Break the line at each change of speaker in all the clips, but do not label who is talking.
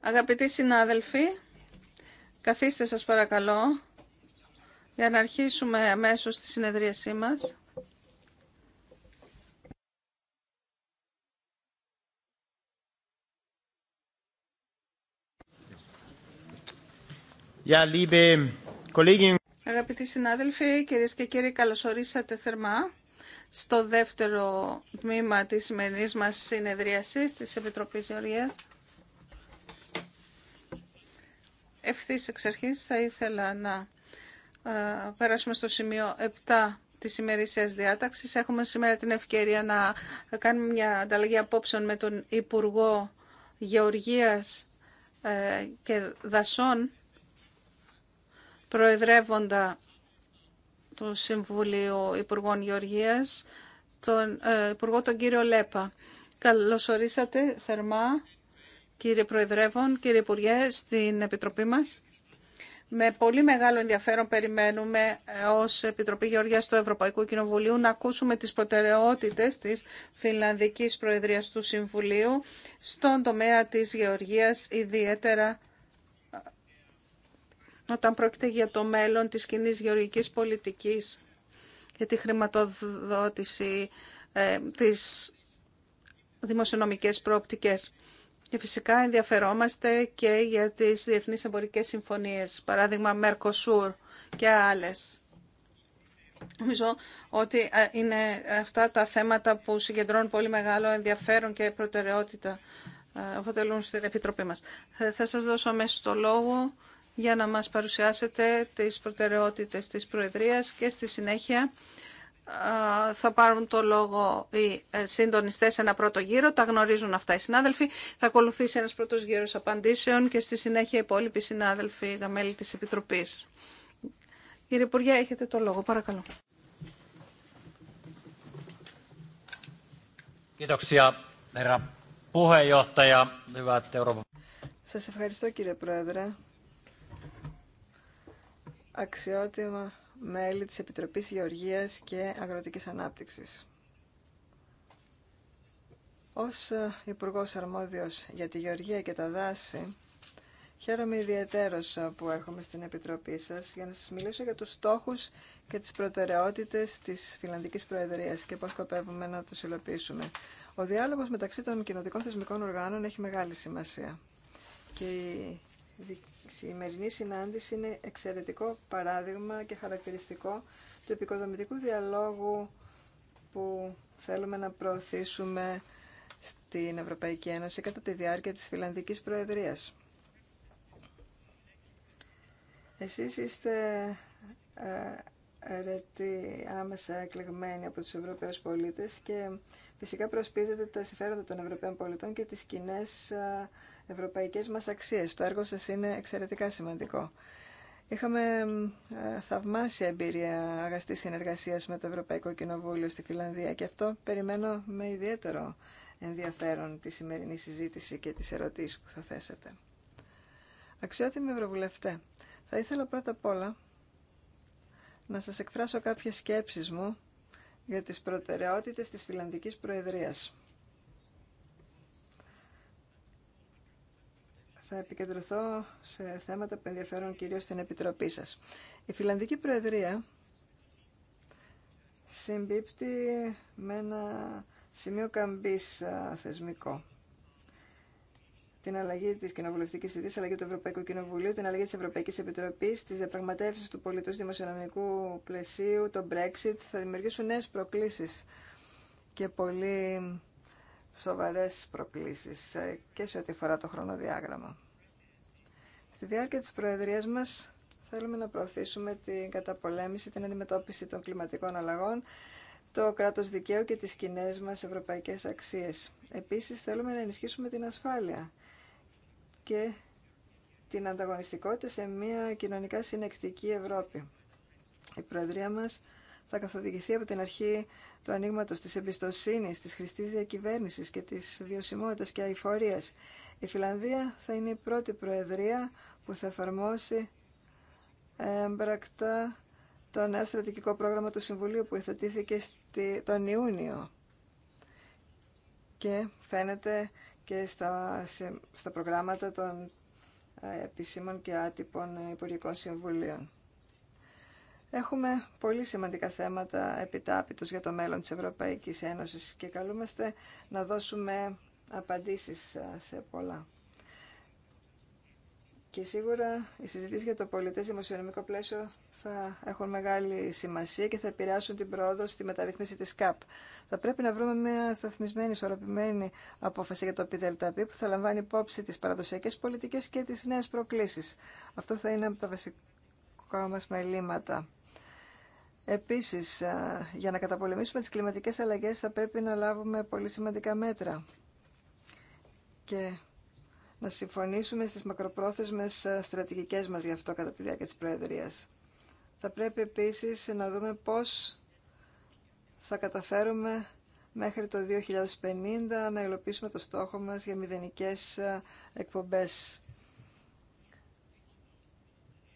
Αγαπητοί συνάδελφοι, καθίστε σας παρακαλώ για να αρχίσουμε αμέσως τη συνεδρίασή μας. Αγαπητοί συνάδελφοι, κυρίες και κύριοι, καλωσορίσατε θερμά στο δεύτερο τμήμα της σημερινής μας συνεδρίασης της Επιτροπής Γεωργίας. Ευθύς εξ αρχής θα ήθελα να ε, περάσουμε στο σημείο 7 της ημερήσιας διάταξης. Έχουμε σήμερα την ευκαιρία να κάνουμε μια ανταλλαγή απόψεων με τον Υπουργό Γεωργίας ε, και Δασών, προεδρεύοντα του Συμβουλίου Υπουργών Γεωργίας, τον ε, Υπουργό τον κύριο Λέπα. Καλωσορίσατε θερμά, κύριε Προεδρεύον, κύριε Υπουργέ, στην Επιτροπή μας. Με πολύ μεγάλο ενδιαφέρον περιμένουμε ε, ως Επιτροπή Γεωργίας του Ευρωπαϊκού Κοινοβουλίου να ακούσουμε τις προτεραιότητες της Φιλανδικής Προεδρίας του Συμβουλίου στον τομέα της Γεωργίας ιδιαίτερα όταν πρόκειται για το μέλλον της κοινή γεωργικής πολιτικής για τη χρηματοδότηση ε, της δημοσιονομικές προοπτικές. Και φυσικά ενδιαφερόμαστε και για τις διεθνείς εμπορικές συμφωνίες, παράδειγμα Mercosur και άλλες. Νομίζω ότι ε, είναι αυτά τα θέματα που συγκεντρώνουν πολύ μεγάλο ενδιαφέρον και προτεραιότητα ε, αποτελούν στην Επιτροπή μας. Ε, θα σας δώσω αμέσως το λόγο για να μας παρουσιάσετε τις προτεραιότητες της Προεδρίας και στη συνέχεια θα πάρουν το λόγο οι ε, συντονιστές σε ένα πρώτο γύρο, τα γνωρίζουν αυτά οι συνάδελφοι. Θα ακολουθήσει ένας πρώτος γύρος απαντήσεων και στη συνέχεια οι υπόλοιποι συνάδελφοι, τα μέλη της Επιτροπής. Κύριε Υπουργέ, έχετε το λόγο, παρακαλώ.
Σας ευχαριστώ κύριε Πρόεδρε αξιότιμα μέλη της Επιτροπής Γεωργίας και Αγροτικής Ανάπτυξης. Ως ε, υπουργό Αρμόδιος για τη Γεωργία και τα Δάση, χαίρομαι ιδιαίτερος ε, που έρχομαι στην Επιτροπή σας για να σας μιλήσω για τους στόχους και τις προτεραιότητες της Φιλανδικής Προεδρίας και πώς σκοπεύουμε να το υλοποιήσουμε. Ο διάλογος μεταξύ των κοινοτικών θεσμικών οργάνων έχει μεγάλη σημασία και σημερινή συνάντηση είναι εξαιρετικό παράδειγμα και χαρακτηριστικό του επικοδομητικού διαλόγου που θέλουμε να προωθήσουμε στην Ευρωπαϊκή Ένωση κατά τη διάρκεια της Φιλανδικής Προεδρίας. Εσείς είστε ε, αίρετοι άμεσα εκλεγμένοι από τους Ευρωπαίους πολίτες και φυσικά προσπίζετε τα συμφέροντα των Ευρωπαίων πολιτών και τις κοινέ ε, ευρωπαϊκές μας αξίες. Το έργο σας είναι εξαιρετικά σημαντικό. Είχαμε ε, θαυμάσια εμπειρία αγαστή συνεργασίας με το Ευρωπαϊκό Κοινοβούλιο στη Φιλανδία και αυτό περιμένω με ιδιαίτερο ενδιαφέρον τη σημερινή συζήτηση και τις ερωτήσεις που θα θέσετε. Αξιότιμη Ευρωβουλευτέ, θα ήθελα πρώτα απ' όλα να σας εκφράσω κάποιες σκέψεις μου για τις προτεραιότητες της Φιλανδικής Προεδρίας. θα επικεντρωθώ σε θέματα που ενδιαφέρουν κυρίως στην Επιτροπή σας. Η Φιλανδική Προεδρία συμπίπτει με ένα σημείο καμπής θεσμικό. Την αλλαγή τη κοινοβουλευτική την αλλαγή του Ευρωπαϊκού Κοινοβουλίου, την αλλαγή τη Ευρωπαϊκή Επιτροπή, τι διαπραγματεύσει του πολιτού δημοσιονομικού πλαισίου, το Brexit, θα δημιουργήσουν νέε προκλήσει και πολύ σοβαρές προκλήσεις ε, και σε ό,τι αφορά το χρονοδιάγραμμα. Στη διάρκεια της Προεδρίας μας θέλουμε να προωθήσουμε την καταπολέμηση, την αντιμετώπιση των κλιματικών αλλαγών, το κράτος δικαίου και τις κοινέ μας ευρωπαϊκές αξίες. Επίσης θέλουμε να ενισχύσουμε την ασφάλεια και την ανταγωνιστικότητα σε μια κοινωνικά συνεκτική Ευρώπη. Η Προεδρία μας θα καθοδηγηθεί από την αρχή του ανοίγματο τη εμπιστοσύνη, τη χρηστή διακυβέρνηση και τη βιωσιμότητα και αηφορία. Η Φιλανδία θα είναι η πρώτη Προεδρία που θα εφαρμόσει έμπρακτα το νέο στρατηγικό πρόγραμμα του Συμβουλίου που στη, τον Ιούνιο. Και φαίνεται και στα, στα προγράμματα των ε, επίσημων και άτυπων ε, Υπουργικών Συμβουλίων. Έχουμε πολύ σημαντικά θέματα επιτάπητος για το μέλλον της Ευρωπαϊκής Ένωσης και καλούμαστε να δώσουμε απαντήσεις ε, σε πολλά. Και σίγουρα οι συζητήσεις για το πολιτές δημοσιονομικό πλαίσιο θα έχουν μεγάλη σημασία και θα επηρεάσουν την πρόοδο στη μεταρρύθμιση της ΚΑΠ. Θα πρέπει να βρούμε μια σταθμισμένη, ισορροπημένη απόφαση για το ΠΔΕΛΤΑΠΗ που θα λαμβάνει υπόψη τις παραδοσιακές πολιτικές και τις νέες προκλήσεις. Αυτό θα είναι από τα βασικά μας μελήματα. Επίσης, για να καταπολεμήσουμε τις κλιματικές αλλαγές θα πρέπει να λάβουμε πολύ σημαντικά μέτρα και να συμφωνήσουμε στις μακροπρόθεσμες στρατηγικές μας γι' αυτό κατά τη διάρκεια της Προεδρίας. Θα πρέπει επίσης να δούμε πώς θα καταφέρουμε μέχρι το 2050 να υλοποιήσουμε το στόχο μας για μηδενικές εκπομπές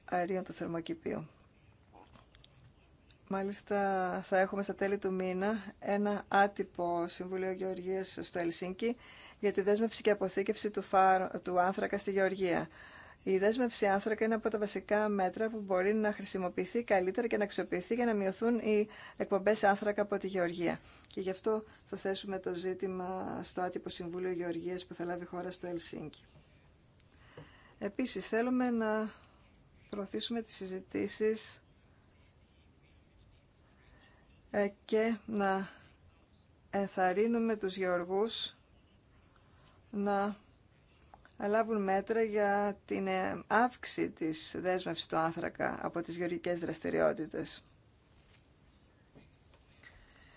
αερίων του θερμοκηπίου. Μάλιστα θα έχουμε στα τέλη του μήνα ένα άτυπο Συμβουλίο Γεωργίας στο Ελσίνκι για τη δέσμευση και αποθήκευση του, φάρο, του άνθρακα στη Γεωργία. Η δέσμευση άνθρακα είναι από τα βασικά μέτρα που μπορεί να χρησιμοποιηθεί καλύτερα και να αξιοποιηθεί για να μειωθούν οι εκπομπές άνθρακα από τη Γεωργία. Και γι' αυτό θα θέσουμε το ζήτημα στο άτυπο Συμβούλιο Γεωργίας που θα λάβει χώρα στο Ελσίνκι. Επίσης θέλουμε να προωθήσουμε τις συζητήσεις ε, και να ενθαρρύνουμε τους γεωργούς να λάβουν μέτρα για την ε, αύξηση της δέσμευσης του άνθρακα από τις γεωργικές δραστηριότητες.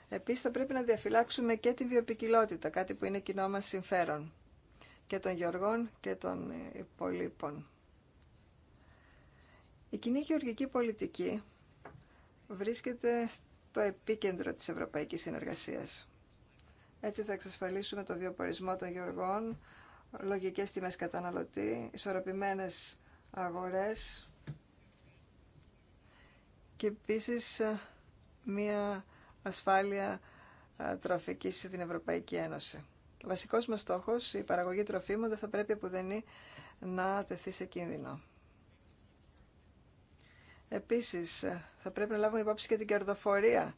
Επίσης θα πρέπει να διαφυλάξουμε και την βιοπικιλότητα, κάτι που είναι κοινό μας συμφέρον και των γεωργών και των υπολείπων. Η κοινή γεωργική πολιτική βρίσκεται το επίκεντρο της ευρωπαϊκής συνεργασίας. Έτσι θα εξασφαλίσουμε το βιοπορισμό των γεωργών, λογικές τιμές καταναλωτή, ισορροπημένες αγορές και επίσης ε, μία ασφάλεια ε, τροφικής στην Ευρωπαϊκή Ένωση. Ο βασικός μας στόχος, η παραγωγή τροφίμων, δεν θα πρέπει που να τεθεί σε κίνδυνο. Επίσης, ε, θα πρέπει να λάβουμε υπόψη και την κερδοφορία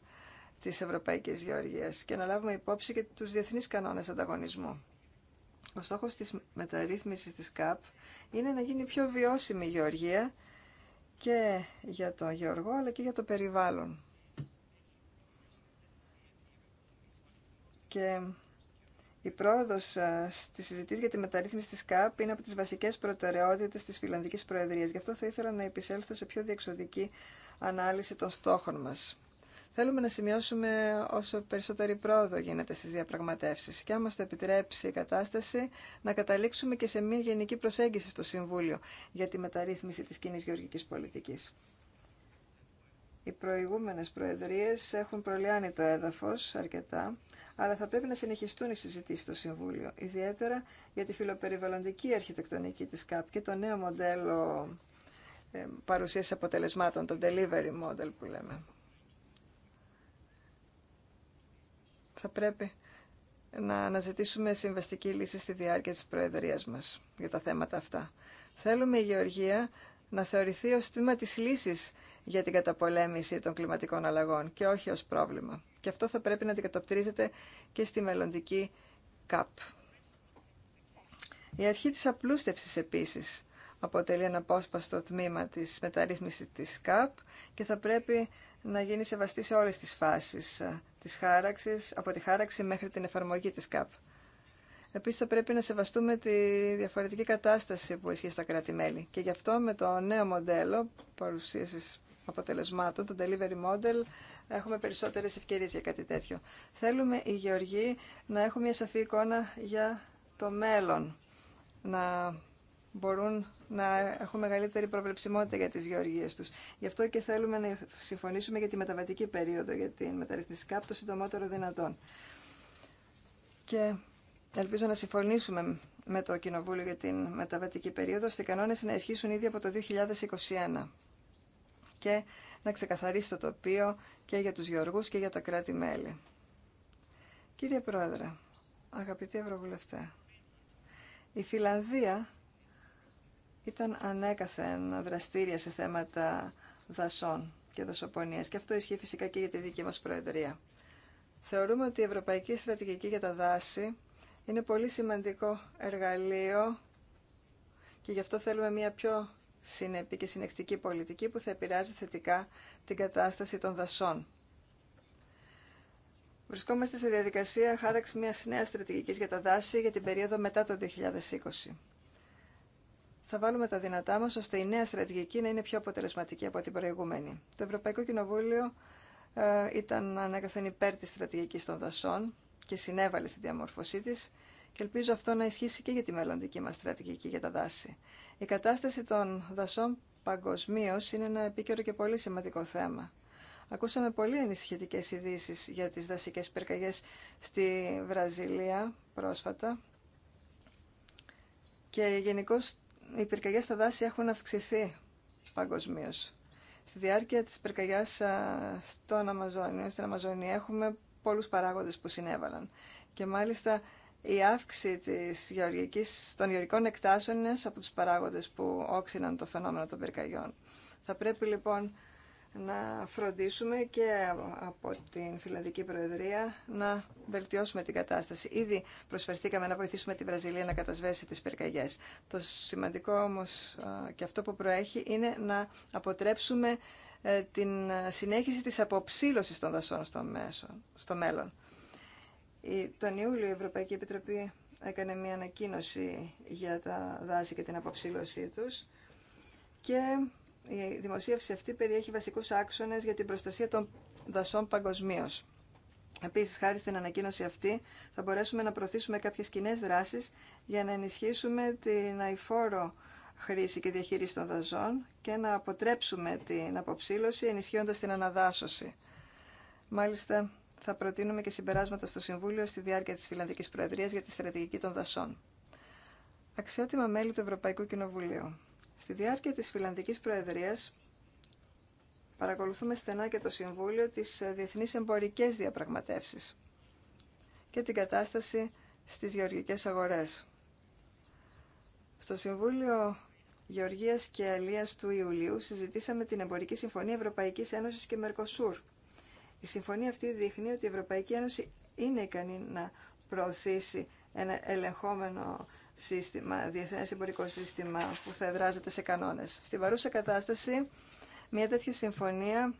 τη Ευρωπαϊκή Γεωργία και να λάβουμε υπόψη και τους διεθνείς κανόνες ανταγωνισμού. Ο στόχος της μεταρρύθμισης τη ΚΑΠ είναι να γίνει πιο βιώσιμη η γεωργία και για τον γεωργό αλλά και για το περιβάλλον. Και η πρόοδο ε, στι συζητήσει για τη μεταρρύθμιση τη ΚΑΠ είναι από τι βασικέ προτεραιότητε τη Φιλανδική Προεδρία. Γι' αυτό θα ήθελα να επισέλθω σε πιο διεξοδική ανάλυση των στόχων μα. Θέλουμε να σημειώσουμε όσο περισσότερη πρόοδο γίνεται στι διαπραγματεύσει και, άμα μα το επιτρέψει η κατάσταση, να καταλήξουμε και σε μια γενική προσέγγιση στο Συμβούλιο για τη μεταρρύθμιση τη κοινή γεωργική πολιτική. Οι προηγούμενε προεδρίε έχουν προλιάνει το έδαφο αρκετά, αλλά θα πρέπει να συνεχιστούν οι συζητήσεις στο Συμβούλιο, ιδιαίτερα για τη φιλοπεριβαλλοντική αρχιτεκτονική της ΚΑΠ και το νέο μοντέλο ε, παρουσίαση αποτελεσμάτων, το delivery model που λέμε. Θα πρέπει να αναζητήσουμε συμβαστική λύση στη διάρκεια της Προεδρίας μας για τα θέματα αυτά. Θέλουμε η Γεωργία να θεωρηθεί ως τμήμα της λύσης για την καταπολέμηση των κλιματικών αλλαγών και όχι ως πρόβλημα. Και αυτό θα πρέπει να αντικατοπτρίζεται και στη μελλοντική ΚΑΠ. Η αρχή της απλούστευσης επίσης αποτελεί ένα απόσπαστο τμήμα της μεταρρύθμισης της ΚΑΠ και θα πρέπει να γίνει σεβαστή σε όλες τις φάσεις ε, της χάραξης, από τη χάραξη μέχρι την εφαρμογή της ΚΑΠ. Επίσης θα πρέπει να σεβαστούμε τη διαφορετική κατάσταση που ισχύει στα κράτη-μέλη και γι' αυτό με το νέο μοντέλο παρουσίασης αποτελεσμάτων, το delivery model, έχουμε περισσότερες ευκαιρίες για κάτι τέτοιο. Θέλουμε οι γεωργοί να έχουν μια σαφή εικόνα για το μέλλον, να μπορούν να έχουν μεγαλύτερη προβλεψιμότητα για τις γεωργίες τους. Γι' αυτό και θέλουμε να συμφωνήσουμε για τη μεταβατική περίοδο, για την μεταρρυθμιστικά από το συντομότερο δυνατόν. Και ελπίζω να συμφωνήσουμε με το Κοινοβούλιο για την μεταβατική περίοδο, ώστε οι κανόνες να ισχύσουν ήδη από το 2021 και να ξεκαθαρίσει το τοπίο και για τους γεωργούς και για τα κράτη-μέλη. Κύριε Πρόεδρε, αγαπητοί Ευρωβουλευτέ, η Φιλανδία ήταν ανέκαθεν δραστήρια σε θέματα δασών και δασοπονίας και αυτό ισχύει φυσικά και για τη δική μας Προεδρία. Θεωρούμε ότι η Ευρωπαϊκή Στρατηγική για τα Δάση είναι πολύ σημαντικό εργαλείο και γι' αυτό θέλουμε μια πιο συνεπή και συνεκτική πολιτική που θα επηρεάζει θετικά την κατάσταση των δασών. Βρισκόμαστε σε διαδικασία χάραξη μιας νέας στρατηγικής για τα δάση για την περίοδο μετά το 2020. Θα βάλουμε τα δυνατά μας ώστε η νέα στρατηγική να είναι πιο αποτελεσματική από την προηγούμενη. Το Ευρωπαϊκό Κοινοβούλιο ε, ήταν ανέκαθεν υπέρ τη στρατηγική των δασών και συνέβαλε στη διαμόρφωσή τη και ελπίζω αυτό να ισχύσει και για τη μελλοντική μας στρατηγική για τα δάση. Η κατάσταση των δασών παγκοσμίω είναι ένα επίκαιρο και πολύ σημαντικό θέμα. Ακούσαμε πολύ ενισχυτικέ ειδήσει για τις δασικές πυρκαγιέ στη Βραζιλία πρόσφατα και γενικώ οι πυρκαγιέ στα δάση έχουν αυξηθεί παγκοσμίω. Στη διάρκεια τη πυρκαγιά στην Αμαζονία έχουμε πολλού παράγοντε που συνέβαλαν. Και μάλιστα η αύξηση της γεωργικής, των γεωργικών εκτάσεων είναι από τους παράγοντες που όξυναν το φαινόμενο των πυρκαγιών. Θα πρέπει λοιπόν να φροντίσουμε και από την Φιλανδική Προεδρία να βελτιώσουμε την κατάσταση. Ήδη προσφερθήκαμε να βοηθήσουμε τη Βραζιλία να κατασβέσει τις πυρκαγιές. Το σημαντικό όμως και αυτό που προέχει είναι να αποτρέψουμε ε, την συνέχιση της αποψήλωσης των δασών στο, στο μέλλον. Τον Ιούλιο η Ευρωπαϊκή Επιτροπή έκανε μια ανακοίνωση για τα δάση και την αποψήλωσή τους και η δημοσίευση αυτή περιέχει βασικούς άξονες για την προστασία των δασών παγκοσμίω. Επίσης, χάρη στην ανακοίνωση αυτή, θα μπορέσουμε να προωθήσουμε κάποιες κοινέ δράσει για να ενισχύσουμε την αηφόρο χρήση και διαχείριση των δαζών και να αποτρέψουμε την αποψήλωση ενισχύοντας την αναδάσωση. Μάλιστα, θα προτείνουμε και συμπεράσματα στο Συμβούλιο στη διάρκεια της Φιλανδικής Προεδρίας για τη στρατηγική των δασών. Αξιότιμα μέλη του Ευρωπαϊκού Κοινοβουλίου. Στη διάρκεια της Φιλανδική Προεδρίας παρακολουθούμε στενά και το Συμβούλιο τι ε, διεθνεί εμπορικές διαπραγματεύσεις και την κατάσταση στις γεωργικέ αγορέ. Στο Συμβούλιο Γεωργίας και Αλίας του Ιουλίου συζητήσαμε την Εμπορική Συμφωνία Ευρωπαϊκής Ένωσης και Μερκοσούρ η συμφωνία αυτή δείχνει ότι η Ευρωπαϊκή Ένωση είναι ικανή να προωθήσει ένα ελεγχόμενο σύστημα, διεθνές εμπορικό σύστημα που θα εδράζεται σε κανόνε. Στην παρούσα κατάσταση, μια τέτοια συμφωνία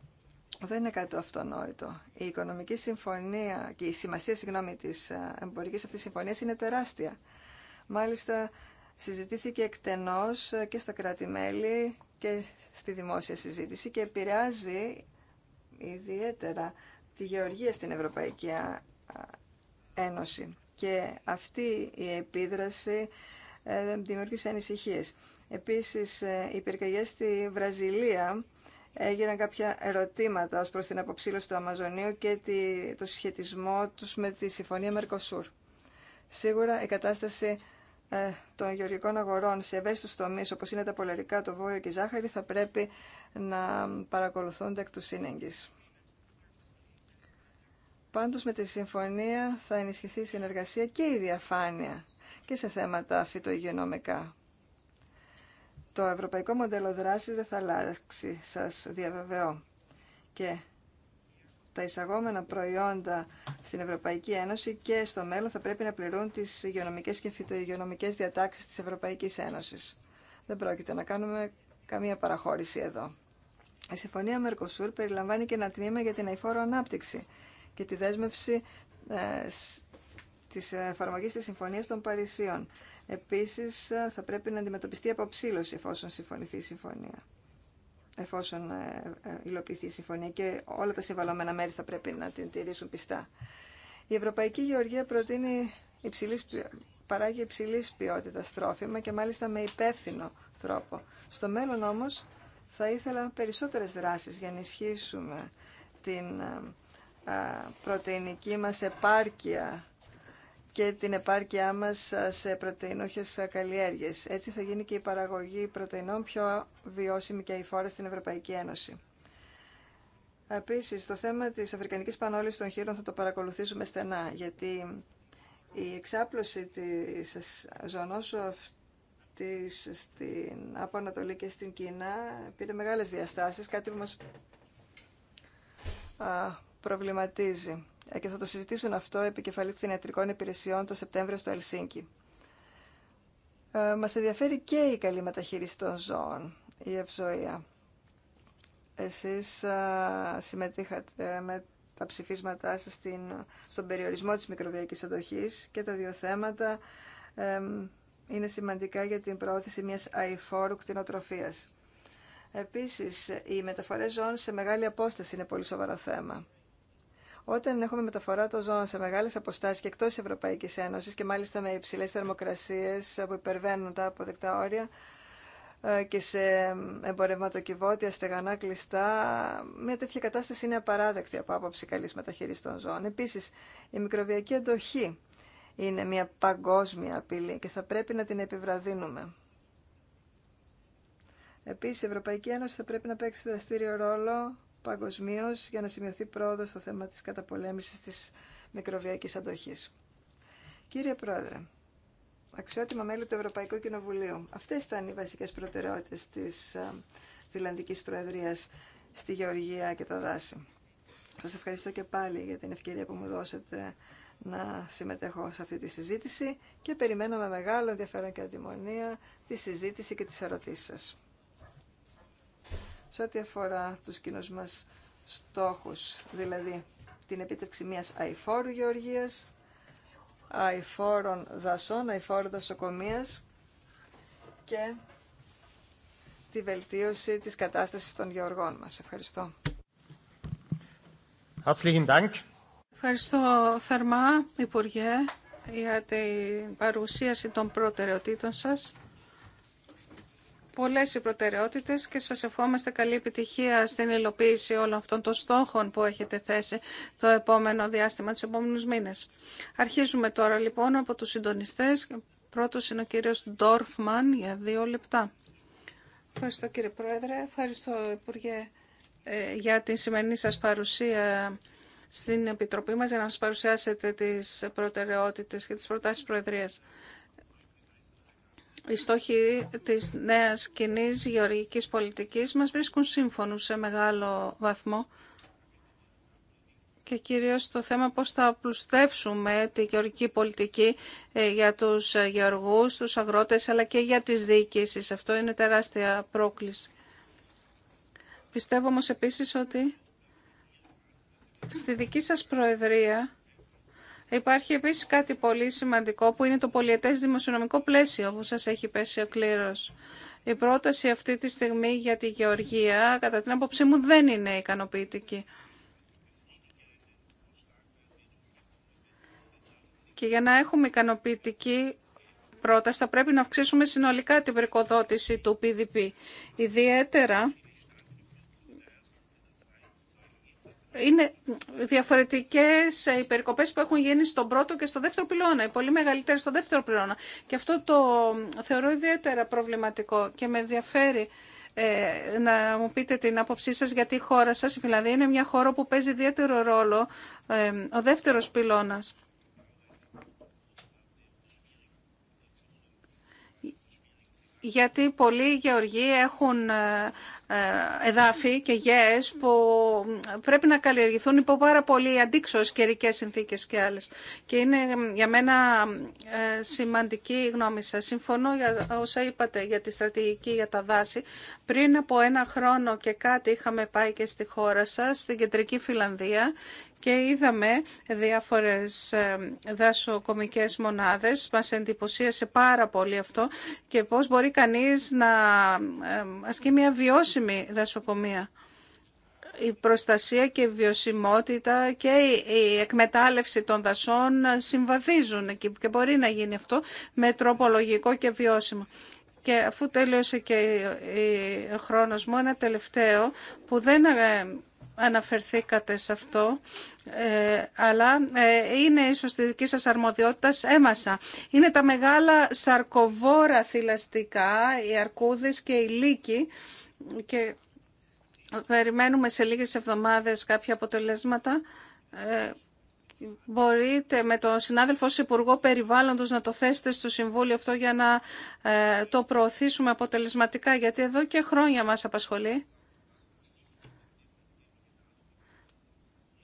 δεν είναι κάτι αυτονόητο. Η οικονομική συμφωνία και η σημασία, τη της ε, εμπορικής αυτής συμφωνίας είναι τεράστια. Μάλιστα, συζητήθηκε εκτενώς ε, και στα κράτη-μέλη και στη δημόσια συζήτηση και επηρεάζει ιδιαίτερα τη γεωργία στην Ευρωπαϊκή Ένωση. Και αυτή η επίδραση ε, δημιούργησε ανησυχίες. Επίσης, ε, οι πυρκαγιές στη Βραζιλία έγιναν κάποια ερωτήματα ως προς την αποψήλωση του Αμαζονίου και το συσχετισμό τους με τη Συμφωνία Μερκοσούρ. Σίγουρα η κατάσταση ε, των γεωργικών αγορών σε ευαίσθητους τομείς όπως είναι τα πολερικά, το βόλιο και η ζάχαρη θα πρέπει να παρακολουθούνται εκ του σύνεγγης. Πάντως με τη συμφωνία θα ενισχυθεί η συνεργασία και η διαφάνεια και σε θέματα φυτογενομικά. Το ευρωπαϊκό μοντέλο δράσης δεν θα αλλάξει, σας διαβεβαιώ. Και τα εισαγόμενα προϊόντα στην Ευρωπαϊκή Ένωση και στο μέλλον θα πρέπει να πληρούν τις υγειονομικές και φυτοϊγειονομικές διατάξεις της Ευρωπαϊκής Ένωσης. Δεν πρόκειται να κάνουμε καμία παραχώρηση εδώ. Η Συμφωνία Μερκοσούρ περιλαμβάνει και ένα τμήμα για την αηφόρο ανάπτυξη και τη δέσμευση ε, της εφαρμογής της Συμφωνίας των Παρισίων. Επίσης, ε, θα πρέπει να αντιμετωπιστεί αποψήλωση εφόσον συμφωνηθεί η Συμφωνία εφόσον ε, ε, υλοποιηθεί η συμφωνία και όλα τα συμβαλωμένα μέρη θα πρέπει να την τηρήσουν πιστά. Η Ευρωπαϊκή Γεωργία προτείνει υψηλής, παράγει υψηλή ποιότητα τρόφιμα και μάλιστα με υπεύθυνο τρόπο. Στο μέλλον όμως θα ήθελα περισσότερες δράσεις για να ενισχύσουμε την ε, πρωτεϊνική μας επάρκεια και την επάρκειά μας σε πρωτεΐνοχες καλλιέργειες. Έτσι θα γίνει και η παραγωγή πρωτεϊνών πιο βιώσιμη και αηφόρα στην Ευρωπαϊκή Ένωση. Επίσης, το θέμα της αφρικανικής πανόλης των χείρων θα το παρακολουθήσουμε στενά, γιατί η εξάπλωση της ζωνόσου αυτής στην από και στην Κίνα πήρε μεγάλες διαστάσεις, κάτι που μας προβληματίζει. Ε, και θα το συζητήσουν αυτό επικεφαλή των ιατρικών υπηρεσιών το Σεπτέμβριο στο Ελσίνκι. Ε, μας ενδιαφέρει και η καλή μεταχείριση των ζώων, η ευζοία. Εσείς ε, συμμετείχατε με τα ψηφίσματά σας στην, στον περιορισμό της μικροβιακής αντοχής και τα δύο θέματα είναι σημαντικά για την προώθηση μιας αηφόρου κτηνοτροφίας. Επίσης, οι μεταφορές ζώων σε μεγάλη απόσταση είναι πολύ σοβαρό θέμα. Όταν έχουμε μεταφορά των ζώων σε μεγάλε αποστάσει και εκτό Ευρωπαϊκή Ένωση και μάλιστα με υψηλέ θερμοκρασίε που υπερβαίνουν τα αποδεκτά όρια ε, και σε εμπορευματοκιβώτια, στεγανά κλειστά, μια τέτοια κατάσταση είναι απαράδεκτη από άποψη καλή μεταχείριση των ζώων. Επίση, η μικροβιακή εντοχή είναι μια παγκόσμια απειλή και θα πρέπει να την επιβραδύνουμε. Επίσης, η Ευρωπαϊκή Ένωση θα πρέπει να παίξει δραστήριο ρόλο παγκοσμίω για να σημειωθεί πρόοδο στο θέμα της καταπολέμησης της μικροβιακής αντοχής. Κύριε Πρόεδρε, αξιότιμα μέλη του Ευρωπαϊκού Κοινοβουλίου, αυτές ήταν οι βασικές προτεραιότητες της ε, φιλανδική προεδρία στη Γεωργία και τα δάση. Σας ευχαριστώ και πάλι για την ευκαιρία που μου δώσετε να συμμετέχω σε αυτή τη συζήτηση και περιμένω με μεγάλο ενδιαφέρον και αντιμονία τη συζήτηση και τις ερωτήσεις σας σε ό,τι αφορά τους κοινούς μας στόχους, δηλαδή την επίτευξη μιας αηφόρου γεωργίας, αηφόρων δασών, αηφόρου δασοκομείας και τη βελτίωση της κατάστασης των γεωργών μας. Ευχαριστώ.
Ευχαριστώ θερμά, Υπουργέ, για την παρουσίαση των προτεραιοτήτων σας πολλές οι προτεραιότητες και σας ευχόμαστε καλή επιτυχία στην υλοποίηση όλων αυτών των στόχων που έχετε θέσει το επόμενο διάστημα, τους επόμενους μήνες. Αρχίζουμε τώρα λοιπόν από τους συντονιστές. Πρώτος είναι ο κύριος Ντόρφμαν για δύο λεπτά. Ευχαριστώ κύριε Πρόεδρε, ευχαριστώ Υπουργέ ε, για την σημερινή σας παρουσία στην Επιτροπή μας για να σας παρουσιάσετε τις προτεραιότητες και τις προτάσεις Προεδρίας οι στόχοι της νέας κοινή γεωργικής πολιτικής μας βρίσκουν σύμφωνο σε μεγάλο βαθμό και κυρίως το θέμα πώς θα απλουστεύσουμε τη γεωργική πολιτική ε, για τους γεωργούς, τους αγρότες, αλλά και για τις διοικήσεις. Αυτό είναι τεράστια πρόκληση. Πιστεύω όμως επίσης ότι στη δική σας προεδρία Υπάρχει επίσης κάτι πολύ σημαντικό που είναι το πολιετέ δημοσιονομικό πλαίσιο που σας έχει πέσει ο κλήρος. Η πρόταση αυτή τη στιγμή για τη γεωργία κατά την άποψή μου δεν είναι ικανοποιητική. Και για να έχουμε ικανοποιητική πρόταση θα πρέπει να αυξήσουμε συνολικά την βρικοδότηση του PDP. Ιδιαίτερα είναι διαφορετικές ε, οι περικοπές που έχουν γίνει στον πρώτο και στο δεύτερο πυλώνα, οι πολύ μεγαλύτερες στο δεύτερο πυλώνα. Και αυτό το θεωρώ ιδιαίτερα προβληματικό και με ενδιαφέρει ε, να μου πείτε την άποψή σας γιατί η χώρα σας, η Φιλανδία, είναι μια χώρα που παίζει ιδιαίτερο ρόλο ε, ο δεύτερος πυλώνας. γιατί πολλοί γεωργοί έχουν ε, ε, εδάφη και γέες που πρέπει να καλλιεργηθούν υπό πάρα πολύ αντίξωες καιρικέ συνθήκες και άλλες. Και είναι ε, για μένα ε, σημαντική η γνώμη σας. Συμφωνώ για όσα είπατε για τη στρατηγική για τα δάση. Πριν από ένα χρόνο και κάτι είχαμε πάει και στη χώρα σας, στην κεντρική Φιλανδία και είδαμε διάφορες ε, δασοκομικές μονάδες. Μας εντυπωσίασε πάρα πολύ αυτό και πώς μπορεί κανείς να ε, ασκεί μια βιώσιμη δασοκομεία. Η προστασία και η βιωσιμότητα και η εκμετάλλευση των δασών συμβαδίζουν εκεί και μπορεί να γίνει αυτό με τρόπο λογικό και βιώσιμο. Και αφού τέλειωσε και ο χρόνος μου, ένα τελευταίο που δεν ε, αναφερθήκατε σε αυτό, ε, αλλά ε, είναι ίσως τη δική σας αρμοδιότητα έμασα. Είναι τα μεγάλα σαρκοβόρα θηλαστικά, οι αρκούδες και οι λύκοι και περιμένουμε σε λίγες εβδομάδες κάποια αποτελέσματα. Ε, μπορείτε με τον συνάδελφο Υπουργό Περιβάλλοντος να το θέσετε στο Συμβούλιο αυτό για να το προωθήσουμε αποτελεσματικά, γιατί εδώ και χρόνια μας απασχολεί.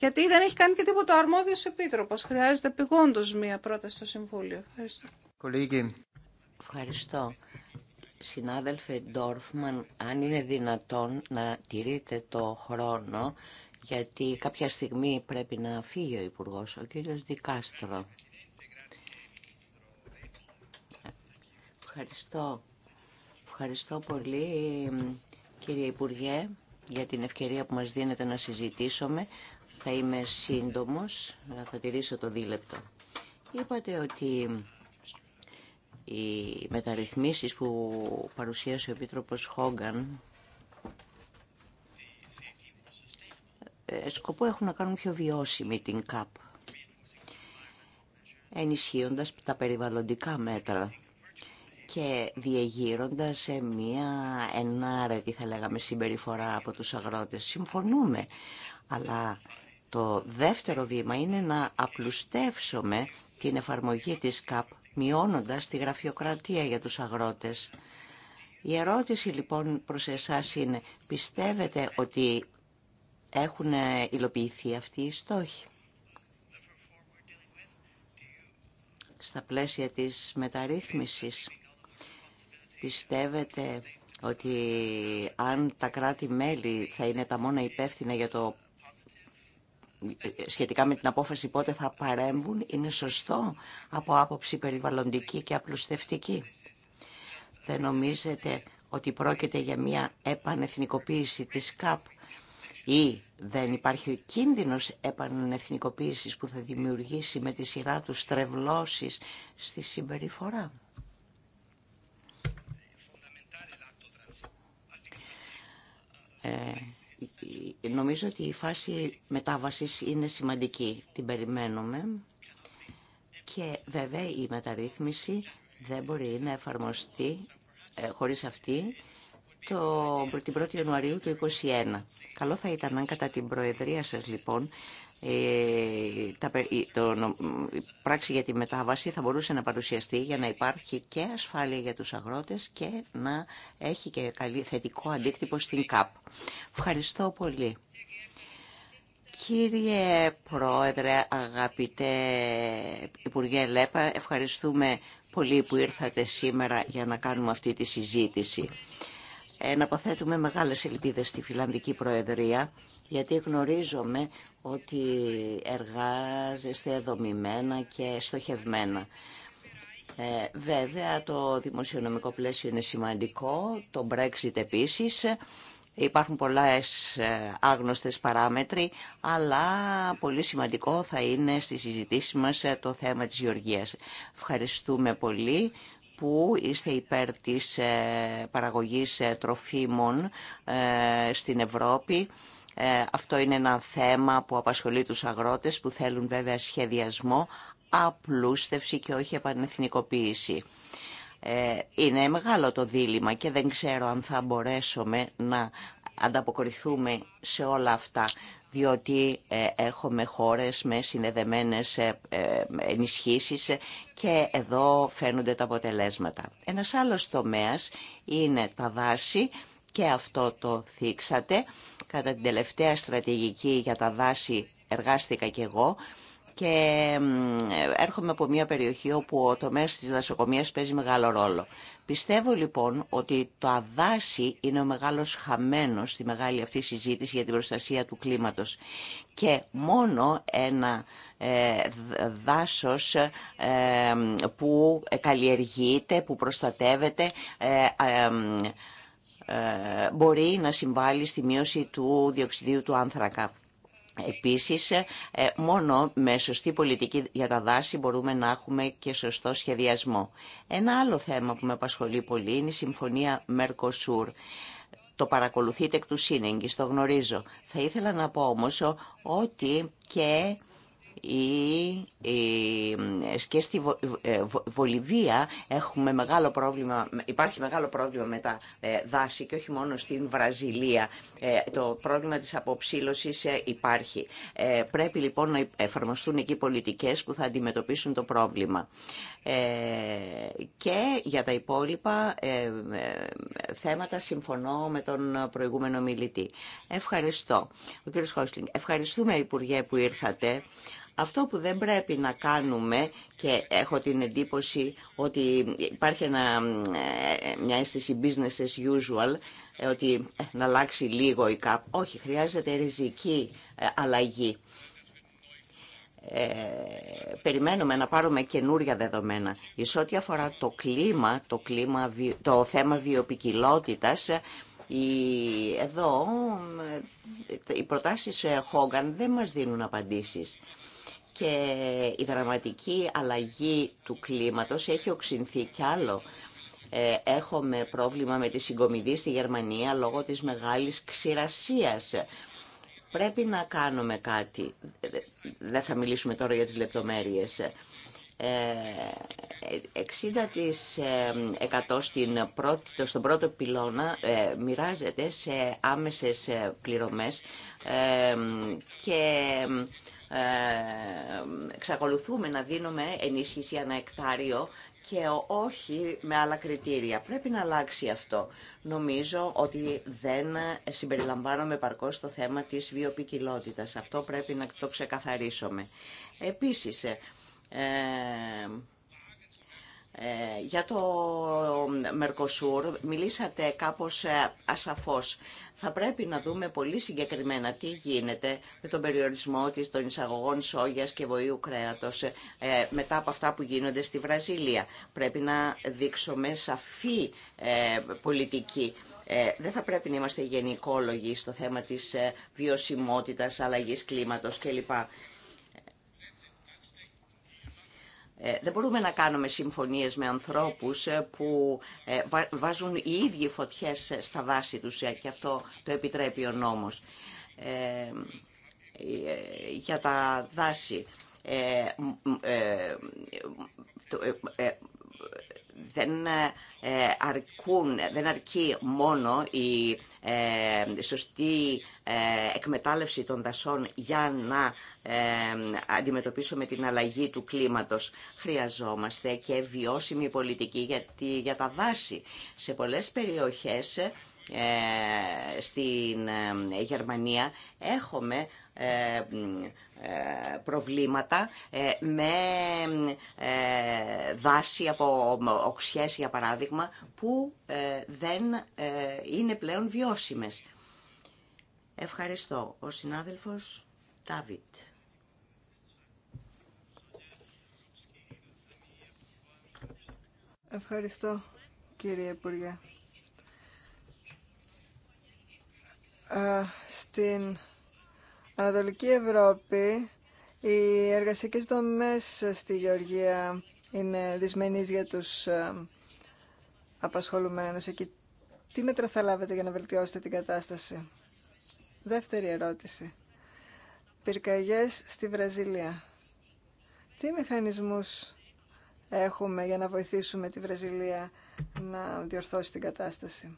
Γιατί δεν έχει κάνει και τίποτα ο αρμόδιο επίτροπο. Χρειάζεται επιγόντω μία πρόταση στο Συμβούλιο. Ευχαριστώ.
Ευχαριστώ. Συνάδελφε Ντόρφμαν, αν είναι δυνατόν να τηρείτε το χρόνο, γιατί κάποια στιγμή πρέπει να φύγει ο Υπουργό, ο κύριος Δικάστρο. Ευχαριστώ. Ευχαριστώ πολύ, κύριε Υπουργέ, για την ευκαιρία που μας δίνετε να συζητήσουμε. Θα είμαι σύντομος, θα τηρήσω το δίλεπτο. Είπατε ότι οι μεταρρυθμίσεις που παρουσίασε ο Επίτροπος Χόγκαν ε, σκοπό έχουν να κάνουν πιο βιώσιμη την ΚΑΠ ενισχύοντας τα περιβαλλοντικά μέτρα και διεγείροντας σε μία ενάρετη, θα λέγαμε, συμπεριφορά από τους αγρότες. Συμφωνούμε, αλλά το δεύτερο βήμα είναι να απλουστεύσουμε την εφαρμογή της ΚΑΠ, μειώνοντας τη γραφειοκρατία για τους αγρότες. Η ερώτηση λοιπόν προς εσάς είναι, πιστεύετε ότι έχουν υλοποιηθεί αυτοί οι στόχοι. Στα πλαίσια της μεταρρύθμισης, πιστεύετε ότι αν τα κράτη-μέλη θα είναι τα μόνα υπεύθυνα για το σχετικά με την απόφαση πότε θα παρέμβουν είναι σωστό από άποψη περιβαλλοντική και απλουστευτική. Δεν νομίζετε ότι πρόκειται για μια επανεθνικοποίηση της ΚΑΠ ή δεν υπάρχει ο κίνδυνος επανεθνικοποίησης που θα δημιουργήσει με τη σειρά του στρεβλώσεις στη συμπεριφορά. Ε, ε, νομίζω ότι η φάση μετάβασης είναι σημαντική. Την περιμένουμε. Και βέβαια η μεταρρύθμιση δεν μπορεί να εφαρμοστεί ε, χωρίς αυτή το, την 1η Ιανουαρίου του 2021. Καλό θα ήταν αν κατά την Προεδρία σας λοιπόν ε, τα, το, η πράξη για τη μετάβαση θα μπορούσε να παρουσιαστεί για να υπάρχει και ασφάλεια για τους αγρότες και να έχει και καλή, θετικό αντίκτυπο στην ΚΑΠ. Ευχαριστώ πολύ. Κύριε Πρόεδρε, αγαπητέ Υπουργέ Λέπα, ευχαριστούμε πολύ που ήρθατε σήμερα για να κάνουμε αυτή τη συζήτηση. Εναποθέτουμε μεγάλες ελπίδες στη Φιλανδική Προεδρία, γιατί γνωρίζομαι ότι εργάζεστε δομημένα και στοχευμένα. Ε, βέβαια, το δημοσιονομικό πλαίσιο είναι σημαντικό, το Brexit επίσης. Υπάρχουν πολλές ε, άγνωστες παράμετροι, αλλά πολύ σημαντικό θα είναι στη συζητήση μας ε, το θέμα της Γεωργίας. Ευχαριστούμε πολύ που είστε υπέρ της ε, παραγωγής ε, τροφίμων ε, στην Ευρώπη. Αυτό είναι ένα θέμα που απασχολεί τους αγρότες που θέλουν βέβαια σχεδιασμό, απλούστευση και όχι επανεθνικοποίηση. Είναι μεγάλο το δίλημα και δεν ξέρω αν θα μπορέσουμε να ανταποκριθούμε σε όλα αυτά, διότι ε, έχουμε χώρες με συνδεδεμένες ε, ε, ενισχύσεις και εδώ φαίνονται τα αποτελέσματα. Ένας άλλος τομέας είναι τα δάση και αυτό το θίξατε. Κατά την τελευταία στρατηγική για τα δάση εργάστηκα κι εγώ και έρχομαι από μια περιοχή όπου ο τομέας της δασοκομείας παίζει μεγάλο ρόλο. Πιστεύω λοιπόν ότι το δάση είναι ο μεγάλος χαμένος στη μεγάλη αυτή συζήτηση για την προστασία του κλίματος και μόνο ένα ε, δάσος ε, που καλλιεργείται, που προστατεύεται ε, μπορεί να συμβάλλει στη μείωση του διοξιδίου του άνθρακα. Επίσης, ε, μόνο με σωστή πολιτική για τα δάση μπορούμε να έχουμε και σωστό σχεδιασμό. Ένα άλλο θέμα που με απασχολεί πολύ είναι η Συμφωνία Mercosur. Το παρακολουθείτε εκ του σύνεγγυς, το γνωρίζω. Θα ήθελα να πω όμως ότι και ε, και στη ε, ε, Βολιβία έχουμε μεγάλο πρόβλημα, υπάρχει μεγάλο πρόβλημα με τα δάση και όχι μόνο στην Βραζιλία. Το πρόβλημα της αποψήλωσης υπάρχει. Πρέπει λοιπόν να εφαρμοστούν εκεί πολιτικές που θα αντιμετωπίσουν το πρόβλημα. Και για τα υπόλοιπα θέματα συμφωνώ με τον προηγούμενο μιλητή. Ευχαριστώ. Ο κύριος Χόσλινγκ, ευχαριστούμε Υπουργέ που ήρθατε. Αυτό που δεν πρέπει να κάνουμε και έχω την εντύπωση ότι υπάρχει ε, μια αίσθηση business as usual ε, ότι ε, να αλλάξει λίγο η ΚΑΠ. Όχι, χρειάζεται ριζική αλλαγή. περιμένουμε να πάρουμε καινούρια δεδομένα. Εις ό,τι αφορά το κλίμα, το, κλίμα, το θέμα βιοπικιλότητας, εδώ οι προτάσεις Χόγκαν δεν μας δίνουν απαντήσεις και η δραματική αλλαγή του κλίματος έχει οξυνθεί κι άλλο. Ε, έχουμε πρόβλημα με τη συγκομιδή στη Γερμανία λόγω της μεγάλης ξηρασίας. Πρέπει να κάνουμε κάτι. Δεν θα μιλήσουμε τώρα για τις λεπτομέρειες. 60% ε, στην πρώτη, στον πρώτο πυλώνα ε, μοιράζεται σε άμεσες πληρωμές και ε, εξακολουθούμε να δίνουμε ενίσχυση ανά εκτάριο και όχι με άλλα κριτήρια. Πρέπει να αλλάξει αυτό. Νομίζω ότι δεν συμπεριλαμβάνομαι παρκώς το θέμα της βιοπικιλότητας. Αυτό πρέπει να το ξεκαθαρίσουμε. Επίσης, ε, ε, για το Μερκοσούρ μιλήσατε κάπως ε, ασαφώς. Θα πρέπει να δούμε πολύ συγκεκριμένα τι γίνεται με τον περιορισμό της των εισαγωγών σόγιας και βοήου κρέατος ε, μετά από αυτά που γίνονται στη Βραζίλια. Πρέπει να δείξουμε σαφή ε, πολιτική. Δεν θα πρέπει να είμαστε γενικόλογοι στο θέμα της βιωσιμότητας, αλλαγής κλίματος κλπ. Ε, δεν μπορούμε να κάνουμε συμφωνίες με ανθρώπους ε, που ε, βάζουν οι ίδιοι φωτιές στα δάση τους και αυτό το επιτρέπει ο νόμος. για τα δάση, δεν, ε, αρκούν, δεν αρκεί μόνο η ε, σωστή ε, εκμετάλλευση των δασών για να αντιμετωπίσουμε την αλλαγή του κλίματος. Χρειαζόμαστε και βιώσιμη πολιτική γιατί για τα δάση. Σε πολλές περιοχές ε, στην ε, Γερμανία έχουμε ε, προβλήματα με δάση από οξιές για παράδειγμα που δεν είναι πλέον βιώσιμες. Ευχαριστώ. Ο συνάδελφος Τάβιτ.
Ευχαριστώ κύριε Υπουργέ. στην Ανατολική Ευρώπη οι εργασιακές δομές στη Γεωργία είναι δυσμενείς για τους απασχολουμένους. Εκεί τι μέτρα θα λάβετε για να βελτιώσετε την κατάσταση. Δεύτερη ερώτηση. Πυρκαγιές στη Βραζιλία. Τι μηχανισμούς έχουμε για να βοηθήσουμε τη Βραζιλία να διορθώσει την κατάσταση.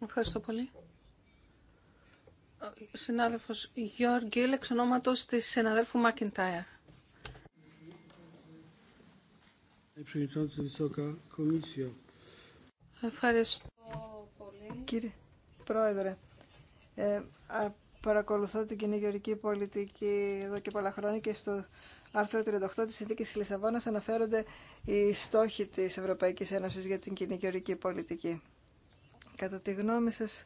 Ευχαριστώ πολύ. Συνάδελφο Γιώργη Γκίλ, εξ τη της συναδέλφου Μακιντάιρ.
Ευχαριστώ πολύ. Κύριε Πρόεδρε, ε, α, παρακολουθώ την κοινή πολιτική εδώ και πολλά χρόνια και στο άρθρο 38 της Συνθήκης Λισαβόνας αναφέρονται οι στόχοι της Ευρωπαϊκής Ένωσης για την κοινή πολιτική. Κατά τη γνώμη σας,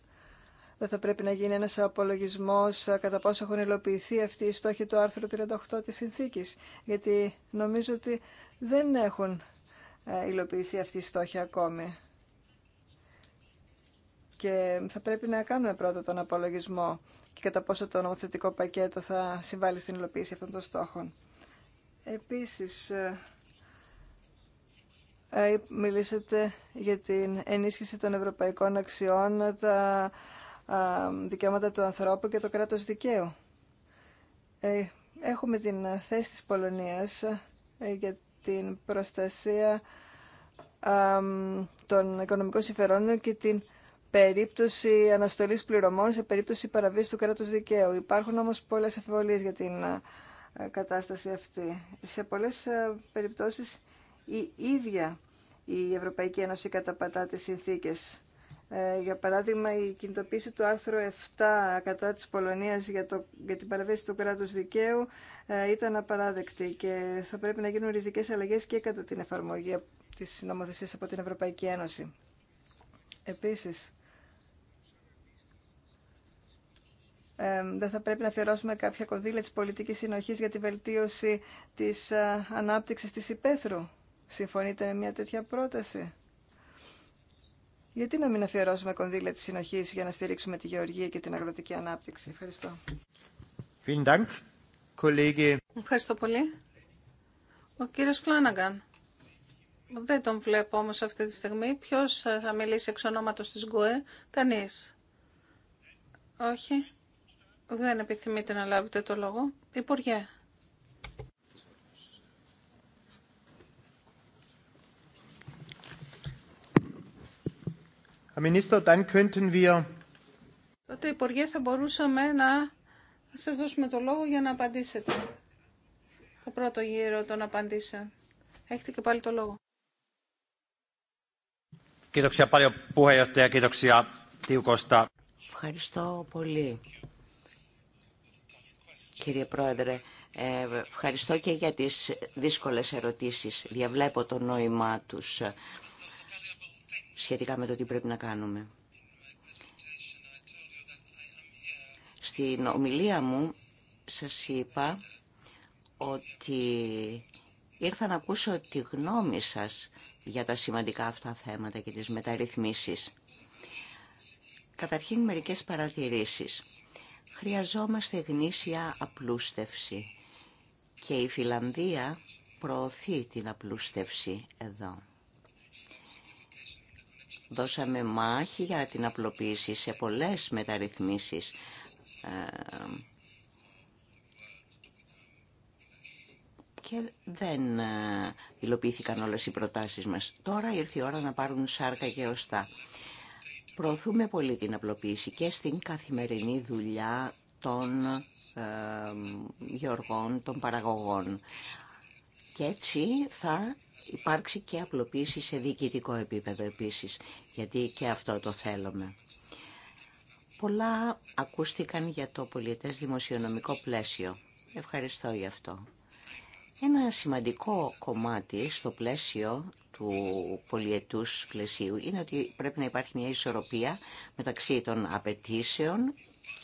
δεν θα πρέπει να γίνει ένας απολογισμός ε, κατά πόσο έχουν υλοποιηθεί αυτοί οι στόχοι του άρθρου 38 της συνθήκης. Γιατί νομίζω ότι δεν έχουν ε, υλοποιηθεί αυτοί οι στόχοι ακόμη. Και θα πρέπει να κάνουμε πρώτα τον απολογισμό και κατά πόσο το νομοθετικό πακέτο θα συμβάλλει στην υλοποίηση αυτών των στόχων. Επίσης, ε, ε, μιλήσατε για την ενίσχυση των ευρωπαϊκών αξιών, τα δικαιώματα του ανθρώπου και το κράτος δικαίου. Ε, έχουμε την θέση της Πολωνίας ε, για την προστασία των οικονομικών συμφερόντων και την περίπτωση αναστολής πληρωμών σε περίπτωση παραβίαση του κράτους δικαίου. Υπάρχουν όμως πολλές αφιβολίες για την κατάσταση αυτή. Σε πολλές περιπτώσεις η ίδια η Ευρωπαϊκή Ένωση καταπατά τις συνθήκες. Ε, για παράδειγμα, η κινητοποίηση του άρθρου 7 κατά της Πολωνίας για, το, για την παραβίαση του κράτους δικαίου ε, ήταν απαράδεκτη και θα πρέπει να γίνουν ριζικές αλλαγές και κατά την εφαρμογή της νομοθεσίας από την Ευρωπαϊκή Ένωση. Επίσης, ε, δεν θα πρέπει να αφιερώσουμε κάποια κονδύλια της πολιτικής συνοχής για τη βελτίωση της ανάπτυξης της υπαίθρου. Συμφωνείτε με μια τέτοια πρόταση. Γιατί να μην αφιερώσουμε κονδύλια τη συνοχής για να στηρίξουμε τη γεωργία και την αγροτική
ανάπτυξη. Ευχαριστώ. Ευχαριστώ πολύ. Ο κύριος Φλάναγκαν. Δεν τον βλέπω όμως αυτή τη στιγμή. Ποιος θα μιλήσει εξ ονόματος της ΓΚΟΕ. Κανείς. Όχι. Δεν επιθυμείτε να λάβετε το λόγο. Υπουργέ. Τότε, Υπουργέ, θα μπορούσαμε να σας δώσουμε το λόγο για να απαντήσετε. Το πρώτο γύρο των απαντήσεων. Έχετε και πάλι το λόγο.
Ευχαριστώ πολύ, κύριε Πρόεδρε. Ε, ευχαριστώ και για τις δύσκολες ερωτήσεις. Διαβλέπω το νόημά τους σχετικά με το τι πρέπει να κάνουμε. Στην ομιλία μου σας είπα ότι ήρθα να ακούσω τη γνώμη σας για τα σημαντικά αυτά θέματα και τις μεταρρυθμίσεις. Καταρχήν μερικές παρατηρήσεις. Χρειαζόμαστε γνήσια απλούστευση και η Φιλανδία προωθεί την απλούστευση εδώ. Δώσαμε μάχη για την απλοποίηση σε πολλές μεταρρυθμίσεις. Ε, και δεν ε, υλοποιήθηκαν όλες οι προτάσεις μας. Τώρα ήρθε η ώρα να πάρουν σάρκα και οστά. Προωθούμε πολύ την απλοποίηση και στην καθημερινή δουλειά των ε, γεωργών, των παραγωγών. Και έτσι θα υπάρξει και απλοποίηση σε διοικητικό επίπεδο επίσης, γιατί και αυτό το θέλουμε. Πολλά ακούστηκαν για το πολιτές δημοσιονομικό πλαίσιο. Ευχαριστώ γι' αυτό. Ένα σημαντικό κομμάτι στο πλαίσιο του πολιετούς πλαισίου είναι ότι πρέπει να υπάρχει μια ισορροπία μεταξύ των απαιτήσεων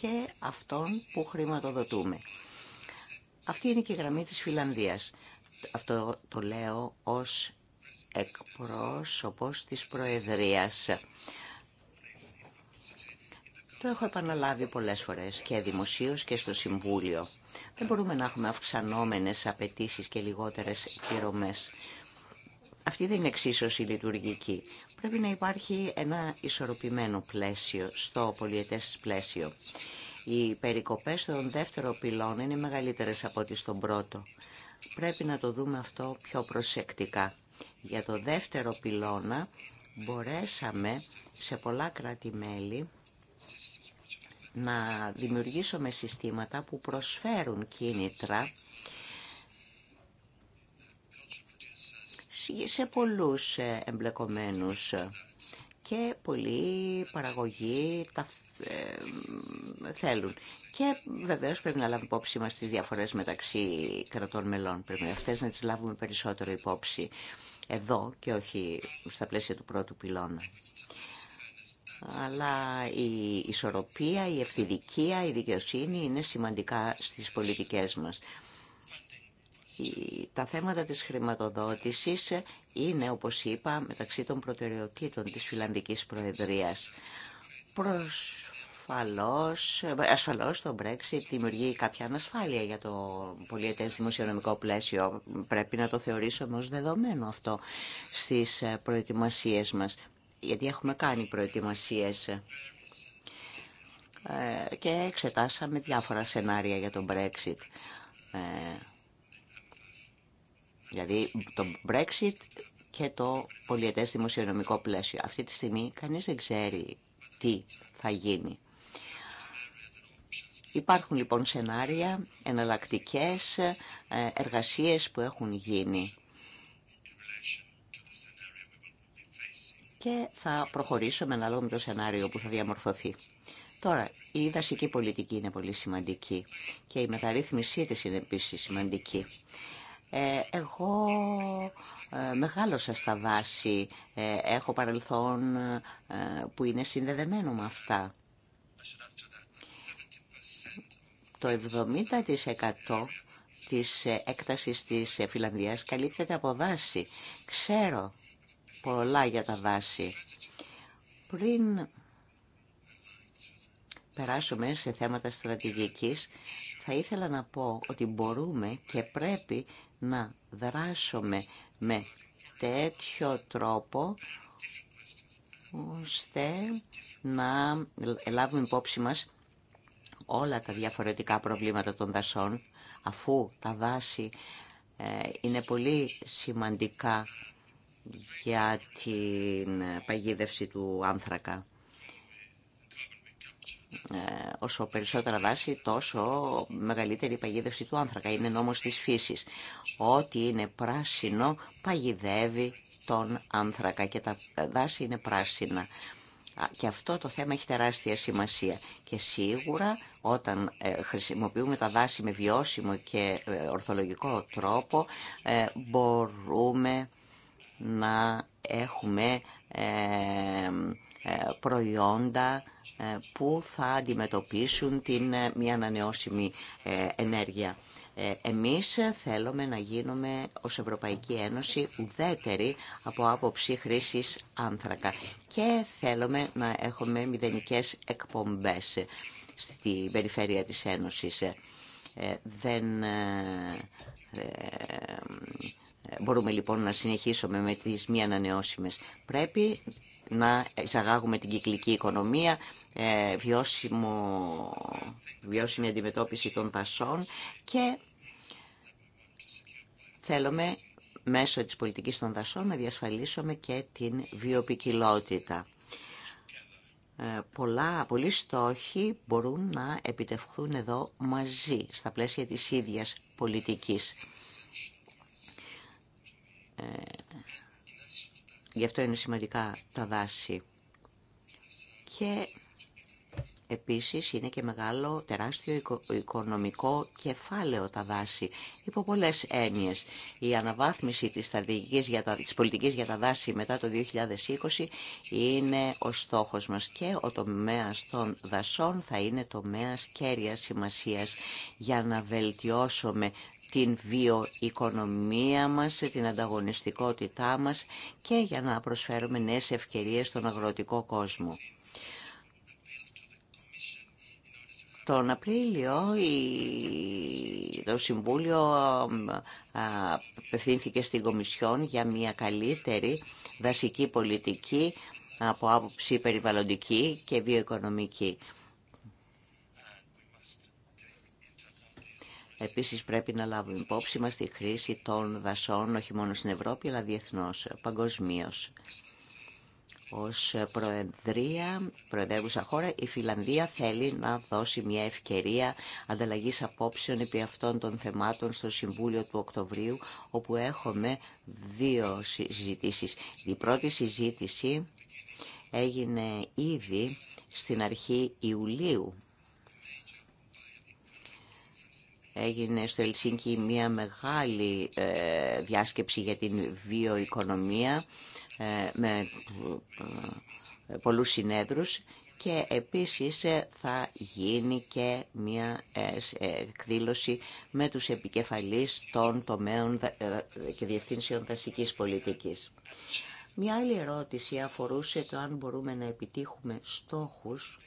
και αυτών που χρηματοδοτούμε. Αυτή είναι και η γραμμή της Φιλανδίας. Αυτό το λέω ως εκπρόσωπος της Προεδρίας. Το έχω επαναλάβει πολλές φορές και δημοσίως και στο Συμβούλιο. Δεν μπορούμε να έχουμε αυξανόμενες απαιτήσει και λιγότερες πληρωμές. Αυτή δεν είναι εξίσωση λειτουργική. Πρέπει να υπάρχει ένα ισορροπημένο πλαίσιο στο πολιετές πλαίσιο. Οι περικοπές στον δεύτερο πυλώνα είναι μεγαλύτερες από ό,τι στον πρώτο. Πρέπει να το δούμε αυτό πιο προσεκτικά. Για το δεύτερο πυλώνα μπορέσαμε σε πολλά κράτη-μέλη να δημιουργήσουμε συστήματα που προσφέρουν κίνητρα σε πολλούς εμπλεκομένους και πολλοί παραγωγοί ε, θέλουν. Και βεβαίω πρέπει να λάβουμε υπόψη μας τι διαφορές μεταξύ κρατών μελών. Πρέπει αυτέ να τις λάβουμε περισσότερο υπόψη εδώ και όχι στα πλαίσια του πρώτου πυλώνα. Αλλά η ισορροπία, η ευθυδικία, η δικαιοσύνη είναι σημαντικά στις πολιτικές μας. Τα θέματα της χρηματοδότησης είναι, όπως είπα, μεταξύ των προτεραιοτήτων της Φιλανδικής Προεδρίας. Προς ασφαλώς, ασφαλώς το Brexit δημιουργεί κάποια ανασφάλεια για το πολυετές δημοσιονομικό πλαίσιο. Πρέπει να το θεωρήσουμε ως δεδομένο αυτό στις ε, προετοιμασίες μας. Γιατί έχουμε κάνει προετοιμασίες ε, και εξετάσαμε διάφορα σενάρια για το Brexit. Ε, δηλαδή το Brexit και το πολιετές δημοσιονομικό πλαίσιο. Αυτή τη στιγμή κανείς δεν ξέρει τι θα γίνει. Υπάρχουν λοιπόν σενάρια, εναλλακτικές ε, εργασίες που έχουν γίνει. Και θα προχωρήσουμε ανάλογα με το σενάριο που θα διαμορφωθεί. Τώρα, η δασική πολιτική είναι πολύ σημαντική και η μεταρρύθμισή της είναι επίσης σημαντική. Ε, εγώ ε, μεγάλωσα στα δάση, έχω παρελθόν που είναι συνδεδεμένο με αυτά. Το 70% της ε, έκτασης της ε, Φιλανδίας καλύπτεται από δάση. Ξέρω πολλά για τα δάση. Πριν περάσουμε σε θέματα στρατηγικής, θα ήθελα να πω ότι μπορούμε και πρέπει να δράσουμε με τέτοιο τρόπο ώστε να λάβουμε υπόψη μας όλα τα διαφορετικά προβλήματα των δασών, αφού τα δάση ε, είναι πολύ σημαντικά για την παγίδευση του άνθρακα. Ε, όσο περισσότερα δάση, τόσο μεγαλύτερη η παγίδευση του άνθρακα. Είναι νόμος της φύσης. Ό,τι είναι πράσινο παγιδεύει τον άνθρακα και τα δάση είναι πράσινα. Και αυτό το θέμα έχει τεράστια σημασία. Και σίγουρα όταν ε, χρησιμοποιούμε τα δάση με βιώσιμο και ε, ορθολογικό τρόπο ε, μπορούμε να έχουμε προϊόντα που θα αντιμετωπίσουν την μια ανανεώσιμη ενέργεια. Ε, εμείς θέλουμε να γίνουμε ως Ευρωπαϊκή Ένωση ουδέτεροι από άποψη χρήσης άνθρακα και θέλουμε να έχουμε μηδενικές εκπομπές στη περιφέρεια της Ένωσης. Ε, δεν ε, μπορούμε λοιπόν να συνεχίσουμε με τις μη ανανεώσιμες. Πρέπει να εισαγάγουμε την κυκλική οικονομία, βιώσιμο, βιώσιμη αντιμετώπιση των δασών και Θέλουμε μέσω της πολιτικής των δασών να διασφαλίσουμε και την βιοπικιλότητα. Ε, πολλά, πολλοί στόχοι μπορούν να επιτευχθούν εδώ μαζί, στα πλαίσια της ίδιας πολιτικής. Ε, γι' αυτό είναι σημαντικά τα δάση. Και Επίσης είναι και μεγάλο τεράστιο οικονομικό κεφάλαιο τα δάση, υπό πολλές έννοιες. Η αναβάθμιση της, για τα, της πολιτικής για τα δάση μετά το 2020 είναι ο στόχος μας και ο τομέας των δασών θα είναι τομέας κέρδιας σημασίας για να βελτιώσουμε την βιοοικονομία μας, την ανταγωνιστικότητά μας και για να προσφέρουμε νέες ευκαιρίες στον αγροτικό κόσμο. Τον Απρίλιο το Συμβούλιο απευθύνθηκε στην Κομισιόν για μια καλύτερη δασική πολιτική από άποψη περιβαλλοντική και βιοοικονομική. Επίσης πρέπει να λάβουμε υπόψη μας τη χρήση των δασών όχι μόνο στην Ευρώπη αλλά διεθνώς, παγκοσμίως. Ως προεδρία, προεδρεύουσα χώρα, η Φιλανδία θέλει να δώσει μια ευκαιρία ανταλλαγής απόψεων επί αυτών των θεμάτων στο Συμβούλιο του Οκτωβρίου, όπου έχουμε δύο συζητήσεις. Η πρώτη συζήτηση έγινε ήδη στην αρχή Ιουλίου. Έγινε στο Ελσίνκι μια μεγάλη ε, διάσκεψη για την βιοοικονομία με ε, πολλούς συνέδρους και επίσης ε, θα γίνει και μια ε, εκδήλωση με τους επικεφαλείς των τομέων και διευθύνσεων δασικής πολιτικής. Μια άλλη ερώτηση αφορούσε το αν μπορούμε να επιτύχουμε στόχους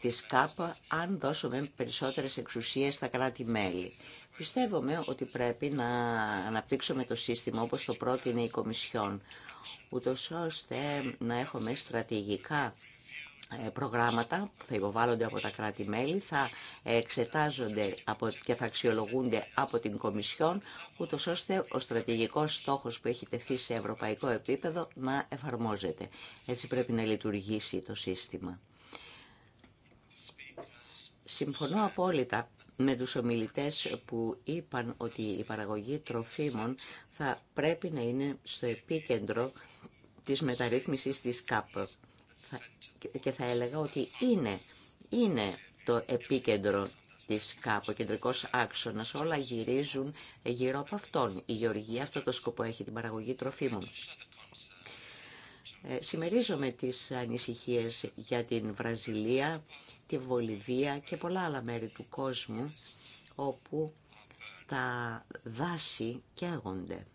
της ΚΑΠ αν δώσουμε περισσότερες εξουσίες στα κράτη-μέλη. Πιστεύουμε ότι πρέπει να αναπτύξουμε το σύστημα όπως το πρότεινε η Κομισιόν, ούτως ώστε να έχουμε στρατηγικά ε, προγράμματα που θα υποβάλλονται από τα κράτη-μέλη, θα εξετάζονται από, και θα αξιολογούνται από την Κομισιόν, ούτως ώστε ο στρατηγικός στόχος που έχει τεθεί σε ευρωπαϊκό επίπεδο να εφαρμόζεται. Έτσι πρέπει να λειτουργήσει το σύστημα. Συμφωνώ απόλυτα με τους ομιλητές που είπαν ότι η παραγωγή τροφίμων θα πρέπει να είναι στο επίκεντρο της μεταρρύθμισης της ΚΑΠ. Και θα έλεγα ότι είναι, είναι το επίκεντρο της ΚΑΠ, ο κεντρικός άξονας, όλα γυρίζουν γύρω από αυτόν. Η Γεωργία αυτό το σκοπό έχει την παραγωγή τροφίμων. Ε, συμμερίζομαι τις ανησυχίες για την Βραζιλία, τη Βολιβία και πολλά άλλα μέρη του κόσμου όπου τα δάση καίγονται.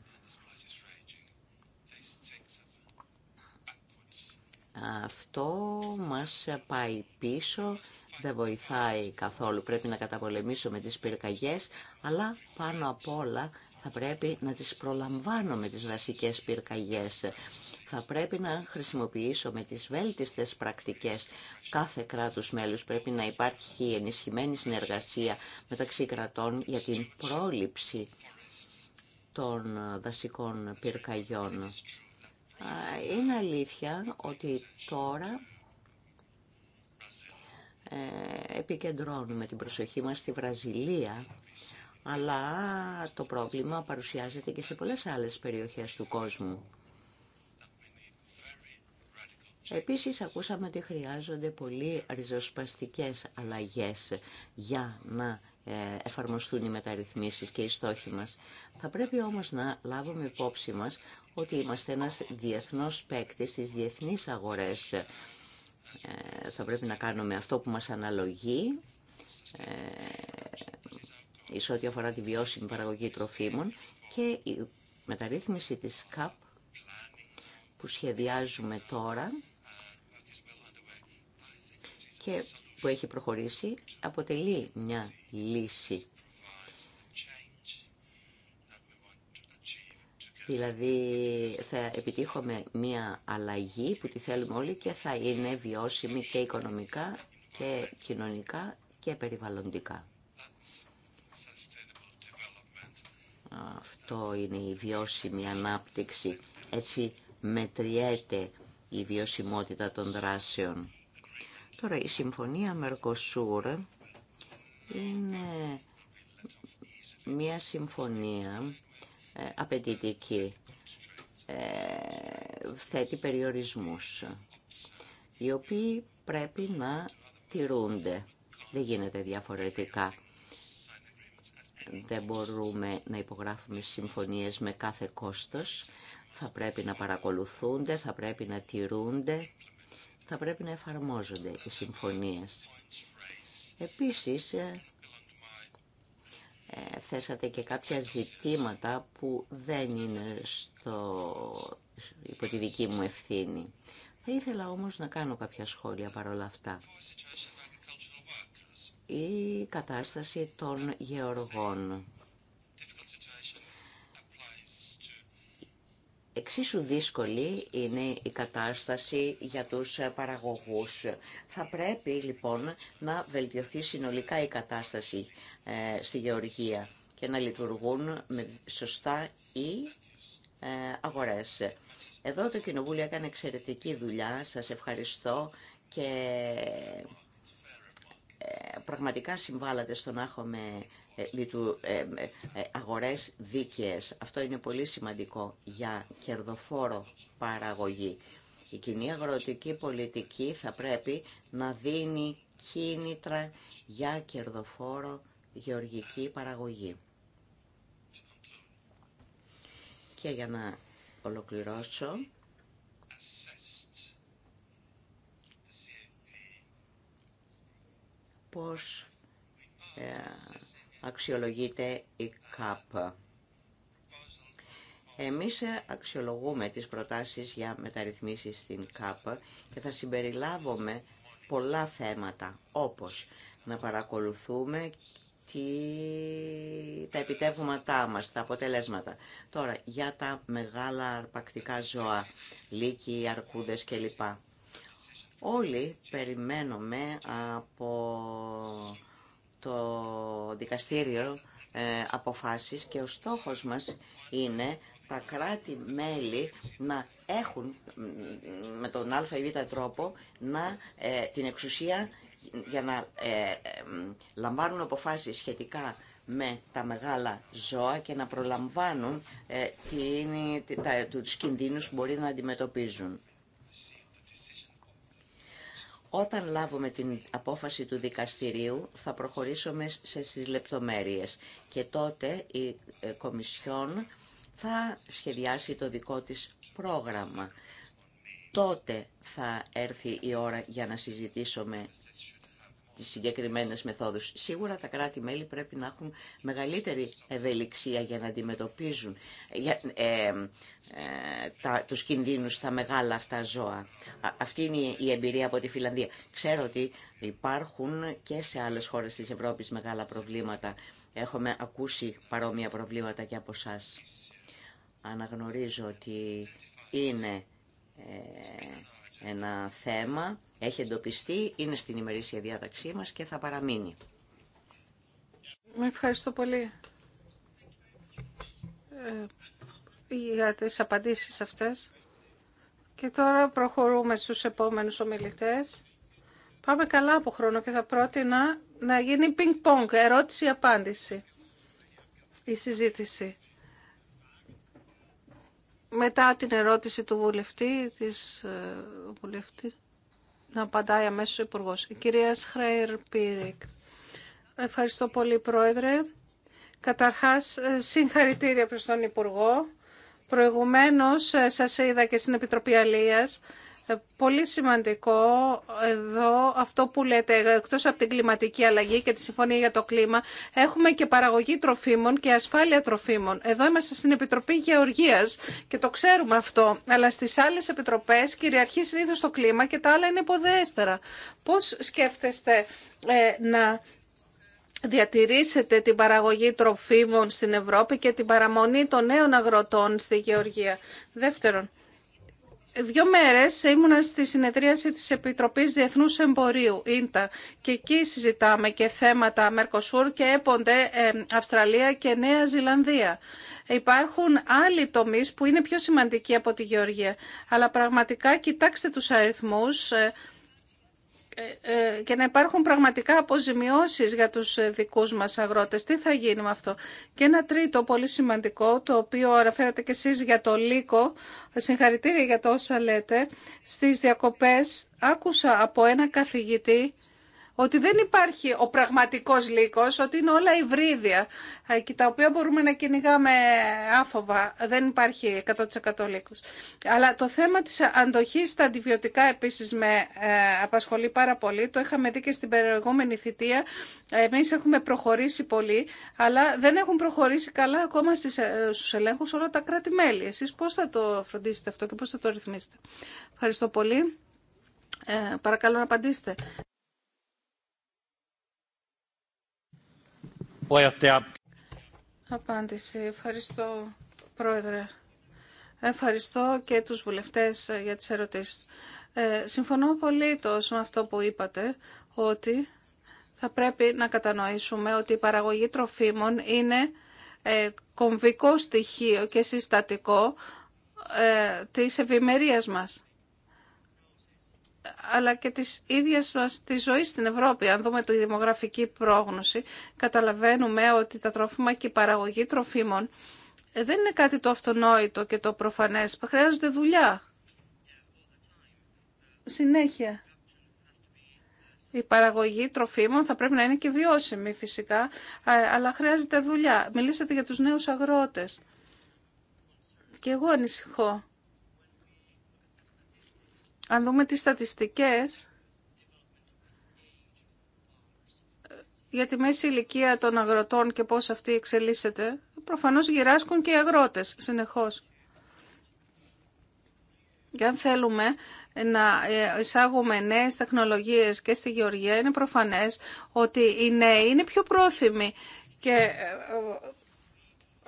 Αυτό μας πάει πίσω, δεν βοηθάει καθόλου. Πρέπει να καταπολεμήσουμε τις πυρκαγιές, αλλά πάνω απ' όλα θα πρέπει να τις προλαμβάνουμε τις δασικές πυρκαγιές. Θα πρέπει να χρησιμοποιήσουμε τις βέλτιστες πρακτικές κάθε κράτους μέλους. Πρέπει να υπάρχει ενισχυμένη συνεργασία μεταξύ κρατών για την πρόληψη των δασικών πυρκαγιών. Είναι αλήθεια ότι τώρα ε, επικεντρώνουμε την προσοχή μας στη Βραζιλία αλλά το πρόβλημα παρουσιάζεται και σε πολλές άλλες περιοχές του κόσμου. Επίσης ακούσαμε ότι χρειάζονται πολύ ριζοσπαστικές αλλαγές για να ε, εφαρμοστούν οι μεταρρυθμίσεις και οι στόχοι μας. Θα πρέπει όμως να λάβουμε υπόψη μας ότι είμαστε ένας διεθνός παίκτη στις διεθνείς αγορές. Ε, θα πρέπει να κάνουμε αυτό που μας αναλογεί, ε, σε ό,τι αφορά τη βιώσιμη παραγωγή τροφίμων και η μεταρρύθμιση της ΚΑΠ που σχεδιάζουμε τώρα και που έχει προχωρήσει αποτελεί μια λύση. Δηλαδή θα επιτύχουμε μια αλλαγή που τη θέλουμε όλοι και θα είναι βιώσιμη και οικονομικά και κοινωνικά και περιβαλλοντικά. Αυτό είναι η βιώσιμη ανάπτυξη. Έτσι μετριέται η βιωσιμότητα των δράσεων. Τώρα η Συμφωνία Μερκοσούρ είναι μια συμφωνία ε, απαιτητική. Ε, θέτει περιορισμούς, οι οποίοι πρέπει να τηρούνται. Δεν γίνεται διαφορετικά δεν μπορούμε να υπογράφουμε συμφωνίες με κάθε κόστος. Θα πρέπει να παρακολουθούνται, θα πρέπει να τηρούνται, θα πρέπει να εφαρμόζονται οι συμφωνίες. Επίσης, ε, ε, θέσατε και κάποια ζητήματα που δεν είναι στο, υπό τη δική μου ευθύνη. Θα ήθελα όμως να κάνω κάποια σχόλια παρόλα αυτά η κατάσταση των γεωργών. Εξίσου δύσκολη είναι η κατάσταση για τους παραγωγούς. Θα πρέπει λοιπόν να βελτιωθεί συνολικά η κατάσταση ε, στη γεωργία και να λειτουργούν με σωστά οι ε, αγορές. Εδώ το Κοινοβούλιο έκανε εξαιρετική δουλειά. Σας ευχαριστώ και ε, πραγματικά συμβάλλατε στο να έχουμε ε, ε, αγορές δίκαιες. Αυτό είναι πολύ σημαντικό για κερδοφόρο παραγωγή. Η κοινή αγροτική πολιτική θα πρέπει να δίνει κίνητρα για κερδοφόρο γεωργική παραγωγή. Και για να ολοκληρώσω, πώς ε, αξιολογείται η ΚΑΠ. Εμείς ε, αξιολογούμε τις προτάσεις για μεταρρυθμίσεις στην ΚΑΠ και θα συμπεριλάβουμε πολλά θέματα, όπως να παρακολουθούμε τι... τα επιτεύγματά μας, τα αποτελέσματα. Τώρα, για τα μεγάλα αρπακτικά ζώα, λύκοι, αρκούδες κλπ. Όλοι περιμένουμε από το δικαστήριο ε, αποφάσεις και ο στόχος μας είναι τα κράτη-μέλη να έχουν με τον α ή β τρόπο να, ε, την εξουσία για να ε, λαμβάνουν αποφάσεις σχετικά με τα μεγάλα ζώα και να προλαμβάνουν του τα, τους κινδύνους που μπορεί να αντιμετωπίζουν. Όταν λάβουμε την απόφαση του δικαστηρίου θα προχωρήσουμε σε στις λεπτομέρειες και τότε η ε, Κομισιόν θα σχεδιάσει το δικό της πρόγραμμα. Τότε θα έρθει η ώρα για να συζητήσουμε τις συγκεκριμένες μεθόδους. Σίγουρα τα κράτη-μέλη πρέπει να έχουν μεγαλύτερη ευελιξία για να αντιμετωπίζουν για, ε, ε τα, τους κινδύνους στα μεγάλα αυτά ζώα. αυτή είναι η εμπειρία από τη Φιλανδία. Ξέρω ότι υπάρχουν και σε άλλες χώρες της Ευρώπης μεγάλα προβλήματα. Έχουμε ακούσει παρόμοια προβλήματα και από εσά. Αναγνωρίζω ότι είναι ε, ένα θέμα έχει εντοπιστεί, είναι στην ημερήσια διάταξή μας και θα παραμείνει.
Με ευχαριστώ πολύ ε, για τις απαντήσεις αυτές. Και τώρα προχωρούμε στους επόμενους ομιλητές. Πάμε καλά από χρόνο και θα πρότεινα να γίνει πινκ-πονγκ, ερώτηση-απάντηση η συζήτηση. Μετά την ερώτηση του βουλευτή, της ε, βουλευτή, να απαντάει αμέσως ο Υπουργός. Η κυρία Σχρέιρ Ευχαριστώ πολύ, Πρόεδρε. Καταρχάς, ε, συγχαρητήρια προς τον Υπουργό. Προηγουμένως, ε, σας είδα και στην Επιτροπή Αλίας ε, πολύ σημαντικό εδώ αυτό που λέτε, εκτός από την κλιματική αλλαγή και τη Συμφωνία για το Κλίμα, έχουμε και παραγωγή τροφίμων και ασφάλεια τροφίμων. Εδώ είμαστε στην Επιτροπή Γεωργίας και το ξέρουμε αυτό, αλλά στις άλλες επιτροπές κυριαρχεί συνήθω το κλίμα και τα άλλα είναι υποδέστερα. Πώς σκέφτεστε ε, να διατηρήσετε την παραγωγή τροφίμων στην Ευρώπη και την παραμονή των νέων αγροτών στη Γεωργία. Δεύτερον, Δύο μέρες ήμουνα στη συνεδρίαση της Επιτροπής Διεθνούς Εμπορίου, ΙΝΤΑ, και εκεί συζητάμε και θέματα Μερκοσούρ και έπονται ε, Αυστραλία και Νέα Ζηλανδία. Υπάρχουν άλλοι τομείς που είναι πιο σημαντικοί από τη Γεωργία, αλλά πραγματικά κοιτάξτε τους αριθμούς ε, ε, ε, και να υπάρχουν πραγματικά αποζημιώσεις για τους ε, δικούς μας αγρότες. Τι θα γίνει με αυτό. Και ένα τρίτο πολύ σημαντικό, το οποίο αναφέρατε και εσείς για το λύκο, συγχαρητήρια για το όσα λέτε, στις διακοπές άκουσα από ένα καθηγητή ότι δεν υπάρχει ο πραγματικός λύκος, ότι είναι όλα υβρίδια ε, και τα οποία μπορούμε να κυνηγάμε άφοβα. Δεν υπάρχει 100% λύκος. Αλλά το θέμα της αντοχής στα αντιβιωτικά επίσης με ε, απασχολεί πάρα πολύ. Το είχαμε δει και στην περιεργόμενη θητεία. Εμείς έχουμε προχωρήσει πολύ, αλλά δεν έχουν προχωρήσει καλά ακόμα στις, ε, στους ελέγχους όλα τα κράτη-μέλη. Εσείς πώς θα το φροντίσετε αυτό και πώς θα το ρυθμίσετε. Ευχαριστώ πολύ. Ε, παρακαλώ να απαντήσετε. Απάντηση. Ευχαριστώ, Πρόεδρε. Ευχαριστώ και τους βουλευτές ε, για τις ερωτήσεις. Ε, συμφωνώ πολύ με αυτό που είπατε, ότι θα πρέπει να κατανοήσουμε ότι η παραγωγή τροφίμων είναι ε, κομβικό στοιχείο και συστατικό ε, της ευημερίας μας αλλά και της ίδιας μας τη ζωή στην Ευρώπη. Αν δούμε τη δημογραφική πρόγνωση, καταλαβαίνουμε ότι τα τρόφιμα και η παραγωγή τροφίμων δεν είναι κάτι το αυτονόητο και το προφανές. Χρειάζονται δουλειά. Συνέχεια. Η παραγωγή τροφίμων θα πρέπει να είναι και βιώσιμη φυσικά, αλλά χρειάζεται δουλειά. Μιλήσατε για τους νέους αγρότες. Και εγώ ανησυχώ αν δούμε τις στατιστικές για τη μέση ηλικία των αγροτών και πώς αυτή εξελίσσεται, προφανώς γυράσκουν και οι αγρότες συνεχώς. Και αν θέλουμε να ε, εισάγουμε νέες τεχνολογίες και στη γεωργία, είναι προφανές ότι οι νέοι είναι πιο πρόθυμοι και ε,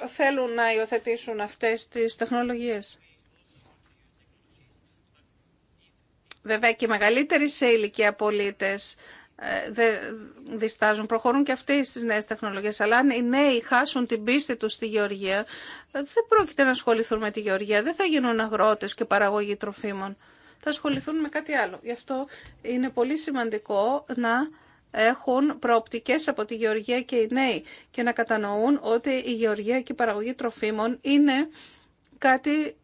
ε, θέλουν να υιοθετήσουν αυτές τις τεχνολογίες. Βέβαια και οι μεγαλύτεροι σε ηλικία πολίτε ε, διστάζουν, προχωρούν και αυτοί στις νέες τεχνολογίες. Αλλά αν οι νέοι χάσουν την πίστη τους στη γεωργία, ε, δεν πρόκειται να ασχοληθούν με τη γεωργία. Δεν θα γίνουν αγρότες και παραγωγοί τροφίμων. Θα ασχοληθούν με κάτι άλλο. Γι' αυτό είναι πολύ σημαντικό να έχουν προοπτικές από τη γεωργία και οι νέοι και να κατανοούν ότι η γεωργία και η παραγωγή τροφίμων είναι κάτι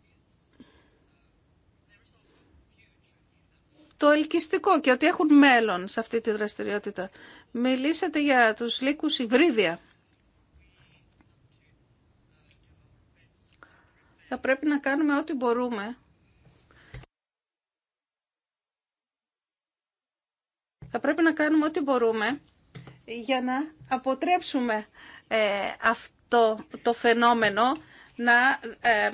το ελκυστικό και ότι έχουν μέλλον σε αυτή τη δραστηριότητα. Μιλήσατε για τους λύκους υβρίδια. Θα πρέπει να κάνουμε ό,τι μπορούμε. Θα πρέπει να κάνουμε ό,τι μπορούμε για να αποτρέψουμε ε, αυτό το φαινόμενο να ε,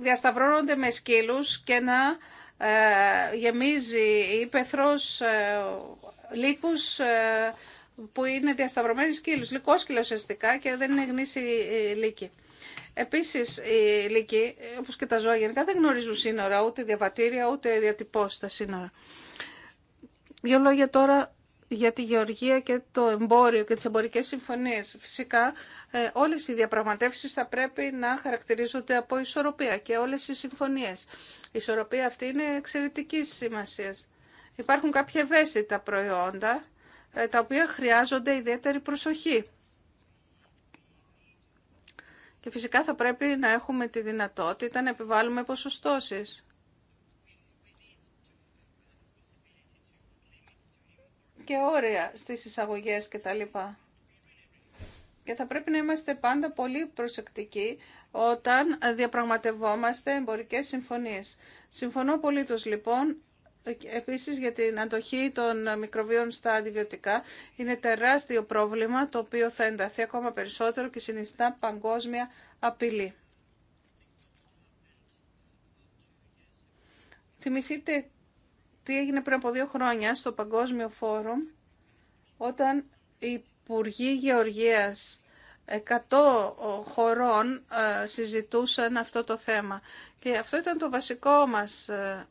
διασταυρώνονται με σκύλους και να ε, γεμίζει ύπεθρος ε, λύκους ε, που είναι διασταυρωμένοι σκύλους, λυκόσκυλα ουσιαστικά και δεν είναι γνήσιοι λύκοι. Επίσης, οι λύκοι, όπως και τα ζώα γενικά, δεν γνωρίζουν σύνορα, ούτε διαβατήρια, ούτε διατυπώσεις στα σύνορα. Δύο λόγια τώρα για τη γεωργία και το εμπόριο και τις εμπορικές συμφωνίες. Φυσικά όλες οι διαπραγματεύσεις θα πρέπει να χαρακτηρίζονται από ισορροπία και όλες οι συμφωνίες. Η ισορροπία αυτή είναι εξαιρετική σημασία. Υπάρχουν κάποια ευαίσθητα προϊόντα ε, τα οποία χρειάζονται ιδιαίτερη προσοχή. Και φυσικά θα πρέπει να έχουμε τη δυνατότητα να επιβάλλουμε ποσοστώσεις. Και όρια στις εισαγωγές και τα και θα πρέπει να είμαστε πάντα πολύ προσεκτικοί όταν διαπραγματευόμαστε εμπορικές συμφωνίες. Συμφωνώ πολύ τους λοιπόν. Επίσης για την αντοχή των μικροβίων στα αντιβιωτικά είναι τεράστιο πρόβλημα το οποίο θα ενταθεί ακόμα περισσότερο και συνιστά παγκόσμια απειλή. Θυμηθείτε τι έγινε πριν από δύο χρόνια στο Παγκόσμιο Φόρουμ όταν η Υπουργοί Γεωργίας 100 χωρών ε, συζητούσαν αυτό το θέμα. Και αυτό ήταν το βασικό μας ε,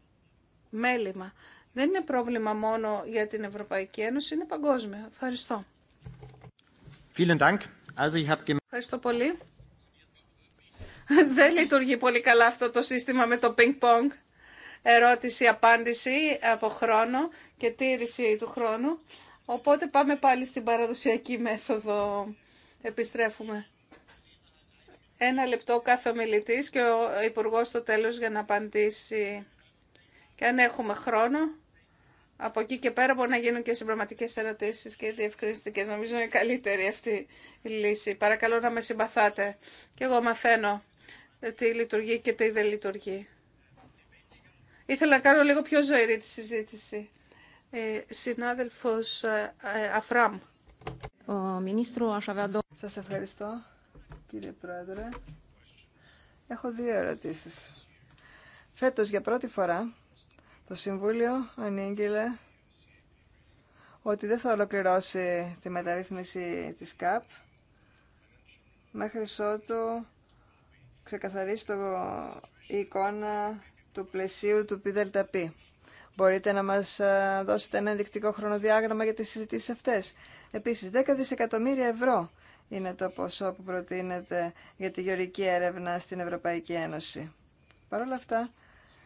μέλημα. Δεν είναι πρόβλημα μόνο για την Ευρωπαϊκή Ένωση, είναι παγκόσμιο. Ευχαριστώ. Ευχαριστώ πολύ. Δεν λειτουργεί πολύ καλά αυτό το σύστημα με το ping-pong. Ερώτηση-απάντηση από χρόνο και τήρηση του χρόνου. Οπότε πάμε πάλι στην παραδοσιακή μέθοδο. Επιστρέφουμε. Ένα λεπτό κάθε ομιλητής και ο Υπουργός στο τέλος για να απαντήσει. Και αν έχουμε χρόνο, από εκεί και πέρα μπορεί να γίνουν και συμπραγματικέ ερωτήσεις και διευκρινιστικές. Νομίζω είναι καλύτερη αυτή η λύση. Παρακαλώ να με συμπαθάτε. Και εγώ μαθαίνω τι λειτουργεί και τι δεν λειτουργεί. Ήθελα να κάνω λίγο πιο ζωηρή τη συζήτηση. Ε, συνάδελφος ε, ε, Αφράμ. Σας ευχαριστώ,
κύριε Πρόεδρε. Έχω δύο ερωτήσεις. Φέτος, για πρώτη φορά, το Συμβούλιο ανήγγειλε ότι δεν θα ολοκληρώσει τη μεταρρύθμιση της ΚΑΠ μέχρι ότου ξεκαθαρίσει η εικόνα του πλαισίου του ΠΔΠ. Μπορείτε να μας ε, δώσετε ένα ενδεικτικό χρονοδιάγραμμα για τις συζητήσεις αυτές. Επίσης, 10 δισεκατομμύρια ευρώ είναι το ποσό που προτείνεται για τη γεωρική έρευνα στην Ευρωπαϊκή Ένωση. Παρ' όλα αυτά,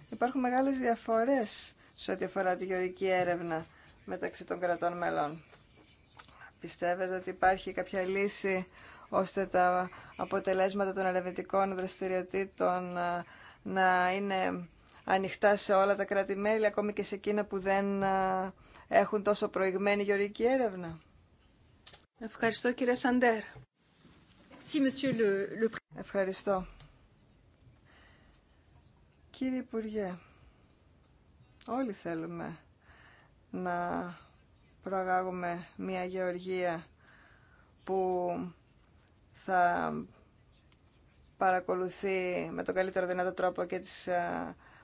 υπάρχουν μεγάλες διαφορές σε ό,τι αφορά τη γεωρική έρευνα μεταξύ των κρατών μελών. Πιστεύετε ότι υπάρχει κάποια λύση ώστε τα αποτελέσματα των ερευνητικών δραστηριοτήτων ε, να είναι ανοιχτά σε όλα τα κράτη-μέλη, ακόμη και σε εκείνα που δεν έχουν τόσο προηγμένη γεωργική έρευνα. Ευχαριστώ κύριε Σαντέρ. Ευχαριστώ. Κύριε Υπουργέ, όλοι θέλουμε να προαγάγουμε μια γεωργία που θα παρακολουθεί με τον καλύτερο δυνατό τρόπο και τις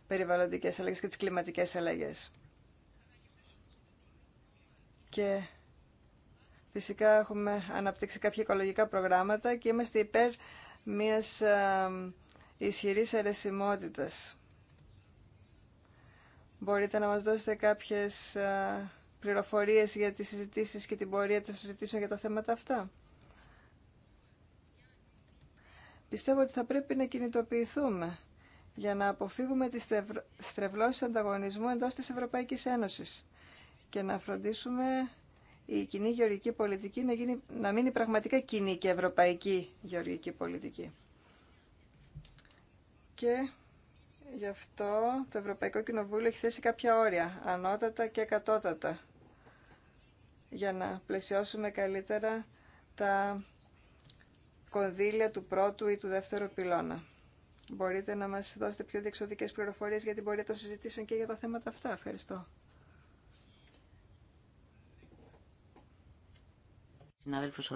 περιβαλλοντικές αλλαγές και τις κλιματικές αλλαγές. Και φυσικά έχουμε αναπτύξει κάποια οικολογικά προγράμματα και είμαστε υπέρ μιας ε, ισχυρής αιρεσιμότητας. Μπορείτε να μας δώσετε κάποιες ε, πληροφορίες για τις συζητήσεις και την πορεία των συζητήσεων για τα θέματα αυτά. Πιστεύω ότι θα πρέπει να κινητοποιηθούμε για να αποφύγουμε τις στρεβλώσεις ανταγωνισμού εντός της Ευρωπαϊκής Ένωσης και να φροντίσουμε η κοινή γεωργική πολιτική να, γίνει, να μείνει πραγματικά κοινή και ευρωπαϊκή γεωργική πολιτική. Και γι' αυτό το Ευρωπαϊκό Κοινοβούλιο έχει θέσει κάποια όρια, ανώτατα και εκατότατα, για να πλαισιώσουμε καλύτερα τα κονδύλια του πρώτου ή του δεύτερου πυλώνα. Μπορείτε να μας δώσετε πιο διεξοδικές πληροφορίες για την πορεία των συζητήσεων και για τα θέματα αυτά. Ευχαριστώ. Συνάδελφος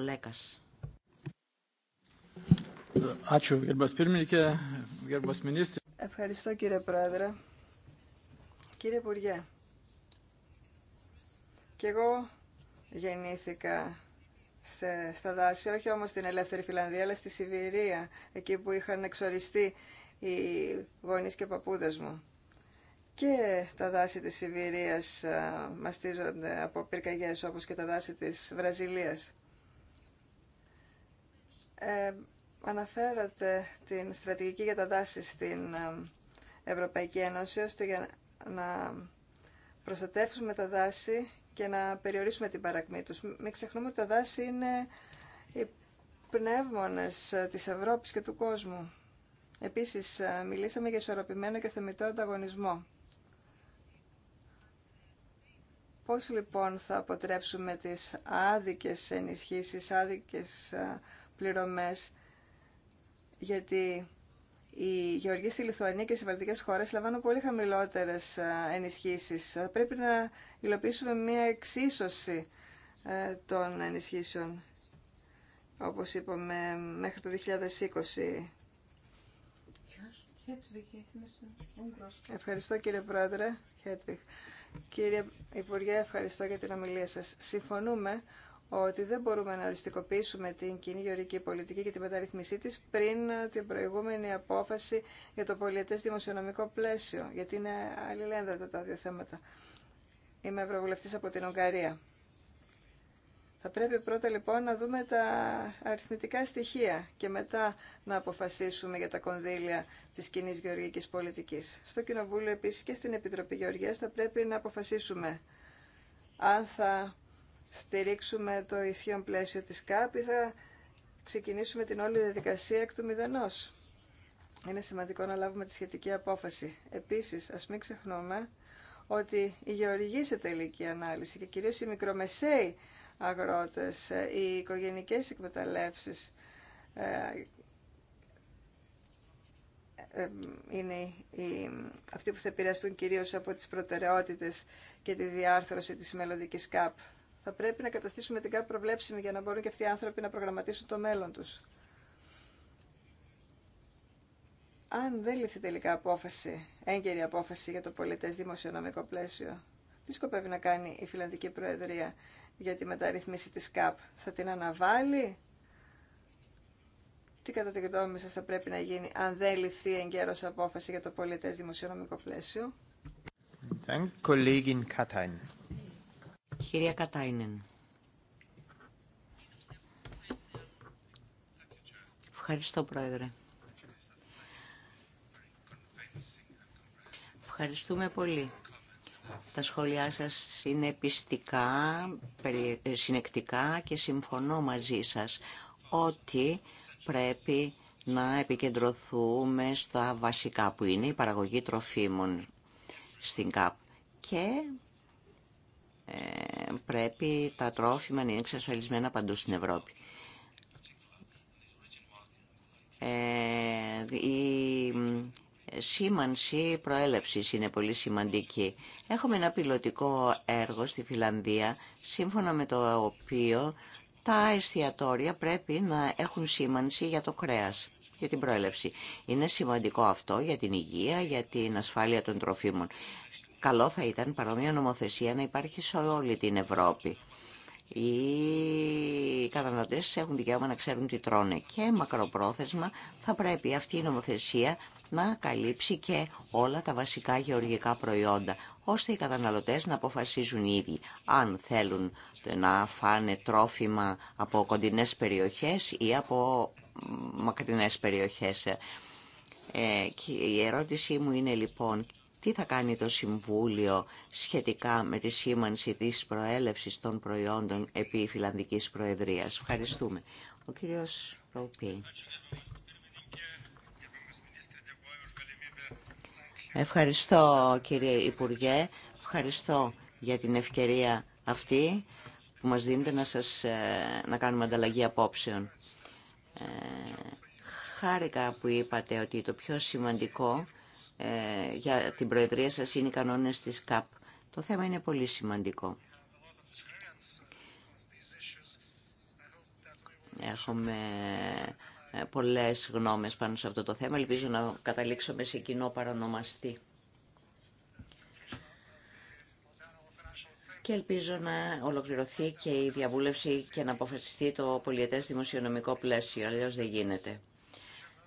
Ευχαριστώ κύριε Πρόεδρε. Κύριε Υπουργέ, και εγώ γεννήθηκα σε, στα δάση, όχι όμως στην ελεύθερη Φιλανδία, αλλά στη Σιβηρία, εκεί που είχαν εξοριστεί οι γονείς και παππούδες μου. Και τα δάση της Σιβηρίας α, ε, μαστίζονται από πυρκαγιές, όπως και τα δάση της Βραζιλίας. Ε, αναφέρατε την στρατηγική για τα δάση στην ε, Ευρωπαϊκή Ένωση, ώστε να προστατεύσουμε τα δάση και να περιορίσουμε την παρακμή τους. Μην ξεχνούμε ότι τα δάση είναι οι πνεύμονες ε, της Ευρώπης και του κόσμου. Επίσης, ε, μιλήσαμε για ισορροπημένο και θεμητό ανταγωνισμό. Πώς λοιπόν θα αποτρέψουμε τις άδικες ενισχύσεις, άδικες ε, πληρωμές, γιατί οι γεωργοί στη Λιθουανία και στι βαλτικέ χώρε λαμβάνουν πολύ χαμηλότερε ενισχύσει. Πρέπει να υλοποιήσουμε μια εξίσωση ε, των ενισχύσεων, όπως είπαμε, μέχρι το 2020. Ευχαριστώ κύριε Πρόεδρε. Κύριε Υπουργέ, ευχαριστώ για την ομιλία σας. Συμφωνούμε ότι δεν μπορούμε να οριστικοποιήσουμε την κοινή γεωρική πολιτική και τη μεταρρυθμισή της πριν ε, την προηγούμενη απόφαση για το πολιετές δημοσιονομικό πλαίσιο, γιατί είναι αλληλένδετα τα δύο θέματα. Είμαι ευρωβουλευτής από την Ουγγαρία. Θα πρέπει πρώτα λοιπόν να δούμε τα αριθμητικά στοιχεία και μετά να αποφασίσουμε για τα κονδύλια της κοινή γεωργικής πολιτικής. Στο Κοινοβούλιο επίσης και στην Επιτροπή Γεωργίας θα πρέπει να αποφασίσουμε αν θα στηρίξουμε το ισχύον πλαίσιο της ΚΑΠ ή θα ξεκινήσουμε την όλη διαδικασία εκ του μηδενός. Είναι σημαντικό να λάβουμε τη σχετική απόφαση. Επίσης, ας μην ξεχνούμε ότι η γεωργή σε τελική ανάλυση και κυρίως οι μικρομεσαίοι αγρότες, ε, οι οικογενικές εκμεταλλεύσεις ε, ε, είναι οι, αυτοί που θα επηρεαστούν κυρίως από τις προτεραιότητες και τη διάρθρωση της μελλοντική ΚΑΠ. Θα πρέπει να καταστήσουμε την ΚΑΠ προβλέψιμη για να μπορούν και αυτοί οι άνθρωποι να προγραμματίσουν το μέλλον τους. Αν δεν λυθεί τελικά απόφαση, έγκαιρη απόφαση για το πολιτές δημοσιονομικό πλαίσιο, τι σκοπεύει να κάνει η Φιλανδική Προεδρία για τη μεταρρυθμίση της ΚΑΠ. Θα την αναβάλει. Τι κατά τη γνώμη σας θα πρέπει να γίνει αν δεν λυθεί εγκαίρως απόφαση για το πολιτές δημοσιονομικό
πλαίσιο. Κυρία Κατάινεν. Ευχαριστώ, Πρόεδρε. Ευχαριστούμε πολύ. Τα σχόλιά σας είναι πιστικά, ε, συνεκτικά και συμφωνώ μαζί σας ότι πρέπει να επικεντρωθούμε στα βασικά που είναι η παραγωγή τροφίμων στην ΚΑΠ και ε, πρέπει τα τρόφιμα να είναι εξασφαλισμένα παντού στην Ευρώπη. Ε, η ε, σήμανση προέλευσης είναι πολύ σημαντική. Έχουμε ένα πιλωτικό έργο στη Φιλανδία, σύμφωνα με το οποίο τα εστιατόρια πρέπει να έχουν σήμανση για το κρέας, για την προέλευση. Είναι σημαντικό αυτό για την υγεία, για την ασφάλεια των τροφίμων. Καλό θα ήταν παρόμοια νομοθεσία να υπάρχει σε όλη την Ευρώπη. Οι καταναλωτές έχουν δικαίωμα να ξέρουν τι τρώνε και μακροπρόθεσμα θα πρέπει αυτή η νομοθεσία να καλύψει και όλα τα βασικά γεωργικά προϊόντα, ώστε οι καταναλωτές να αποφασίζουν ήδη αν θέλουν να φάνε τρόφιμα από κοντινές περιοχές ή από μακρινές περιοχές. Ε, η ερώτησή μου είναι λοιπόν τι θα κάνει το Συμβούλιο σχετικά με τη σήμανση της προέλευσης των προϊόντων επί Φιλανδικής Προεδρίας. Ευχαριστούμε. Ο κύριος Ροπή. Ευχαριστώ κύριε Υπουργέ. Ευχαριστώ για την ευκαιρία αυτή που μας δίνετε να, σας, ε, να κάνουμε ανταλλαγή απόψεων. Ε, χάρηκα που είπατε ότι το πιο σημαντικό ε, για την Προεδρία σας είναι οι κανόνες της ΚΑΠ. Το θέμα είναι πολύ σημαντικό. Έχουμε ε, πολλές γνώμες πάνω σε αυτό το θέμα. Ελπίζω να καταλήξουμε σε κοινό παρονομαστή. Και ελπίζω να ολοκληρωθεί και η διαβούλευση και να αποφασιστεί το πολιετές δημοσιονομικό πλαίσιο. Αλλιώς δεν γίνεται.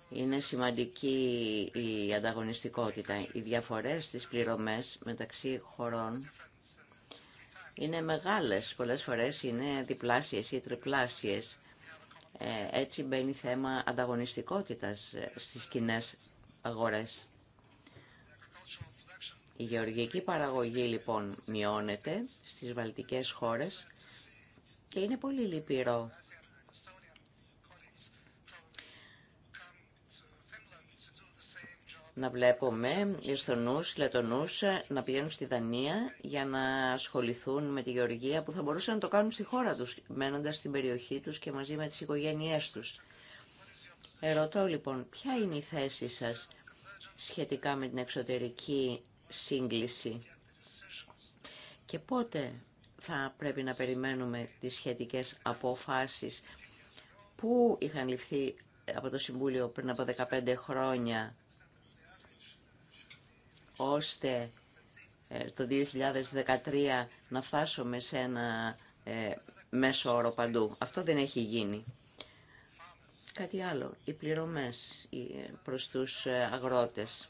Είναι σημαντική η ανταγωνιστικότητα. Οι διαφορές στις πληρωμές μεταξύ χωρών είναι μεγάλες. Πολλές φορές είναι διπλάσιες ή τριπλάσιες. Ε, έτσι μπαίνει θέμα ανταγωνιστικότητας ε, στις κοινέ αγορές. Η γεωργική παραγωγή λοιπόν μειώνεται στις βαλτικές χώρες και είναι πολύ λυπηρό να βλέπουμε Ιστονούς, Λετονούς ε, να πηγαίνουν στη Δανία για να ασχοληθούν με τη γεωργία που θα μπορούσαν να το κάνουν στη χώρα τους, μένοντας στην περιοχή τους και μαζί με τις οικογένειές τους. Ερωτώ λοιπόν, ποια είναι η θέση σας σχετικά με την εξωτερική σύγκληση και πότε θα πρέπει να περιμένουμε τις σχετικές αποφάσεις που είχαν ληφθεί από το Συμβούλιο πριν από 15 χρόνια ώστε ε, το 2013 να φτάσουμε σε ένα ε, μέσο όρο παντού. Αυτό δεν έχει γίνει. Κάτι άλλο, οι πληρωμές ε, προς τους αγρότες.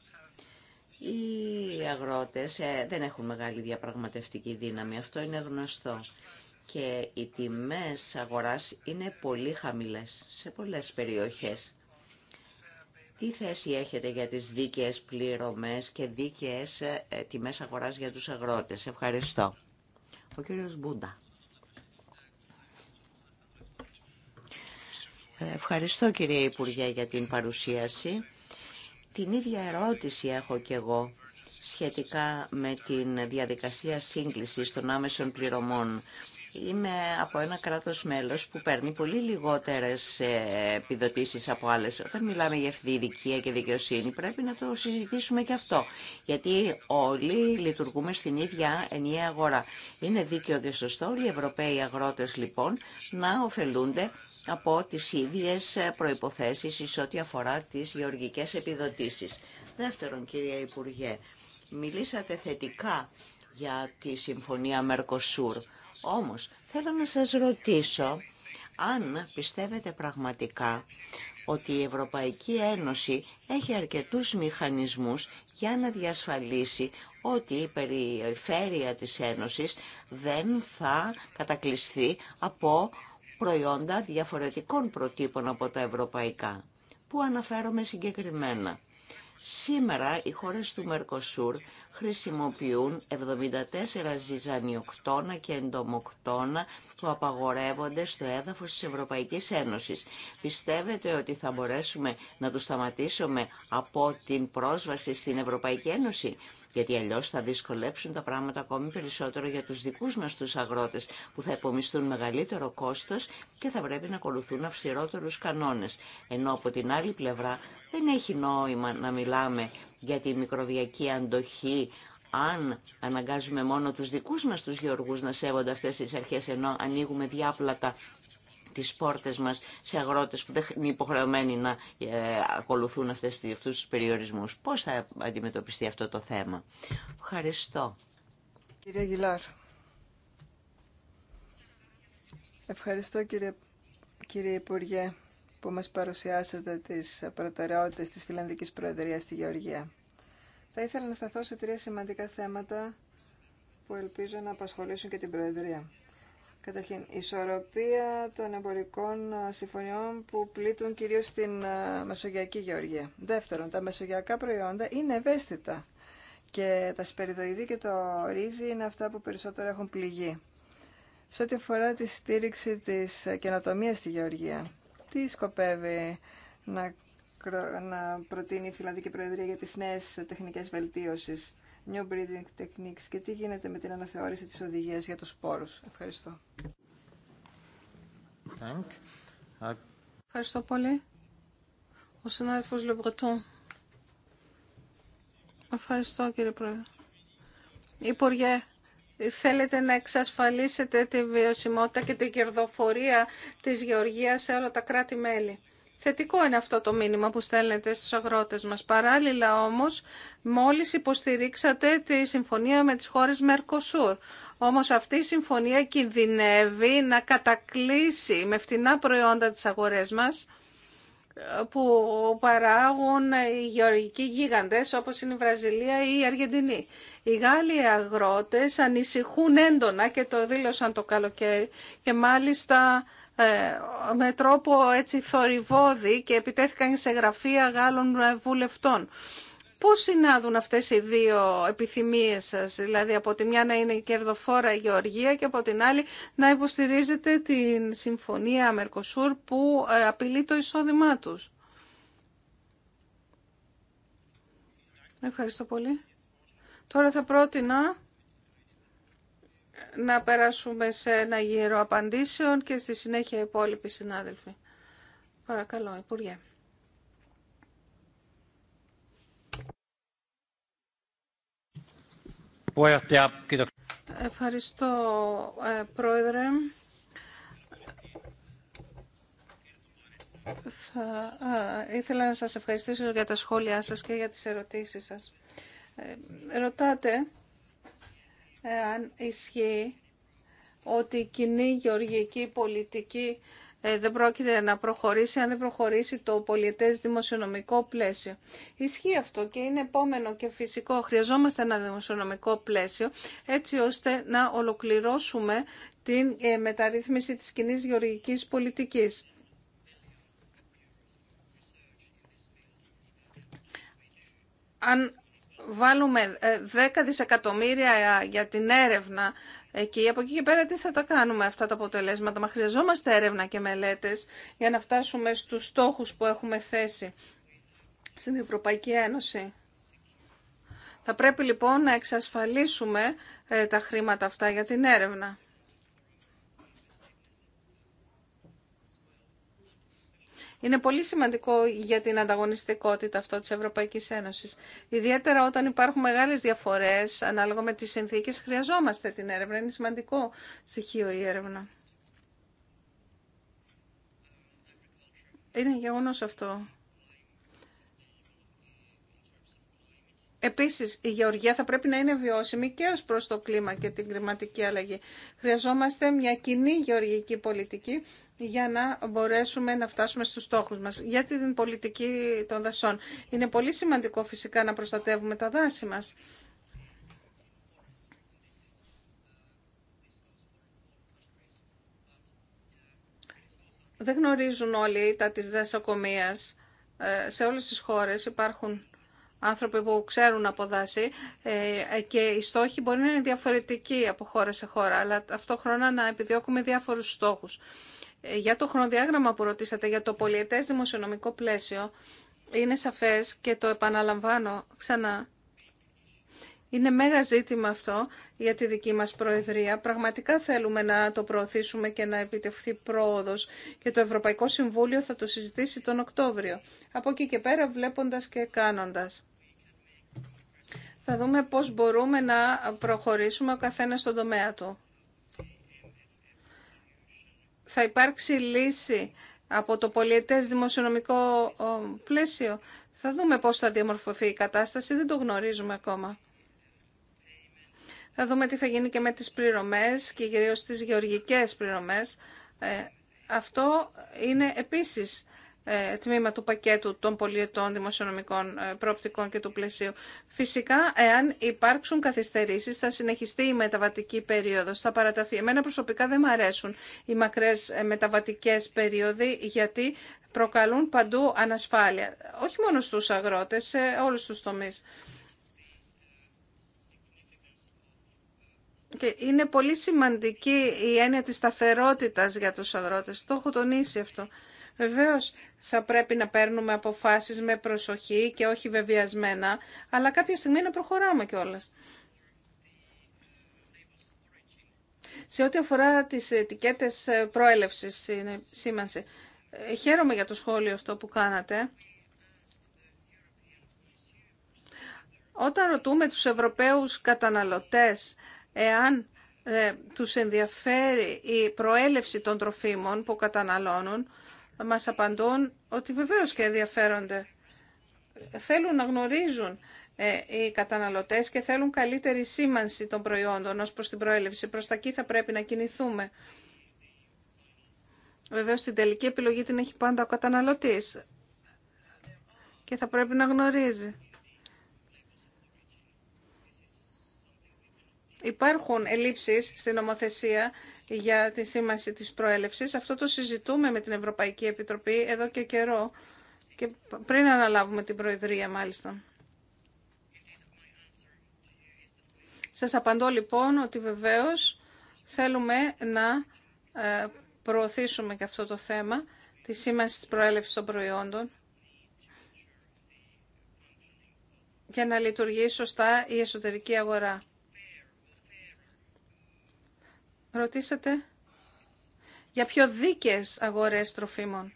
Οι αγρότες δεν έχουν μεγάλη διαπραγματευτική δύναμη, αυτό είναι γνωστό. Και οι τιμές αγοράς είναι πολύ χαμηλές σε πολλές περιοχές. Τι θέση έχετε για τις δίκαιες πληρωμές και δίκαιες ε, τιμές αγοράς για τους αγρότες. Ευχαριστώ. Ο κύριος Μπούντα. Ευχαριστώ κύριε Υπουργέ για την παρουσίαση. Την ίδια ερώτηση έχω και εγώ σχετικά με την διαδικασία σύγκλησης των άμεσων πληρωμών είμαι από ένα κράτος μέλος που παίρνει πολύ λιγότερες ε, επιδοτήσεις από άλλες. Όταν μιλάμε για ευθυδικία και δικαιοσύνη πρέπει να το συζητήσουμε και αυτό. Γιατί όλοι λειτουργούμε στην ίδια ενιαία αγορά. Είναι δίκαιο και σωστό όλοι οι Ευρωπαίοι αγρότες λοιπόν να ωφελούνται από τις ίδιες προϋποθέσεις εις ό,τι αφορά τις γεωργικές επιδοτήσεις. Δεύτερον, κυρία Υπουργέ, μιλήσατε θετικά για τη Συμφωνία Μερκοσούρ. Όμως θέλω να σας ρωτήσω αν πιστεύετε πραγματικά ότι η Ευρωπαϊκή Ένωση έχει αρκετούς μηχανισμούς για να διασφαλίσει ότι η περιφέρεια της Ένωσης δεν θα κατακλειστεί από προϊόντα διαφορετικών προτύπων από τα ευρωπαϊκά. Πού αναφέρομαι συγκεκριμένα. Σήμερα οι χώρες του Μερκοσούρ χρησιμοποιούν 74 ζυζανιοκτώνα και εντομοκτώνα που απαγορεύονται στο έδαφος της Ευρωπαϊκής Ένωσης. Πιστεύετε ότι θα μπορέσουμε να τους σταματήσουμε από την πρόσβαση στην Ευρωπαϊκή Ένωση γιατί αλλιώς θα δυσκολέψουν τα πράγματα ακόμη περισσότερο για τους δικούς μας τους αγρότες που θα υπομισθούν μεγαλύτερο κόστος και θα πρέπει να ακολουθούν αυστηρότερους κανόνες. Ενώ από την άλλη πλευρά δεν έχει νόημα να μιλάμε για τη μικροβιακή αντοχή αν αναγκάζουμε μόνο τους δικούς μας τους γεωργούς να σέβονται αυτές τις αρχές ενώ ανοίγουμε διάπλατα τις πόρτες μας σε αγρότες που δεν είναι υποχρεωμένοι να ε, ακολουθούν αυτές, αυτούς τους περιορισμούς. Πώς θα αντιμετωπιστεί αυτό το θέμα. Ευχαριστώ. Κύριε Γιλάρ.
Ευχαριστώ κύριε Υπουργέ που μας παρουσιάσατε τις προτεραιότητες της Φιλανδικής Προεδρίας στη Γεωργία. Θα ήθελα να σταθώ σε τρία σημαντικά θέματα που ελπίζω να απασχολήσουν και την Προεδρία. Καταρχήν, ισορροπία των εμπορικών συμφωνιών που πλήττουν κυρίως στην Μεσογειακή Γεωργία. Δεύτερον, τα μεσογειακά προϊόντα είναι ευαίσθητα και τα σπεριδοειδή και το ρύζι είναι αυτά που περισσότερο έχουν πληγεί. Σε ό,τι αφορά τη στήριξη της καινοτομία στη Γεωργία, τι σκοπεύει να, να προτείνει η Φιλανδική Προεδρία για τις νέες τεχνικές βελτίωσεις, new breeding techniques και τι γίνεται με την αναθεώρηση της οδηγίας για τους σπόρους. Ευχαριστώ.
Ευχαριστώ πολύ. Ο συνάδελφος Λεμπρετών. Ευχαριστώ κύριε Πρόεδρε. Υπουργέ, θέλετε να εξασφαλίσετε τη βιωσιμότητα και την κερδοφορία της γεωργίας σε όλα τα κράτη-μέλη. Θετικό είναι αυτό το μήνυμα που στέλνετε στους αγρότες μας. Παράλληλα όμως, μόλις υποστηρίξατε τη συμφωνία με τις χώρες Mercosur. Όμως αυτή η συμφωνία κινδυνεύει να κατακλείσει με φτηνά προϊόντα τις αγορές μας που παράγουν οι γεωργικοί γίγαντες όπως είναι η Βραζιλία ή η Αργεντινή. Οι Γάλλοι αγρότες ανησυχούν έντονα και το δήλωσαν το καλοκαίρι και μάλιστα ε, με τρόπο έτσι θορυβόδη και επιτέθηκαν σε γραφεία Γάλλων βουλευτών. Πώς συνάδουν αυτές οι δύο επιθυμίες σας, δηλαδή από τη μια να είναι η κερδοφόρα η Γεωργία και από την άλλη να υποστηρίζετε την συμφωνία Μερκοσούρ που ε, απειλεί το εισόδημά τους. Ευχαριστώ πολύ. Τώρα θα πρότεινα να περάσουμε σε ένα γύρο απαντήσεων και στη συνέχεια οι υπόλοιποι συνάδελφοι. Παρακαλώ, Υπουργέ. Ευχαριστώ, ε, Πρόεδρε. Θα α, ε, ήθελα να σας ευχαριστήσω για τα σχόλιά σας και για τις ερωτήσεις σας. Ε, ρωτάτε αν ισχύει ότι η κοινή γεωργική πολιτική ε, δεν πρόκειται να προχωρήσει αν δεν προχωρήσει το πολιετές δημοσιονομικό πλαίσιο. Ισχύει αυτό και είναι επόμενο και φυσικό. Χρειαζόμαστε ένα δημοσιονομικό πλαίσιο έτσι ώστε να ολοκληρώσουμε την ε, μεταρρύθμιση της κοινή γεωργικής πολιτικής. Αν βάλουμε 10 ε, δισεκατομμύρια για την έρευνα εκεί. Από εκεί και πέρα τι θα τα κάνουμε αυτά τα αποτελέσματα. Μα χρειαζόμαστε έρευνα και μελέτες για να φτάσουμε στους στόχους που έχουμε θέσει στην Ευρωπαϊκή Ένωση. Θα πρέπει λοιπόν να εξασφαλίσουμε ε, τα χρήματα αυτά για την έρευνα. Είναι πολύ σημαντικό για την ανταγωνιστικότητα αυτό της Ευρωπαϊκής Ένωσης. Ιδιαίτερα όταν υπάρχουν μεγάλες διαφορές ανάλογα με τις συνθήκες χρειαζόμαστε την έρευνα. Είναι σημαντικό στοιχείο η έρευνα. Είναι γεγονός αυτό. Επίσης, η γεωργία θα πρέπει να είναι βιώσιμη και ως προς το κλίμα και την κλιματική αλλαγή. Χρειαζόμαστε μια κοινή γεωργική πολιτική για να μπορέσουμε να φτάσουμε στους στόχους μας. Για την πολιτική των δασών. Είναι πολύ σημαντικό φυσικά να προστατεύουμε τα δάση μας. Δεν γνωρίζουν όλοι τα της δασοκομείας. Ε, σε όλες τις χώρες υπάρχουν άνθρωποι που ξέρουν από δάση ε, και οι στόχοι μπορεί να είναι διαφορετικοί από χώρα σε χώρα, αλλά ταυτόχρονα να επιδιώκουμε διάφορους στόχους. Ε, για το χρονοδιάγραμμα που ρωτήσατε, για το πολιετές δημοσιονομικό πλαίσιο, είναι σαφές και το επαναλαμβάνω ξανά. Είναι μέγα ζήτημα αυτό για τη δική μας Προεδρία. Πραγματικά θέλουμε να το προωθήσουμε και να επιτευχθεί πρόοδος και το Ευρωπαϊκό Συμβούλιο θα το συζητήσει τον Οκτώβριο. Από εκεί και πέρα βλέποντας και κάνοντας. Θα δούμε πώς μπορούμε να προχωρήσουμε ο καθένας στον τομέα του θα υπάρξει λύση από το πολιετές δημοσιονομικό πλαίσιο. Θα δούμε πώς θα διαμορφωθεί η κατάσταση, δεν το γνωρίζουμε ακόμα. Θα δούμε τι θα γίνει και με τις πληρωμές και κυρίως τις γεωργικές πληρωμές. Ε, αυτό είναι επίσης ε, τμήμα του πακέτου των πολιετών δημοσιονομικών ε, προοπτικών και του πλαισίου. Φυσικά, εάν υπάρξουν καθυστερήσει, θα συνεχιστεί η μεταβατική περίοδο, θα παραταθεί. Εμένα προσωπικά δεν μου αρέσουν οι μακρέ ε, μεταβατικέ περίοδοι, γιατί προκαλούν παντού ανασφάλεια. Όχι μόνο στου αγρότε, σε όλου του τομεί. Και είναι πολύ σημαντική η έννοια της σταθερότητας για τους αγρότες. Το έχω τονίσει αυτό. Βεβαίω θα πρέπει να παίρνουμε αποφάσει με προσοχή και όχι βεβαιασμένα, αλλά κάποια στιγμή να προχωράμε κιόλα. Σε ό,τι αφορά τι ετικέτε προέλευση, σήμανση, ε, χαίρομαι για το σχόλιο αυτό που κάνατε. Όταν ρωτούμε τους Ευρωπαίους καταναλωτές εάν ε, τους ενδιαφέρει η προέλευση των τροφίμων που καταναλώνουν, μας απαντούν ότι βεβαίως και ενδιαφέρονται. Θέλουν να γνωρίζουν ε, οι καταναλωτές και θέλουν καλύτερη σήμανση των προϊόντων ως προς την προέλευση. Προς τα εκεί θα πρέπει να κινηθούμε. Βεβαίως την τελική επιλογή την έχει πάντα ο καταναλωτής και θα πρέπει να γνωρίζει. Υπάρχουν ελλείψεις στην νομοθεσία για τη σήμανση της προέλευσης. Αυτό το συζητούμε με την Ευρωπαϊκή Επιτροπή εδώ και καιρό και πριν αναλάβουμε την Προεδρία μάλιστα. Σας απαντώ λοιπόν ότι βεβαίως θέλουμε να ε, προωθήσουμε και αυτό το θέμα τη σήμανση της προέλευσης των προϊόντων για να λειτουργεί σωστά η εσωτερική αγορά. Ρωτήσατε για πιο δίκαιες αγορές τροφίμων.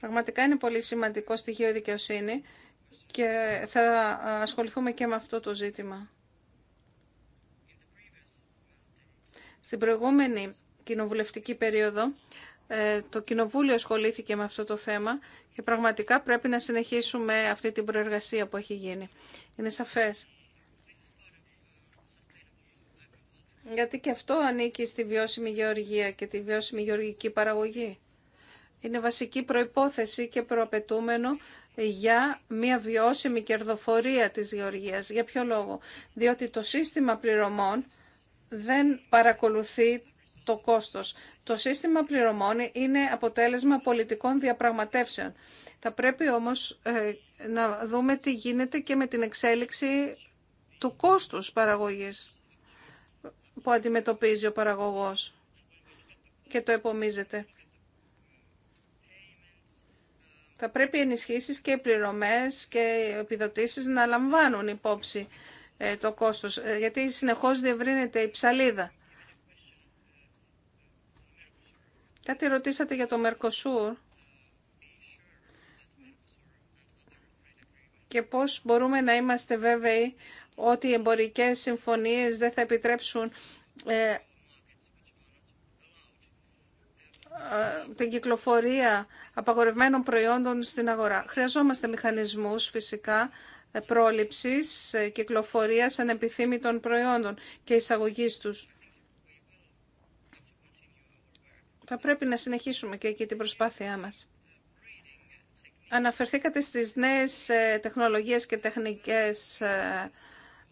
Πραγματικά είναι πολύ σημαντικό στοιχείο η δικαιοσύνη και θα ασχοληθούμε και με αυτό το ζήτημα. Στην προηγούμενη κοινοβουλευτική περίοδο ε, το Κοινοβούλιο ασχολήθηκε με αυτό το θέμα και πραγματικά πρέπει να συνεχίσουμε αυτή την προεργασία που έχει γίνει. Είναι σαφές Γιατί και αυτό ανήκει στη βιώσιμη γεωργία και τη βιώσιμη γεωργική παραγωγή. Είναι βασική προϋπόθεση και προαπαιτούμενο για μια βιώσιμη κερδοφορία της γεωργίας. Για ποιο λόγο. Διότι το σύστημα πληρωμών δεν παρακολουθεί το κόστος. Το σύστημα πληρωμών είναι αποτέλεσμα πολιτικών διαπραγματεύσεων. Θα πρέπει όμως ε, να δούμε τι γίνεται και με την εξέλιξη του κόστους παραγωγής που αντιμετωπίζει ο παραγωγός και το επομίζεται. Θα πρέπει οι ενισχύσεις και οι πληρωμές και οι επιδοτήσεις να λαμβάνουν υπόψη ε, το κόστος, ε, γιατί συνεχώς διευρύνεται η ψαλίδα. Κάτι ρωτήσατε για το Μερκοσούρ και πώς μπορούμε να είμαστε βέβαιοι ότι οι εμπορικές συμφωνίες δεν θα επιτρέψουν ε, την κυκλοφορία απαγορευμένων προϊόντων στην αγορά. Χρειαζόμαστε μηχανισμούς φυσικά ε, πρόληψης ε, κυκλοφορίας ανεπιθύμητων προϊόντων και εισαγωγής τους. Θα πρέπει να συνεχίσουμε και εκεί την προσπάθειά μας. Αναφερθήκατε στις νέες τεχνολογίες και τεχνικές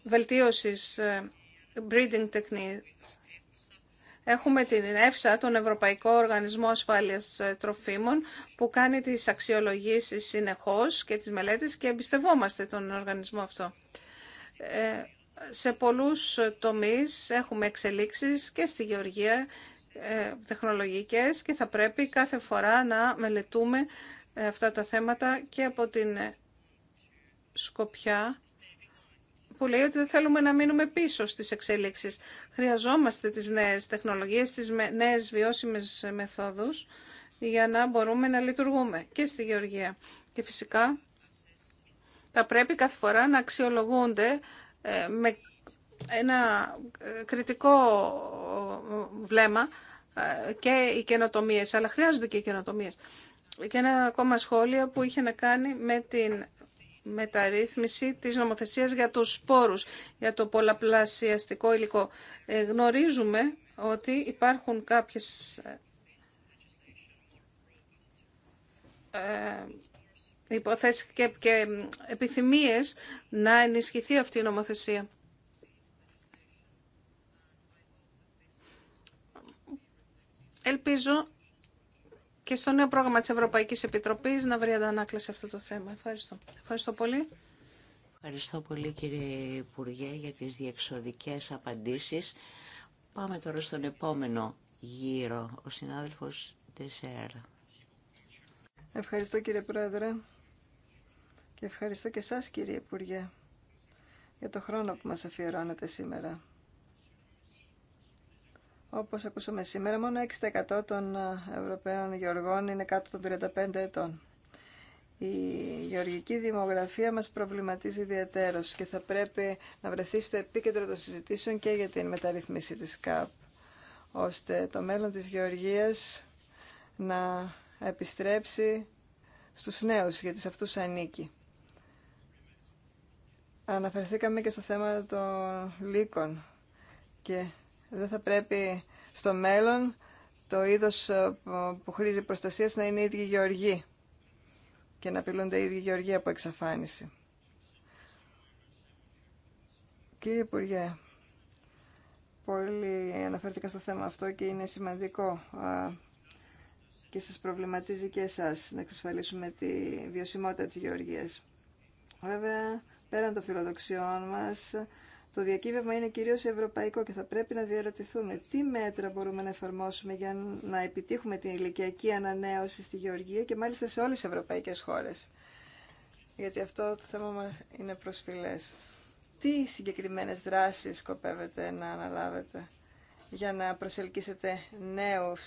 βελτίωσης ε, breeding techniques. Έχουμε την ΕΦΣΑ, τον Ευρωπαϊκό Οργανισμό Ασφάλειας ε, Τροφίμων, που κάνει τις αξιολογήσεις συνεχώς και τις μελέτες και εμπιστευόμαστε τον οργανισμό αυτό. Ε, σε πολλούς τομείς έχουμε εξελίξεις και στη γεωργία ε, τεχνολογικές και θα πρέπει κάθε φορά να μελετούμε ε, αυτά τα θέματα και από την σκοπιά που λέει ότι δεν θέλουμε να μείνουμε πίσω στις εξέλιξεις. Χρειαζόμαστε τις νέες τεχνολογίες, τις νέες βιώσιμες μεθόδους για να μπορούμε να λειτουργούμε και στη γεωργία. Και φυσικά θα πρέπει κάθε φορά να αξιολογούνται ε, με ένα ε, κριτικό ε, βλέμμα και οι καινοτομίε, αλλά χρειάζονται και οι καινοτομίε. Και ένα ακόμα σχόλιο που είχε να κάνει με την μεταρρύθμιση της νομοθεσίας για τους σπόρους, για το πολλαπλασιαστικό υλικό. Ε, γνωρίζουμε ότι υπάρχουν κάποιες ε, υποθέσεις και επιθυμίες να ενισχυθεί αυτή η νομοθεσία. Ελπίζω και στο νέο πρόγραμμα της Ευρωπαϊκής Επιτροπής να βρει αντανάκλαση αυτό το θέμα. Ευχαριστώ. Ευχαριστώ
πολύ. Ευχαριστώ πολύ κύριε Υπουργέ για τις διεξοδικές απαντήσεις. Πάμε τώρα στον επόμενο γύρο, ο συνάδελφος Τεσέρ.
Ευχαριστώ κύριε Πρόεδρε και ευχαριστώ και εσάς κύριε Υπουργέ για το χρόνο που μας αφιερώνετε σήμερα. Όπως ακούσαμε σήμερα, μόνο 6% των ε, Ευρωπαίων γεωργών είναι κάτω των 35 ετών. Η γεωργική δημογραφία μας προβληματίζει ιδιαίτερως και θα πρέπει να βρεθεί στο επίκεντρο των συζητήσεων και για την μεταρρυθμίση της ΚΑΠ, ώστε το μέλλον της γεωργίας να επιστρέψει στους νέους, γιατί σε αυτούς ανήκει. Αναφερθήκαμε και στο θέμα των λύκων και δεν θα πρέπει στο μέλλον το είδος ε, που χρήζει προστασίας να είναι οι ίδιοι γεωργοί και να απειλούνται οι ίδιοι γεωργοί από εξαφάνιση. Κύριε Υπουργέ, πολύ αναφέρθηκα στο θέμα αυτό και είναι σημαντικό ε, και σας προβληματίζει και εσάς να εξασφαλίσουμε τη βιωσιμότητα της γεωργίας. Βέβαια, πέραν των φιλοδοξιών μας, το διακύβευμα είναι κυρίως ευρωπαϊκό και θα πρέπει να διαρωτηθούμε τι μέτρα μπορούμε να εφαρμόσουμε για να επιτύχουμε την ηλικιακή ανανέωση στη Γεωργία και μάλιστα σε όλες τις ευρωπαϊκές χώρες. Γιατί αυτό το θέμα μας είναι προσφυλές. Τι συγκεκριμένες δράσεις σκοπεύετε να αναλάβετε για να προσελκύσετε νέους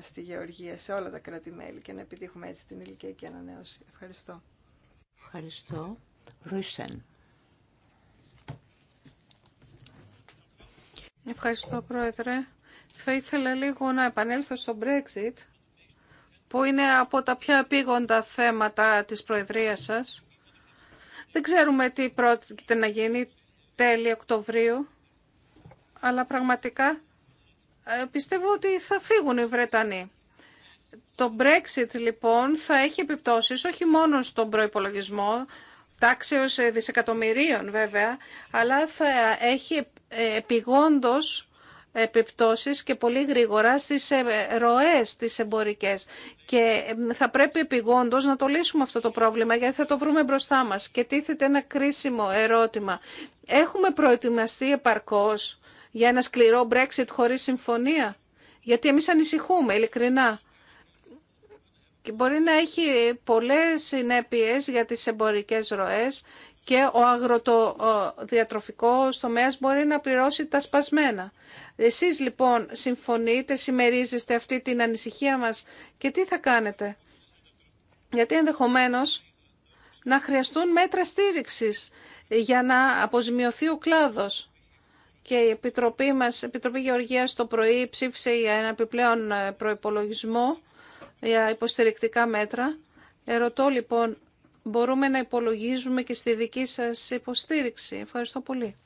στη Γεωργία σε όλα τα κράτη-μέλη και να επιτύχουμε έτσι την ηλικιακή ανανέωση. Ευχαριστώ.
Ευχαριστώ.
Ευχαριστώ, Πρόεδρε. Θα ήθελα λίγο να επανέλθω στο Brexit, που είναι από τα πιο επίγοντα θέματα της Προεδρίας σας. Δεν ξέρουμε τι πρόκειται να γίνει τέλη Οκτωβρίου, αλλά πραγματικά ε, πιστεύω ότι θα φύγουν οι Βρετανοί. Το Brexit λοιπόν θα έχει επιπτώσεις όχι μόνο στον προϋπολογισμό, τάξεως ε, δισεκατομμυρίων βέβαια, αλλά θα έχει ε, επιγόντως επιπτώσεις και πολύ γρήγορα στις ε, ροές τις εμπορικές. Και ε, θα πρέπει επιγόντως να το λύσουμε αυτό το πρόβλημα γιατί θα το βρούμε μπροστά μας. Και τίθεται ένα κρίσιμο ερώτημα. Έχουμε προετοιμαστεί επαρκώς για ένα σκληρό Brexit χωρίς συμφωνία. Γιατί εμείς ανησυχούμε ειλικρινά. Και μπορεί να έχει πολλές συνέπειες για τις εμπορικές ροές και ο αγροτοδιατροφικός τομέας μπορεί να πληρώσει τα σπασμένα. Εσείς λοιπόν συμφωνείτε, συμμερίζεστε αυτή την ανησυχία μας και τι θα κάνετε. Γιατί ενδεχομένως να χρειαστούν μέτρα στήριξης για να αποζημιωθεί ο κλάδος. Και η Επιτροπή μας, Επιτροπή Γεωργίας το πρωί ψήφισε για ένα επιπλέον ε, προϋπολογισμό για υποστηρικτικά μέτρα. Ερωτώ λοιπόν μπορούμε να υπολογίζουμε και στη δική σας υποστήριξη. Ευχαριστώ πολύ.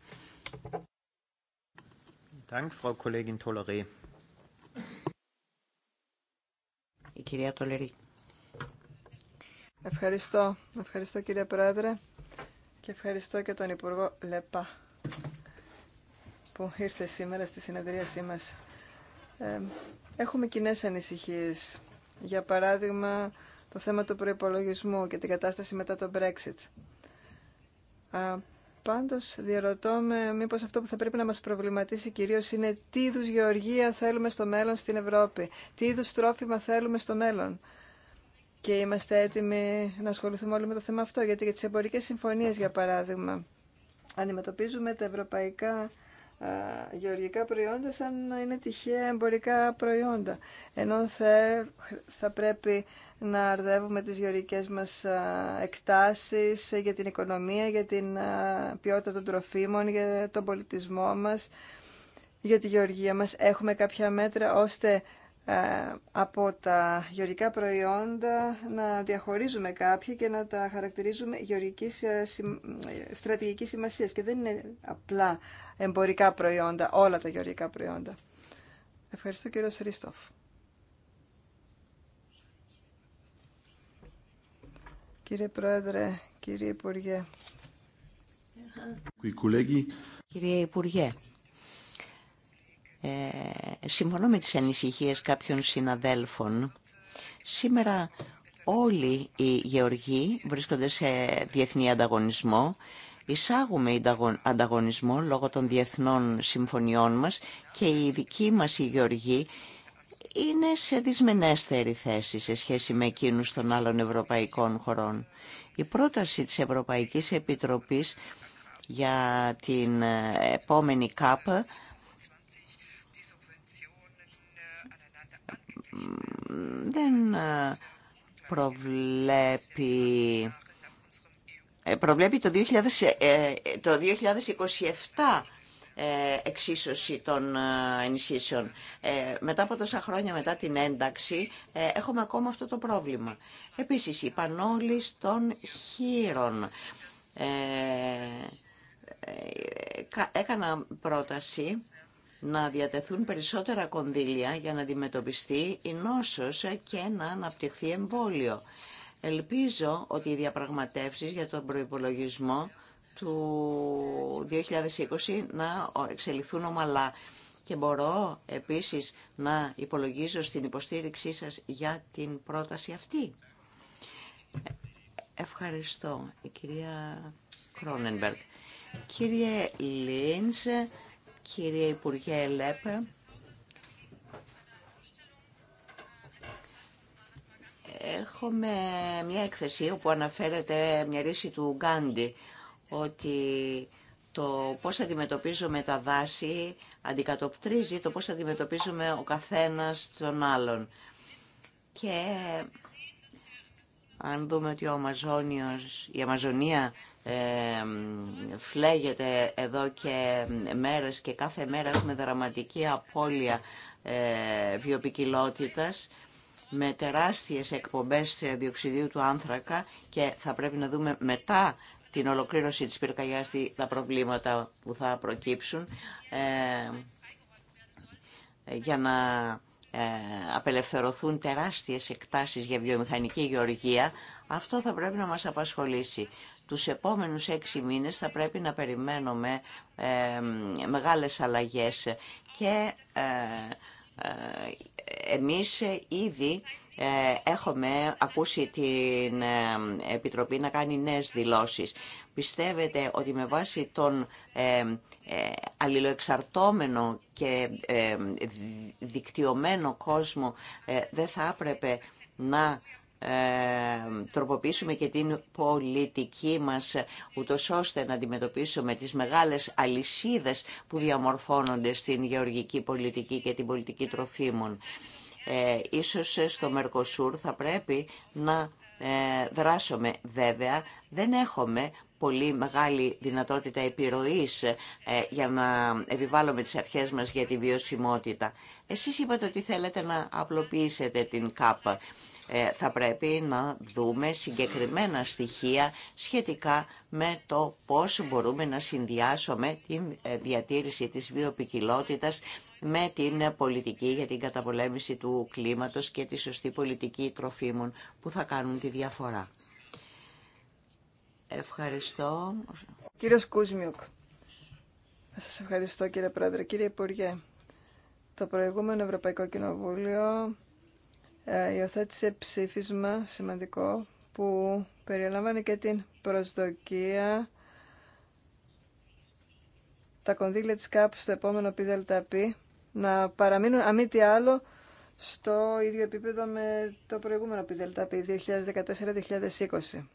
Η κυρία
Ευχαριστώ. Ευχαριστώ κύριε Πρόεδρε και ευχαριστώ και τον Υπουργό Λεπά που ήρθε σήμερα στη συνεδρίασή μας. Ε, έχουμε κοινέ ανησυχίες. Για παράδειγμα, το θέμα του προϋπολογισμού και την κατάσταση μετά το Brexit. Α, πάντως, διαρωτώ με μήπως αυτό που θα πρέπει να μας προβληματίσει κυρίως είναι τι είδους γεωργία θέλουμε στο μέλλον στην Ευρώπη, τι είδους τρόφιμα θέλουμε στο μέλλον. Και είμαστε έτοιμοι να ασχοληθούμε όλοι με το θέμα αυτό, γιατί για τις εμπορικές συμφωνίες, για παράδειγμα, αντιμετωπίζουμε τα ευρωπαϊκά γεωργικά προϊόντα σαν να είναι τυχαία εμπορικά προϊόντα. Ενώ θα πρέπει να αρδεύουμε τις γεωργικές μας εκτάσεις για την οικονομία, για την ποιότητα των τροφίμων, για τον πολιτισμό μας, για τη γεωργία μας. Έχουμε κάποια μέτρα ώστε ε, από τα γεωργικά προϊόντα να διαχωρίζουμε κάποια και να τα χαρακτηρίζουμε γεωργικής ε, ε, στρατηγικής σημασίας και δεν είναι απλά εμπορικά προϊόντα, όλα τα γεωργικά προϊόντα. Ευχαριστώ κύριο Σρίστοφ. Κύριε Πρόεδρε, κύριε Υπουργέ.
Κύριε Υπουργέ, ε, συμφωνώ με τις ανησυχίες κάποιων συναδέλφων. Σήμερα όλοι οι γεωργοί βρίσκονται σε διεθνή ανταγωνισμό. Εισάγουμε ανταγωνισμό λόγω των διεθνών συμφωνιών μας και οι δικοί μας οι γεωργοί είναι σε δυσμενέστερη θέση σε σχέση με εκείνους των άλλων ευρωπαϊκών χωρών. Η πρόταση της Ευρωπαϊκής Επιτροπής για την ε, επόμενη ΚΑΠΑ δεν ε, προβλέπει... Ε, προβλέπει το, 2000, ε, το 2027 εξίσωση των ενισχύσεων. Μετά από τόσα χρόνια μετά την ένταξη έχουμε ακόμα αυτό το πρόβλημα. Επίσης η πανόλης των χείρων. Έκανα πρόταση να διατεθούν περισσότερα κονδύλια για να αντιμετωπιστεί η νόσος και να αναπτυχθεί εμβόλιο. Ελπίζω ότι οι διαπραγματεύσεις για τον προϋπολογισμό του 2020 να εξελιχθούν ομαλά και μπορώ επίσης να υπολογίζω στην υποστήριξή σας για την πρόταση αυτή. Ευχαριστώ, η κυρία Κρόνενμπεργκ. Κύριε Λίντσε, κύριε Υπουργέ Ελέπε. Έχουμε μια έκθεση όπου αναφέρεται μια ρίση του Γκάντι ότι το πώς αντιμετωπίζουμε τα δάση αντικατοπτρίζει το πώς αντιμετωπίζουμε ο καθένας τον άλλον. Και αν δούμε ότι ο η Αμαζονία φλέγεται εδώ και μέρες και κάθε μέρα με δραματική απώλεια ε, βιοπικιλότητας με τεράστιες εκπομπές ε, διοξιδίου του άνθρακα και θα πρέπει να δούμε μετά την ολοκλήρωση της πυρκαγιάς τα προβλήματα που θα προκύψουν για να ε, απελευθερωθούν τεράστιες εκτάσεις για βιομηχανική γεωργία. Αυτό θα πρέπει να μας απασχολήσει. Τους επόμενους έξι μήνες θα πρέπει να περιμένουμε ε, μεγάλες αλλαγές και ε, ε, εμείς ήδη έχουμε ακούσει την Επιτροπή να κάνει νέες δηλώσεις. Πιστεύετε ότι με βάση τον αλληλοεξαρτώμενο και δικτυωμένο κόσμο δεν θα έπρεπε να ε, τροποποιήσουμε και την πολιτική μας ούτως ώστε να αντιμετωπίσουμε τις μεγάλες αλυσίδες που διαμορφώνονται στην γεωργική πολιτική και την πολιτική τροφίμων. Ε, ίσως στο Μερκοσούρ θα πρέπει να ε, δράσουμε βέβαια. Δεν έχουμε πολύ μεγάλη δυνατότητα επιρροής ε, για να επιβάλλουμε τις αρχές μας για τη βιωσιμότητα. Εσείς είπατε ότι θέλετε να απλοποιήσετε την ΚΑΠ. Ε, θα πρέπει να δούμε συγκεκριμένα στοιχεία σχετικά με το πώς μπορούμε να συνδυάσουμε τη ε, διατήρηση της βιοπικιλότητας με την πολιτική για την καταπολέμηση του κλίματος και τη σωστή πολιτική τροφίμων που θα κάνουν τη διαφορά. Ευχαριστώ.
Κύριε Κούσμιουκ. σας ευχαριστώ κύριε Πρόεδρε. Κύριε Υπουργέ, το προηγούμενο Ευρωπαϊκό Κοινοβούλιο ε, υιοθέτησε ψήφισμα σημαντικό που περιλάμβανε και την προσδοκία τα κονδύλια της ΚΑΠ στο επόμενο ΠΔΠ να παραμείνουν αμή άλλο στο ίδιο επίπεδο με το προηγούμενο ΠΔΠ 2014-2020.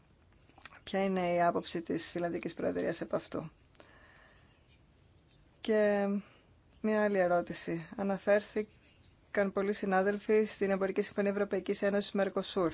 Ποια είναι η άποψη της Φιλανδικής Προεδρίας επ' αυτού. Και μια άλλη ερώτηση. Αναφέρθηκε αναφέρθηκαν πολλοί συνάδελφοι στην Εμπορική Συμφωνία Ευρωπαϊκή Ένωση Μερκοσούρ.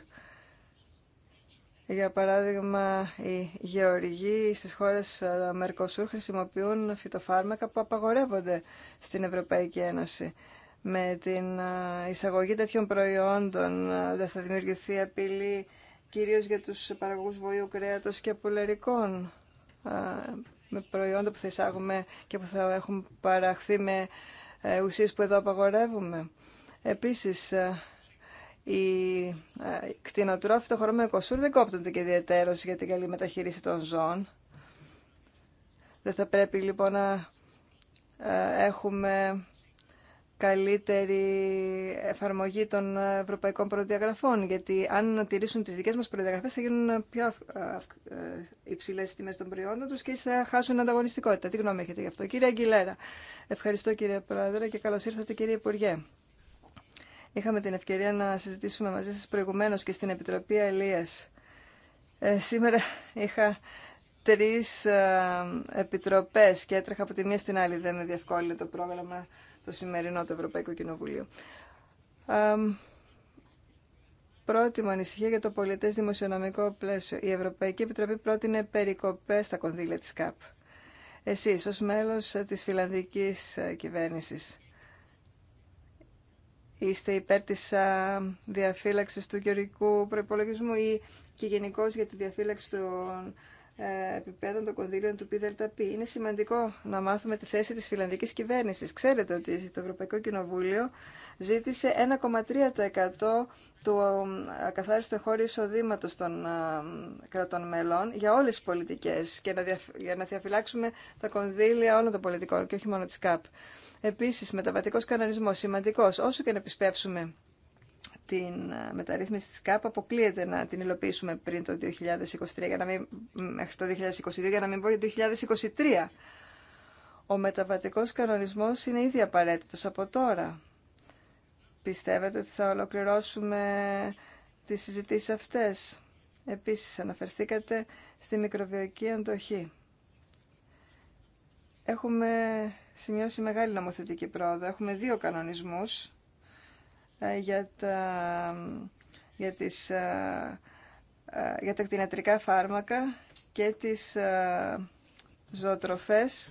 Για παράδειγμα, οι γεωργοί στι χώρε ε, Μερκοσούρ χρησιμοποιούν φυτοφάρμακα που απαγορεύονται στην Ευρωπαϊκή Ένωση. Με την ε, εισαγωγή τέτοιων προϊόντων ε, δεν θα δημιουργηθεί απειλή κυρίω για τους παραγωγού βοήου κρέατος και πουλερικών με προϊόντα που θα εισάγουμε και που θα έχουν παραχθεί με ουσίες που εδώ απαγορεύουμε. Επίσης, η ε, ε, κτηνοτρόφοι το χωρών κοσουρ δεν κόπτονται και ιδιαίτερως για την καλή μεταχείριση των ζώων. Δεν θα πρέπει λοιπόν να ε, έχουμε καλύτερη εφαρμογή των ευρωπαϊκών προδιαγραφών, γιατί αν τηρήσουν τις δικές μας προδιαγραφές θα γίνουν πιο υψηλές τιμές των προϊόντων τους και θα χάσουν ανταγωνιστικότητα. Τι γνώμη έχετε γι' αυτό. Κύριε Αγγιλέρα, ευχαριστώ κύριε Πρόεδρε και καλώς ήρθατε κύριε Υπουργέ. Είχαμε την ευκαιρία να συζητήσουμε μαζί σας προηγουμένως και στην Επιτροπή Αλίας. Ε, σήμερα είχα τρεις ε, επιτροπές και έτρεχα από τη μία στην άλλη. Δεν με διευκόλυνε το πρόγραμμα το σημερινό του Ευρωπαϊκού Κοινοβουλίου. Ε, πρώτη μου ανησυχία για το πολιτές δημοσιονομικό πλαίσιο. Η Ευρωπαϊκή Επιτροπή πρότεινε περικοπές στα κονδύλια της ΚΑΠ. Εσείς ως μέλος της φιλανδικής ε, κυβέρνησης Είστε υπέρ της διαφύλαξης του γεωργικού προϋπολογισμού ή και γενικώ για τη διαφύλαξη των ε, επιπέδων των κονδύλων του ΠΙΔΑΛΤΑΠΗ. Είναι σημαντικό να μάθουμε τη θέση της φιλανδικής κυβέρνησης. Ξέρετε ότι το Ευρωπαϊκό Κοινοβούλιο ζήτησε 1,3% του ακαθάριστου χώρου εισοδήματο των κρατών μελών για όλες τις πολιτικές και για να διαφυλάξουμε τα κονδύλια όλων των πολιτικών και όχι μόνο της ΚΑΠ. Επίσης, μεταβατικός κανονισμός, σημαντικός, όσο και να επισπεύσουμε την ε, μεταρρύθμιση της ΚΑΠ αποκλείεται να την υλοποιήσουμε πριν το 2023, για να μην, μέχρι το 2022, για να μην πω το 2023. Ο μεταβατικός κανονισμός είναι ήδη απαραίτητος από τώρα. Πιστεύετε ότι θα ολοκληρώσουμε τις συζητήσεις αυτές. Επίσης, αναφερθήκατε στη μικροβιοική αντοχή. Έχουμε σημειώσει μεγάλη νομοθετική πρόοδο. Έχουμε δύο κανονισμούς ε, για τα, για τις, ε, ε, για τα κτηνιατρικά φάρμακα και τις ζωοτροφές,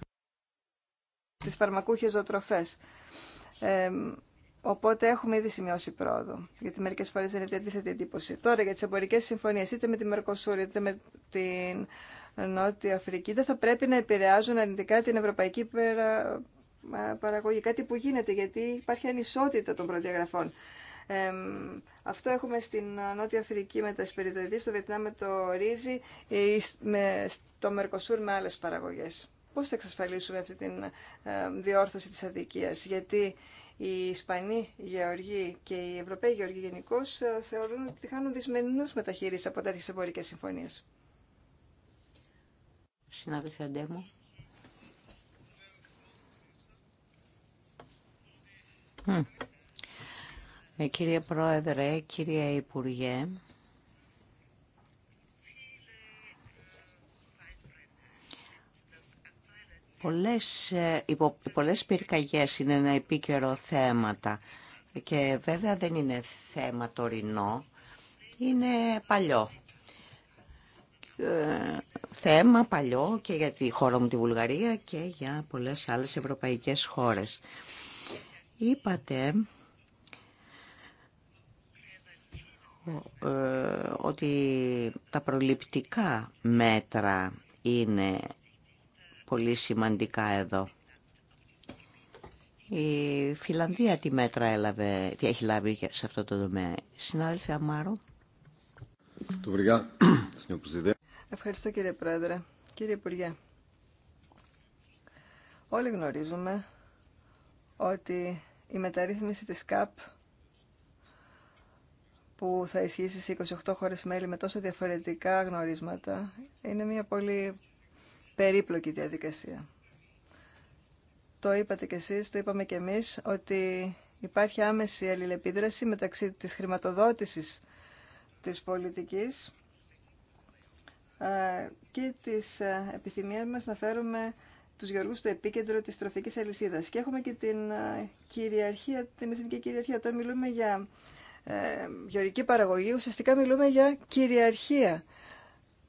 τις φαρμακούχες ζωοτροφές. Οπότε έχουμε ήδη σημειώσει πρόοδο, γιατί μερικέ φορέ δεν είναι αντίθετη εντύπωση. Τώρα για τι εμπορικέ συμφωνίε, είτε με τη Μερκοσούρ είτε με την Νότια Αφρική, δεν θα πρέπει να επηρεάζουν αρνητικά την ευρωπαϊκή περα... παραγωγή. Κάτι που γίνεται, γιατί υπάρχει ανισότητα των προδιαγραφών. Ε, αυτό έχουμε στην Νότια Αφρική με τα σπεριδοειδή, στο Βιετνάμ με το ρύζι, ε, με, στο Μερκοσούρ με άλλες παραγωγές. Πώς θα εξασφαλίσουμε αυτή την ε, διόρθωση της αδικίας, γιατί οι Ισπανοί γεωργοί και οι Ευρωπαίοι γεωργοί γενικώ ε, θεωρούν ότι χάνουν δυσμενού μεταχείριση από τέτοιε εμπορικέ συμφωνίε.
Συνάδελφε Αντέμου. Ε, κύριε Πρόεδρε, κύριε Υπουργέ, Πολλές, ε, υπο, πολλές πυρκαγιές είναι ένα επίκαιρο θέματα και βέβαια δεν είναι θέμα τωρινό, είναι παλιό. Ε, θέμα παλιό και για τη χώρα μου τη Βουλγαρία και για πολλές άλλες ευρωπαϊκές χώρες. Είπατε ε, ότι τα προληπτικά μέτρα είναι πολύ σημαντικά εδώ. Η Φιλανδία τι μέτρα έλαβε, τι έχει λάβει σε αυτό το τομέα. Συνάδελφε
Αμάρο. Ευχαριστώ κύριε Πρόεδρε. Κύριε Υπουργέ, όλοι γνωρίζουμε ότι η μεταρρύθμιση της ΚΑΠ που θα ισχύσει σε 28 χώρες μέλη με τόσο διαφορετικά γνωρίσματα είναι μια πολύ περίπλοκη διαδικασία. Το είπατε κι εσείς, το είπαμε κι εμείς, ότι υπάρχει άμεση αλληλεπίδραση μεταξύ της χρηματοδότησης της πολιτικής ε, και της ε, επιθυμίας μας να φέρουμε τους γεωργούς στο επίκεντρο της τροφικής αλυσίδας. Και έχουμε και την ε, κυριαρχία, την εθνική κυριαρχία. Όταν μιλούμε για ε, γεωργική παραγωγή, ουσιαστικά μιλούμε για κυριαρχία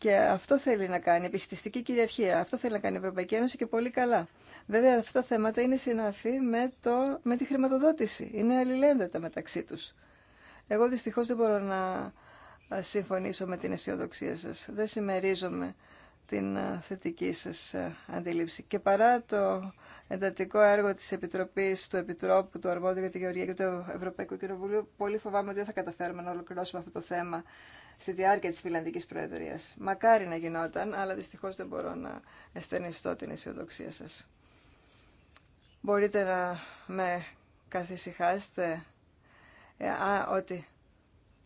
και αυτό θέλει να κάνει, επιστηστική κυριαρχία. Αυτό θέλει να κάνει η Ευρωπαϊκή Ένωση και πολύ καλά. Βέβαια αυτά τα θέματα είναι συναφή με, το, με τη χρηματοδότηση. Είναι αλληλένδετα μεταξύ του. Εγώ δυστυχώ δεν μπορώ να συμφωνήσω με την αισιοδοξία σα. Δεν συμμερίζομαι την θετική σα αντίληψη. Και παρά το εντατικό έργο τη Επιτροπής, του Επιτρόπου, του Αρμόδιου για τη Γεωργία και του Ευρωπαϊκού Κοινοβουλίου, πολύ φοβάμαι ότι δεν θα καταφέρουμε να ολοκληρώσουμε αυτό το θέμα στη διάρκεια της Φιλανδικής Προεδρίας. Μακάρι να γινόταν, αλλά δυστυχώς δεν μπορώ να εστερνιστώ την αισιοδοξία σας. Μπορείτε να με καθησυχάσετε ε, α, ότι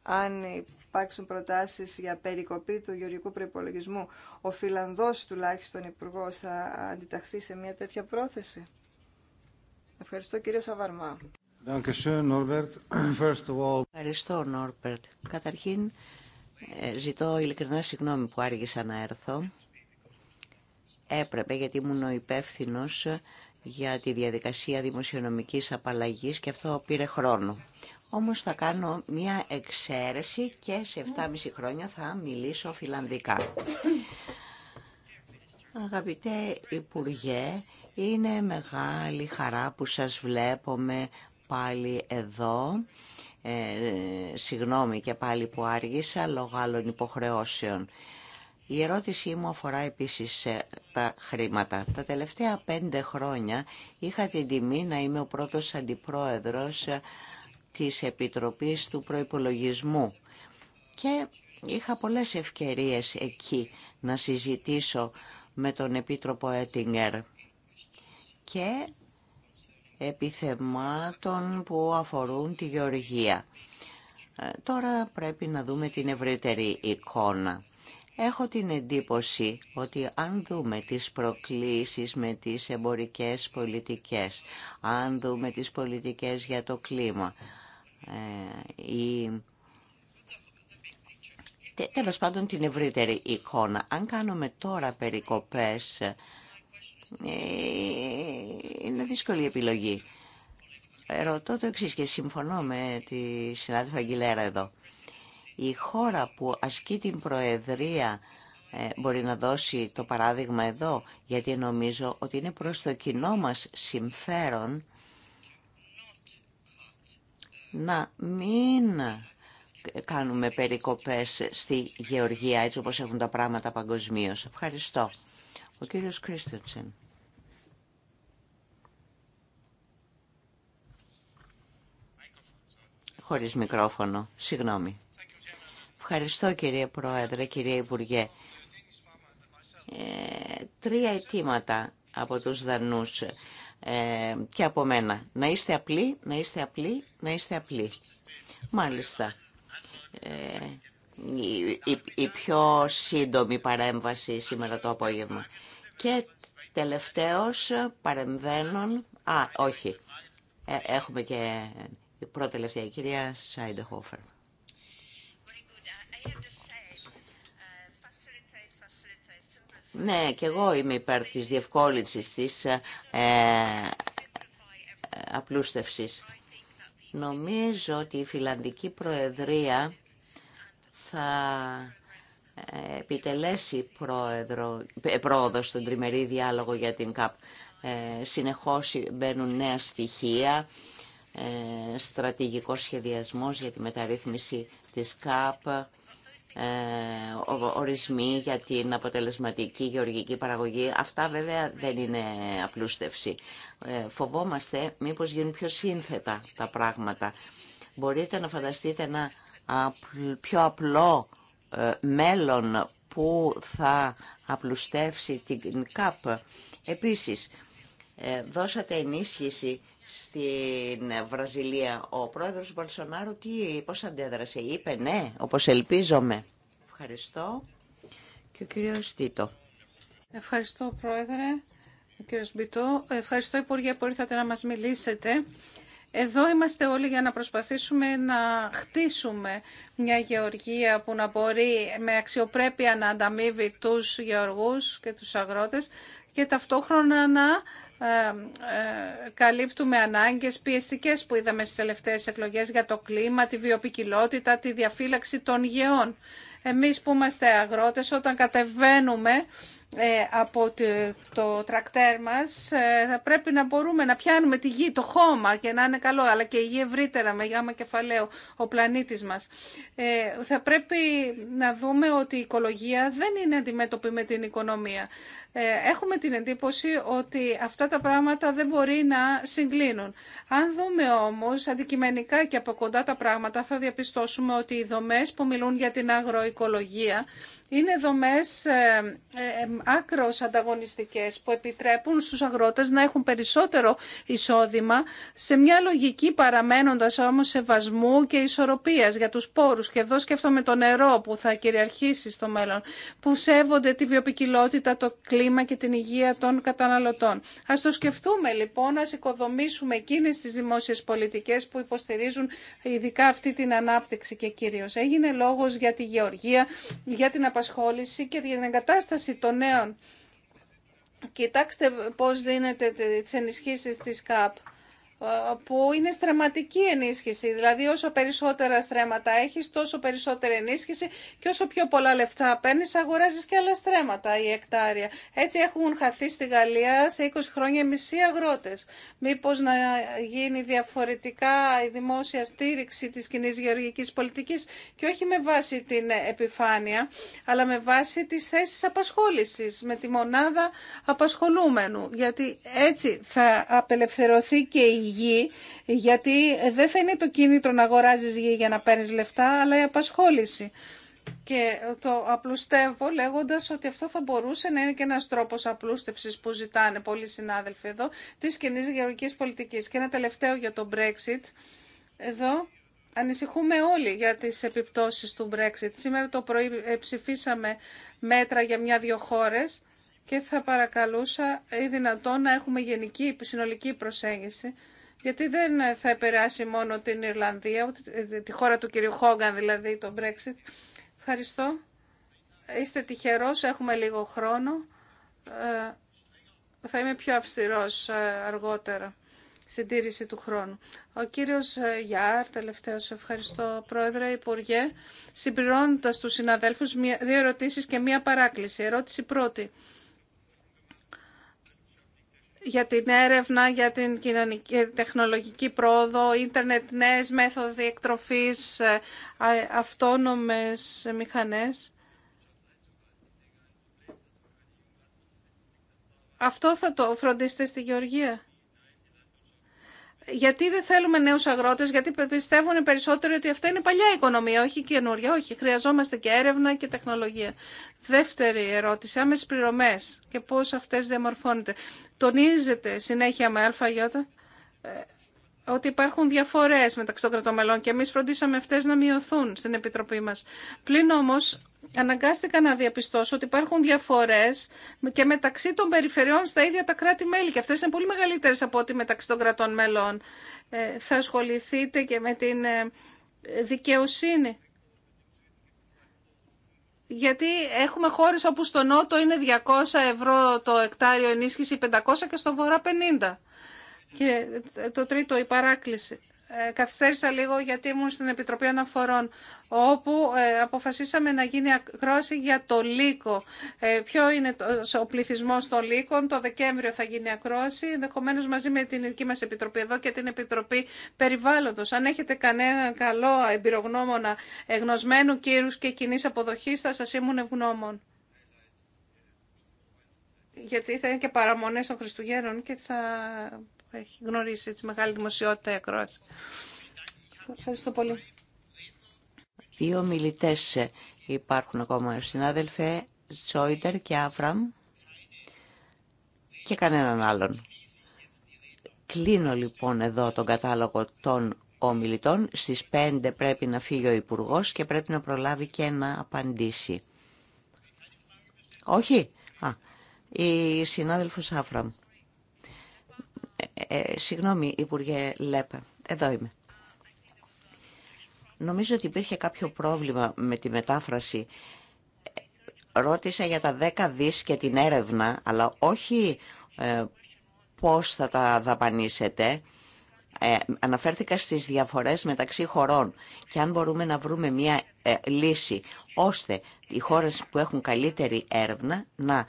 αν υπάρξουν προτάσεις για περικοπή του γεωργικού προϋπολογισμού, ο Φιλανδός τουλάχιστον υπουργό θα αντιταχθεί σε μια τέτοια πρόθεση. Ευχαριστώ κύριο Σαβαρμά.
Ευχαριστώ Νόρμπερτ. Καταρχήν ε, ζητώ ειλικρινά συγγνώμη που άργησα να έρθω. Έπρεπε γιατί ήμουν ο υπεύθυνο για τη διαδικασία δημοσιονομικής απαλλαγής και αυτό πήρε χρόνο. Όμως θα κάνω μία εξαίρεση και σε 7,5 χρόνια θα μιλήσω φιλανδικά. Αγαπητέ Υπουργέ, είναι μεγάλη χαρά που σας βλέπουμε πάλι εδώ ε, συγγνώμη και πάλι που άργησα λόγω άλλων υποχρεώσεων. Η ερώτησή μου αφορά επίσης ε, τα χρήματα. Τα τελευταία πέντε χρόνια είχα την τιμή να είμαι ο πρώτος αντιπρόεδρος ε, της Επιτροπής του Προϋπολογισμού και είχα πολλές ευκαιρίες εκεί να συζητήσω με τον Επίτροπο Έτιγκερ επιθεμάτων που αφορούν τη γεωργία. Ε, τώρα πρέπει να δούμε την ευρύτερη εικόνα. Έχω την εντύπωση ότι αν δούμε τις προκλήσεις με τις εμπορικές πολιτικές, αν δούμε τις πολιτικές για το κλίμα, ή ε, τέλος πάντων την ευρύτερη εικόνα, αν κάνουμε τώρα περικοπές ε, είναι δύσκολη η επιλογή. Ρωτώ το εξή και συμφωνώ με τη συνάδελφα Αγγιλέρα εδώ. Η χώρα που ασκεί την Προεδρία ε, μπορεί να δώσει το παράδειγμα εδώ, γιατί νομίζω ότι είναι προς το κοινό μας συμφέρον να μην κάνουμε περικοπές στη γεωργία, έτσι όπως έχουν τα πράγματα παγκοσμίως. Ευχαριστώ. Ο κύριος Κρίστοτσεν. Χωρίς μικρόφωνο. Συγγνώμη. Ευχαριστώ κύριε Πρόεδρε, κύριε Υπουργέ. Ε, τρία αιτήματα από τους Δανούς ε, και από μένα. Να είστε απλοί, να είστε απλοί, να είστε απλοί. Μάλιστα. Ε, η πιο σύντομη παρέμβαση σήμερα το απόγευμα. Και τελευταίος παρεμβαίνων... Α, όχι. Ε, έχουμε και η πρώτη τελευταία, η κυρία Σάιντεχόφερ. Ναι, και εγώ είμαι υπέρ της διευκόλυνσης της ε, ε απλούστευσης. Νομίζω ότι η Φιλανδική Προεδρία θα ε, επιτελέσει πρόεδρο, ε, πρόοδο στον τριμερή διάλογο για την ΚΑΠ. Ε, συνεχώς μπαίνουν νέα στοιχεία, στρατηγικό ε, στρατηγικός σχεδιασμός για τη μεταρρύθμιση της ΚΑΠ, ορισμοί για την αποτελεσματική γεωργική παραγωγή. Αυτά βέβαια δεν είναι απλούστευση. φοβόμαστε μήπως γίνουν πιο σύνθετα τα πράγματα. Μπορείτε να φανταστείτε ένα πιο απλό ε, μέλλον που θα απλουστεύσει την ΚΑΠ. Επίσης, ε, δώσατε ενίσχυση στην Βραζιλία. Ο πρόεδρος Μπολσονάρου τι, πώς αντέδρασε, είπε ναι, όπως ελπίζομαι. Ευχαριστώ. Και ο κύριος Τίτο.
Ευχαριστώ πρόεδρε, ο κύριος Μπιτό. Ευχαριστώ Υπουργέ που ήρθατε να μας μιλήσετε εδώ είμαστε όλοι για να προσπαθήσουμε να χτίσουμε μια γεωργία που να μπορεί με αξιοπρέπεια να ανταμείβει τους γεωργούς και τους αγρότες και ταυτόχρονα να ε, ε, καλύπτουμε ανάγκες πιεστικές που είδαμε στις τελευταίες εκλογές για το κλίμα, τη βιοπικιλότητα, τη διαφύλαξη των γεών. Εμείς που είμαστε αγρότες όταν κατεβαίνουμε ε, από το τρακτέρ μας ε, θα πρέπει να μπορούμε να πιάνουμε τη γη, το χώμα και να είναι καλό αλλά και η γη ευρύτερα με γάμα κεφαλαίο ο πλανήτης μας ε, θα πρέπει να δούμε ότι η οικολογία δεν είναι αντιμέτωπη με την οικονομία ε, έχουμε την εντύπωση ότι αυτά τα πράγματα δεν μπορεί να συγκλίνουν. Αν δούμε όμως αντικειμενικά και από κοντά τα πράγματα θα διαπιστώσουμε ότι οι δομές που μιλούν για την αγροοικολογία είναι δομές ε, ε, ε, άκρος ανταγωνιστικές που επιτρέπουν στους αγρότες να έχουν περισσότερο εισόδημα σε μια λογική παραμένοντας όμως σεβασμού και ισορροπίας για τους πόρους και εδώ σκέφτομαι το νερό που θα κυριαρχήσει στο μέλλον που σέβονται τη βιοπικιλότητα, το κλίμα και την υγεία των καταναλωτών. Α το σκεφτούμε λοιπόν, ας οικοδομήσουμε εκείνε τι δημόσιε πολιτικέ που υποστηρίζουν ειδικά αυτή την ανάπτυξη και κυρίω. Έγινε λόγο για τη γεωργία, για την απασχόληση και για την εγκατάσταση των νέων. Κοιτάξτε πώς δίνετε τις ενισχύσεις της ΚΑΠ ε, που είναι στρεματική ενίσχυση. Δηλαδή όσο περισσότερα στρέμματα έχεις, τόσο περισσότερη ενίσχυση και όσο πιο πολλά λεφτά παίρνεις, αγοράζεις και άλλα στρέμματα ή εκτάρια. Έτσι έχουν χαθεί στη Γαλλία σε 20 χρόνια μισή αγρότες. Μήπως να γίνει διαφορετικά η δημόσια στήριξη της κοινή γεωργικής πολιτικής και όχι με βάση την επιφάνεια, αλλά με βάση τις θέσεις απασχόλησης, με τη μονάδα απασχολούμενου. Γιατί έτσι θα απελευθερωθεί και η γη, γιατί δεν θα είναι το κίνητρο να αγοράζει γη για να παίρνει λεφτά, αλλά η απασχόληση. Και το απλουστεύω λέγοντας ότι αυτό θα μπορούσε να είναι και ένας τρόπος απλούστευσης που ζητάνε πολλοί συνάδελφοι εδώ τη κοινή γεωργικής πολιτικής. Και ένα τελευταίο για το Brexit. Εδώ ανησυχούμε όλοι για τις επιπτώσεις του Brexit. Σήμερα το πρωί ψηφίσαμε μέτρα για μια-δυο χώρε και θα παρακαλούσα ή δυνατόν να έχουμε γενική συνολική προσέγγιση γιατί δεν θα επηρεάσει μόνο την Ιρλανδία, τη χώρα του κυρίου Χόγκαν δηλαδή, το Brexit. Ευχαριστώ. Είστε τυχερός, έχουμε λίγο χρόνο. Ε, θα είμαι πιο αυστηρός ε, αργότερα στην τήρηση του χρόνου. Ο κύριος ε, Γιάρ, τελευταίος, ευχαριστώ πρόεδρε, υπουργέ, συμπληρώνοντας τους συναδέλφους δύο ερωτήσεις και μία παράκληση. Ερώτηση πρώτη για την έρευνα, για την κοινωνική, τεχνολογική πρόοδο, ίντερνετ, νέες μέθοδοι εκτροφής, ε, αυτόνομες μηχανές. Αυτό θα το φροντίσετε στη Γεωργία γιατί δεν θέλουμε νέους αγρότες, γιατί πιστεύουν περισσότερο ότι αυτά είναι παλιά οικονομία, όχι καινούρια, όχι. Χρειαζόμαστε και έρευνα και τεχνολογία. Δεύτερη ερώτηση, άμεσες πληρωμέ. και πώς αυτές διαμορφώνεται. Τονίζεται συνέχεια με ΑΙ ότι υπάρχουν διαφορές μεταξύ των κρατών μελών και εμείς φροντίσαμε αυτές να μειωθούν στην Επιτροπή μας. Πλην όμως αναγκάστηκα να διαπιστώσω ότι υπάρχουν διαφορές και μεταξύ των περιφερειών στα ίδια τα κράτη-μέλη και αυτές είναι πολύ μεγαλύτερες από ό,τι μεταξύ των κρατών μελών. Ε, θα ασχοληθείτε και με την ε, δικαιοσύνη. Γιατί έχουμε χώρες όπου στο Νότο είναι 200 ευρώ το εκτάριο ενίσχυση 500 και στο Βορρά 50. Και το τρίτο, η παράκληση. Ε, καθυστέρησα λίγο γιατί ήμουν στην Επιτροπή Αναφορών όπου ε, αποφασίσαμε να γίνει ακρόαση για το λύκο. Ε, ποιο είναι ο πληθυσμό των λύκων. Το Δεκέμβριο θα γίνει ακρόαση, ενδεχομένω μαζί με την δική μα Επιτροπή εδώ και την Επιτροπή Περιβάλλοντο. Αν έχετε κανέναν καλό εμπειρογνώμονα εγνωσμένου κύρου και κοινή αποδοχή, θα σα ήμουν ευγνώμων. Γιατί θα είναι και παραμονές των Χριστουγέννων και θα έχει γνωρίσει έτσι, μεγάλη
δημοσιότητα η ακρόαση.
Ευχαριστώ πολύ.
Δύο μιλητέ υπάρχουν ακόμα. Συνάδελφε Τσόιντερ και Άφραμ και κανέναν άλλον. Κλείνω λοιπόν εδώ τον κατάλογο των ομιλητών. Στις 5 πρέπει να φύγει ο υπουργό και πρέπει να προλάβει και να απαντήσει. Όχι. Α, η συνάδελφος Άφραμ. Ε, ε, συγγνώμη, Υπουργέ Λέπε, εδώ είμαι. Νομίζω ότι υπήρχε κάποιο πρόβλημα με τη μετάφραση. Ρώτησα για τα 10 δις και την έρευνα, αλλά όχι ε, πώς θα τα δαπανίσετε. Ε, αναφέρθηκα στις διαφορές μεταξύ χωρών και αν μπορούμε να βρούμε μια ε, λύση ώστε οι χώρες που έχουν καλύτερη έρευνα να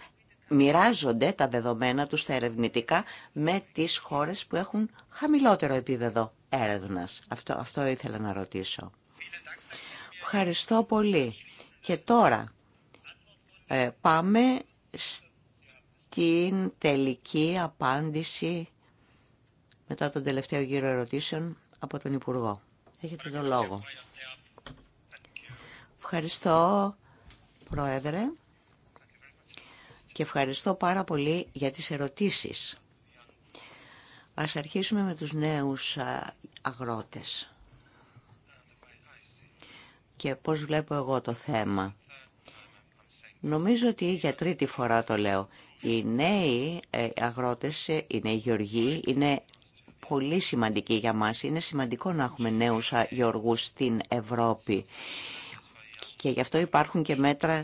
μοιράζονται τα δεδομένα τους τα ερευνητικά με τις χώρες που έχουν χαμηλότερο επίπεδο έρευνας. Αυτό, αυτό ήθελα να ρωτήσω. Ευχαριστώ πολύ. Και τώρα ε, πάμε στην τελική απάντηση μετά τον τελευταίο γύρο ερωτήσεων από τον Υπουργό. Έχετε τον λόγο. Ευχαριστώ, Πρόεδρε και ευχαριστώ πάρα πολύ για τις ερωτήσεις. Ας αρχίσουμε με τους νέους αγρότες και πώς βλέπω εγώ το θέμα. Νομίζω ότι για τρίτη φορά το λέω. Οι νέοι ε, αγρότες, ε, είναι νέοι γεωργοί, είναι πολύ σημαντικοί για μας. Είναι σημαντικό να έχουμε νέους γεωργούς στην Ευρώπη. Και γι' αυτό υπάρχουν και μέτρα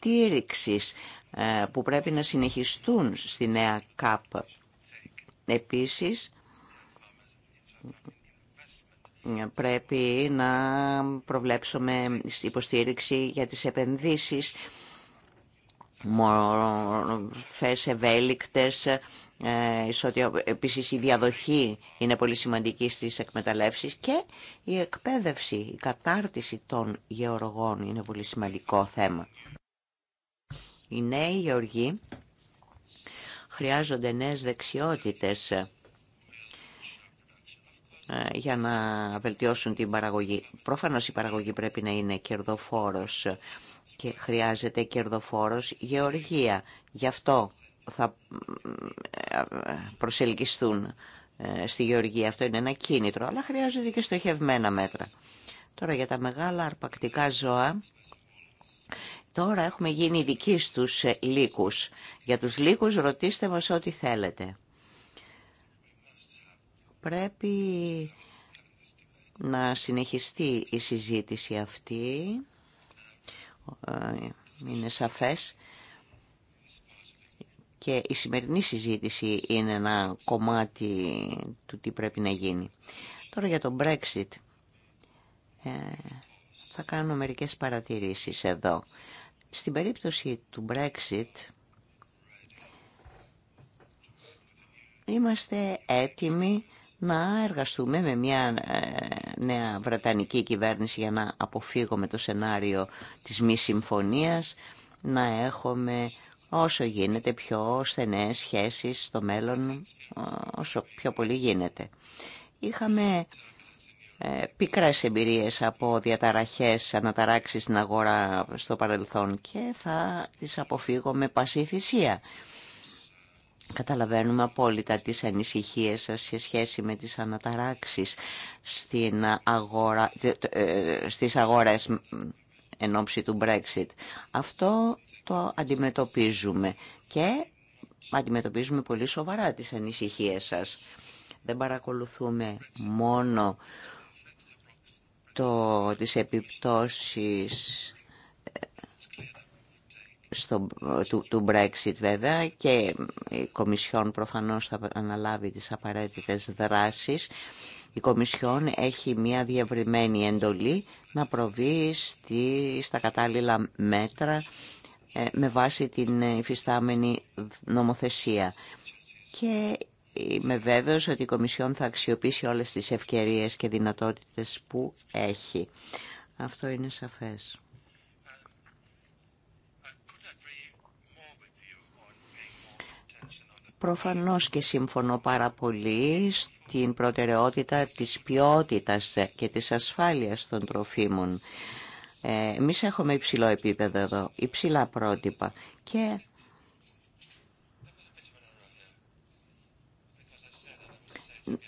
στήριξης ε, που πρέπει να συνεχιστούν στη νέα ΚΑΠ. Επίσης, πρέπει να προβλέψουμε υποστήριξη για τις επενδύσεις, μορφές ευέλικτες, ε, επίσης η διαδοχή είναι πολύ σημαντική στις εκμεταλλεύσεις και η εκπαίδευση, η κατάρτιση των γεωργών είναι πολύ σημαντικό θέμα. Οι νέοι γεωργοί χρειάζονται νέες δεξιότητες ε, για να βελτιώσουν την παραγωγή. Προφανώς η παραγωγή πρέπει να είναι κερδοφόρος και χρειάζεται κερδοφόρος γεωργία. Γι' αυτό θα ε, προσελκυστούν ε, στη γεωργία. Αυτό είναι ένα κίνητρο, αλλά χρειάζονται και στοχευμένα μέτρα. Τώρα για τα μεγάλα αρπακτικά ζώα Τώρα έχουμε γίνει δικοί στους ε, λύκους. Για τους λύκους ρωτήστε μας ό,τι θέλετε. Πρέπει να συνεχιστεί η συζήτηση αυτή. Ε, είναι σαφές. Και η σημερινή συζήτηση είναι ένα κομμάτι του τι πρέπει να γίνει. Τώρα για το Brexit ε, θα κάνω μερικές παρατηρήσεις εδώ. Στην περίπτωση του Brexit είμαστε έτοιμοι να εργαστούμε με μια ε, νέα βρετανική κυβέρνηση για να αποφύγουμε το σενάριο της μη συμφωνίας, να έχουμε όσο γίνεται πιο στενές σχέσεις στο μέλλον, ε, όσο πιο πολύ γίνεται. Είχαμε ε, πικρές εμπειρίες από διαταραχές, αναταράξεις στην αγορά στο παρελθόν και θα τις αποφύγω με πασή Καταλαβαίνουμε απόλυτα τις ανησυχίες σας σε σχέση με τις αναταράξεις στην αγορά, ε, στις αγορές εν ώψη του Brexit. Αυτό το αντιμετωπίζουμε και αντιμετωπίζουμε πολύ σοβαρά τις ανησυχίες σας. Δεν παρακολουθούμε μόνο το, τις επιπτώσεις ε, στο, του, του Brexit βέβαια και η Κομισιόν προφανώς θα αναλάβει τις απαραίτητες δράσεις. Η Κομισιόν έχει μια διευρυμένη εντολή να προβεί στη, στα κατάλληλα μέτρα ε, με βάση την υφιστάμενη νομοθεσία. Και Είμαι βέβαιος ότι η Κομισιόν θα αξιοποιήσει όλες τις ευκαιρίες και δυνατότητες που έχει. Αυτό είναι σαφές. Προφανώς και συμφωνώ πάρα πολύ στην προτεραιότητα της ποιότητας και της ασφάλειας των τροφίμων. Ε, Εμεί έχουμε υψηλό επίπεδο εδώ, υψηλά πρότυπα και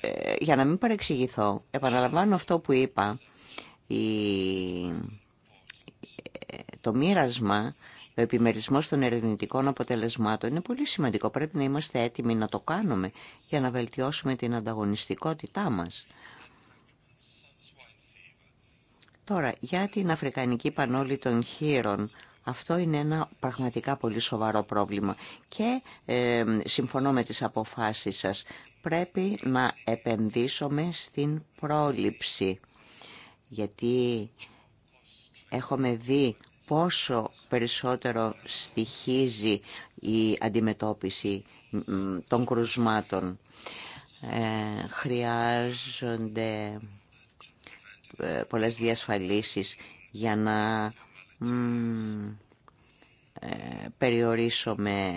Ε, για να μην παρεξηγηθώ, επαναλαμβάνω αυτό που είπα, ε, το μοίρασμα, ο επιμερισμό των ερευνητικών αποτελεσμάτων είναι πολύ σημαντικό. Πρέπει να είμαστε έτοιμοι να το κάνουμε για να βελτιώσουμε την ανταγωνιστικότητά μας. Τώρα, για την Αφρικανική Πανόλη των Χείρων, αυτό είναι ένα πραγματικά πολύ σοβαρό πρόβλημα και ε, συμφωνώ με τις αποφάσεις σας πρέπει να επενδύσουμε στην πρόληψη. Γιατί έχουμε δει πόσο περισσότερο στοιχίζει η αντιμετώπιση των κρουσμάτων. Ε, χρειάζονται ε, πολλές διασφαλίσεις για να ε, περιορίσουμε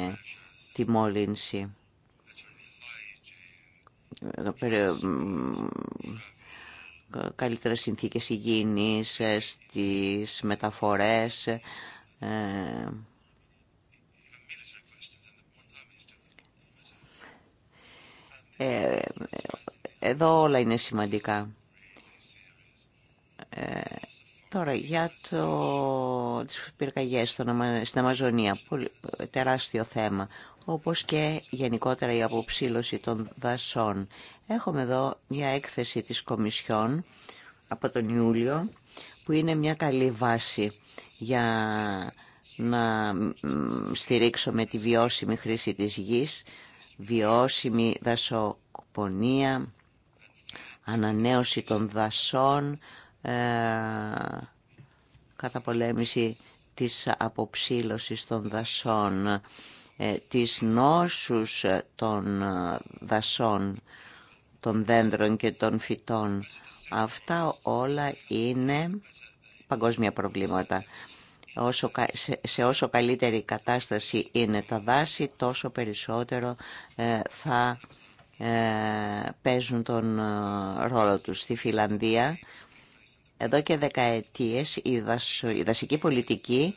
τη μόλυνση καλύτερες συνθήκες υγιεινής, ε, στις μεταφορές. Ε, ε, εδώ όλα είναι σημαντικά. Τώρα για το, τις πυρκαγιές στην Αμαζονία, πολύ, τεράστιο θέμα όπως και γενικότερα η αποψήλωση των δασών. Έχουμε εδώ μια έκθεση της Κομισιόν από τον Ιούλιο, που είναι μια καλή βάση για να στηρίξουμε τη βιώσιμη χρήση της γης, βιώσιμη δασοπονία, ανανέωση των δασών, ε, καταπολέμηση της αποψήλωσης των δασών. Ε, τις νόσους ε, των ε, δασών, των δέντρων και των φυτών. Αυτά όλα είναι παγκόσμια προβλήματα. Σε όσο καλύτερη κατάσταση είναι τα δάση, τόσο περισσότερο θα παίζουν τον ρόλο τους. Στη Φιλανδία, εδώ και δεκαετίες, η δασική πολιτική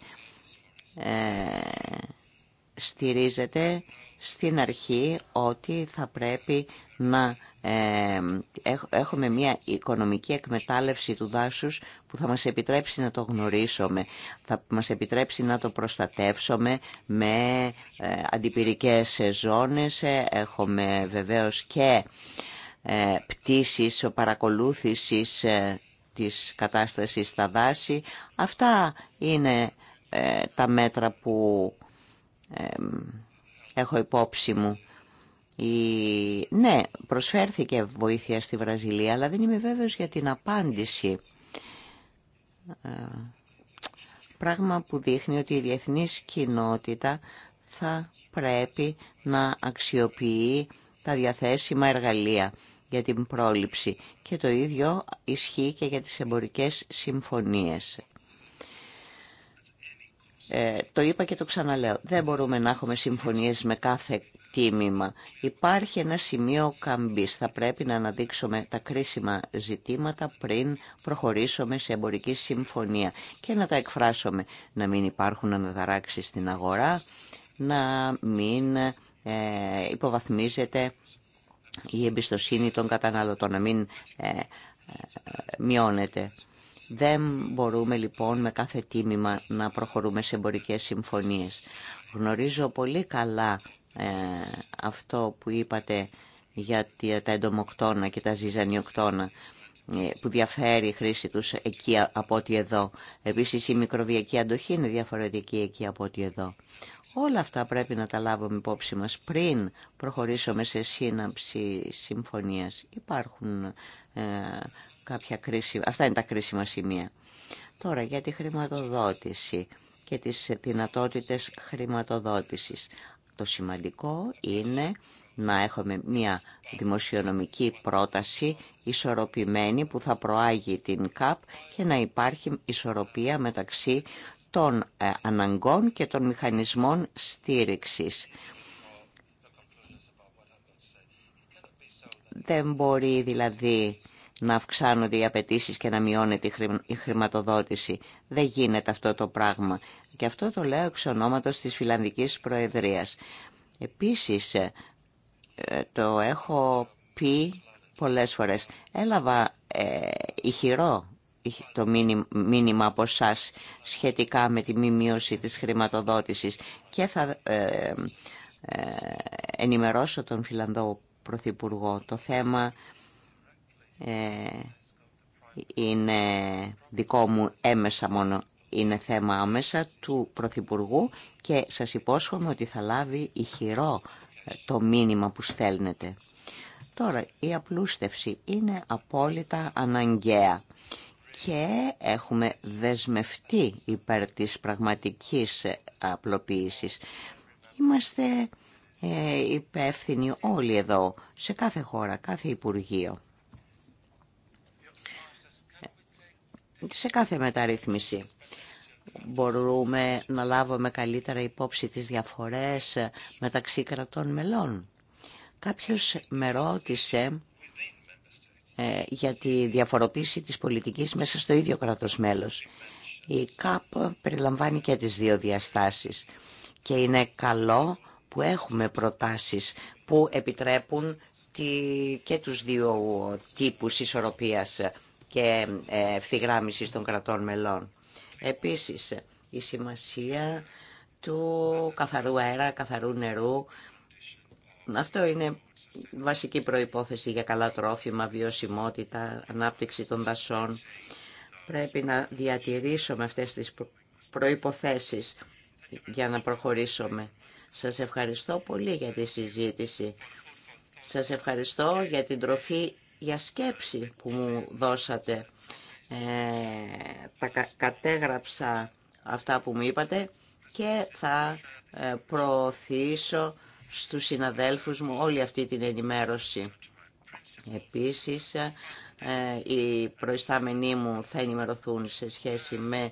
στηρίζεται στην αρχή ότι θα πρέπει να ε, έχουμε μια οικονομική εκμετάλλευση του δάσους που θα μας επιτρέψει να το γνωρίσουμε, θα μας επιτρέψει να το προστατεύσουμε με ε, αντιπυρικές ζώνες. Έχουμε βεβαίως και ε, πτήσεις παρακολούθησης της κατάστασης στα δάση. Αυτά είναι τα μέτρα που έχω υπόψη μου. Η... Ναι, προσφέρθηκε βοήθεια στη Βραζιλία, αλλά δεν είμαι βέβαιος για την απάντηση. Ε, πράγμα που δείχνει ότι η διεθνής κοινότητα θα πρέπει να αξιοποιεί τα διαθέσιμα εργαλεία για την πρόληψη. Και το ίδιο ισχύει και για τις εμπορικές συμφωνίες. Ε, το είπα και το ξαναλέω. Δεν μπορούμε να έχουμε συμφωνίες με κάθε τίμημα. Υπάρχει ένα σημείο καμπής. Θα πρέπει να αναδείξουμε τα κρίσιμα ζητήματα πριν προχωρήσουμε σε εμπορική συμφωνία και να τα εκφράσουμε. Να μην υπάρχουν αναταράξει στην αγορά, να μην ε, υποβαθμίζεται η εμπιστοσύνη των καταναλωτών, να μην ε, ε, μειώνεται. Δεν μπορούμε λοιπόν με κάθε τίμημα να προχωρούμε σε εμπορικές συμφωνίες. Γνωρίζω πολύ καλά ε, αυτό που είπατε για τα εντομοκτώνα και τα ζυζανιοκτώνα ε, που διαφέρει η χρήση τους εκεί από ό,τι εδώ. Επίσης η μικροβιακή αντοχή είναι διαφορετική εκεί από ό,τι εδώ. Όλα αυτά πρέπει να τα λάβουμε υπόψη μας πριν προχωρήσουμε σε σύναψη συμφωνίας. Υπάρχουν ε, κάποια κρίση. Αυτά είναι τα κρίσιμα σημεία. Τώρα για τη χρηματοδότηση και τις δυνατότητες χρηματοδότησης. Το σημαντικό είναι να έχουμε μια δημοσιονομική πρόταση ισορροπημένη που θα προάγει την ΚΑΠ και να υπάρχει ισορροπία μεταξύ των ε, αναγκών και των μηχανισμών στήριξης. Δεν μπορεί δηλαδή να αυξάνονται οι απαιτήσει και να μειώνεται η χρηματοδότηση. Δεν γίνεται αυτό το πράγμα. Και αυτό το λέω εξ ονόματος της Φιλανδικής Προεδρίας. Επίσης, ε, το έχω πει πολλές φορές. Έλαβα ε, ηχηρό το μήνυμα από εσά σχετικά με τη μη μείωση της χρηματοδότησης και θα ε, ε ενημερώσω τον Φιλανδό Πρωθυπουργό. Το θέμα ε, είναι δικό μου έμεσα μόνο, είναι θέμα άμεσα του Πρωθυπουργού και σας υπόσχομαι ότι θα λάβει ηχηρό ε, το μήνυμα που στέλνετε. Τώρα, η απλούστευση είναι απόλυτα αναγκαία και έχουμε δεσμευτεί υπέρ της πραγματικής ε, απλοποίησης. Είμαστε ε, υπεύθυνοι όλοι εδώ, σε κάθε χώρα, κάθε Υπουργείο. σε κάθε μεταρρύθμιση. Μπορούμε να λάβουμε καλύτερα υπόψη τις διαφορές μεταξύ κρατών μελών. Κάποιος με ρώτησε ε, για τη διαφοροποίηση της πολιτικής μέσα στο ίδιο κράτος μέλος. Η ΚΑΠ περιλαμβάνει και τις δύο διαστάσεις και είναι καλό που έχουμε προτάσεις που επιτρέπουν τη, και τους δύο τύπους ισορροπίας και ε, ευθυγράμμισης των κρατών μελών. Επίσης, η σημασία του καθαρού αέρα, καθαρού νερού. Αυτό είναι βασική προϋπόθεση για καλά τρόφιμα, βιωσιμότητα, ανάπτυξη των δασών. Πρέπει να διατηρήσουμε αυτές τις προϋποθέσεις για να προχωρήσουμε. Σας ευχαριστώ πολύ για τη συζήτηση. Σας ευχαριστώ για την τροφή για σκέψη που μου δώσατε. Ε, τα κατέγραψα αυτά που μου είπατε και θα ε, προωθήσω στους συναδέλφους μου όλη αυτή την ενημέρωση. Επίσης, ε, οι προϊστάμενοι μου θα ενημερωθούν σε σχέση με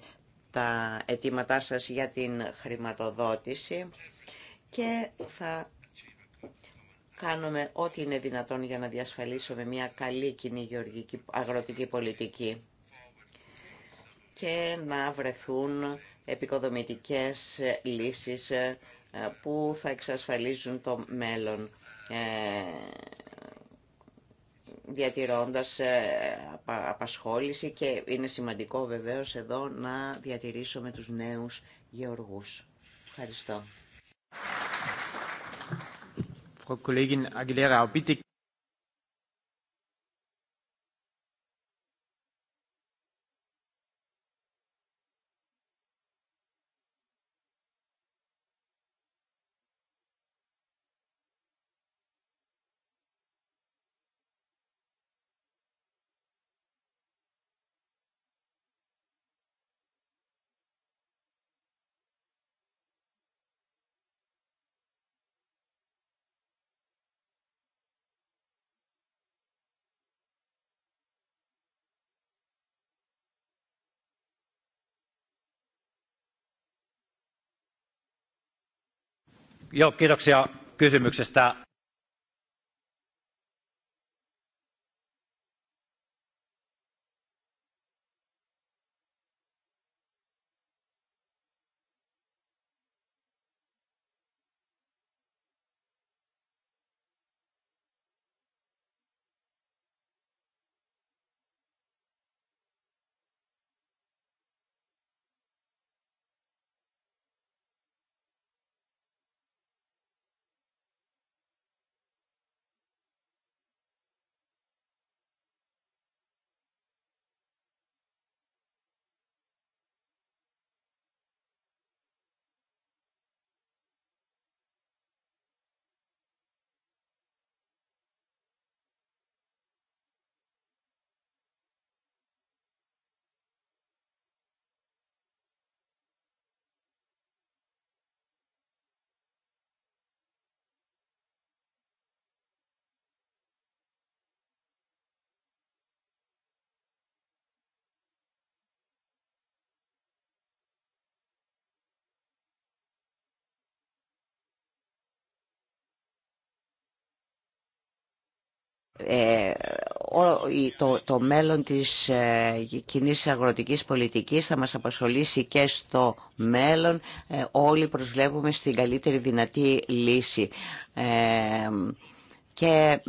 τα αιτήματά σας για την χρηματοδότηση και θα κάνουμε ό,τι είναι δυνατόν για να διασφαλίσουμε μια καλή κοινή γεωργική αγροτική πολιτική και να βρεθούν επικοδομητικές λύσεις ε, που θα εξασφαλίζουν το μέλλον ε, διατηρώντας ε, απασχόληση και είναι σημαντικό βεβαίως εδώ να διατηρήσουμε τους νέους γεωργούς. Ευχαριστώ. Frau Kollegin Aguilera, bitte.
kiitoksia kysymyksestä
Ε, το, το μέλλον της ε, κοινή αγροτικής πολιτικής θα μας απασχολήσει και στο μέλλον. Ε, όλοι προσβλέπουμε στην καλύτερη δυνατή λύση και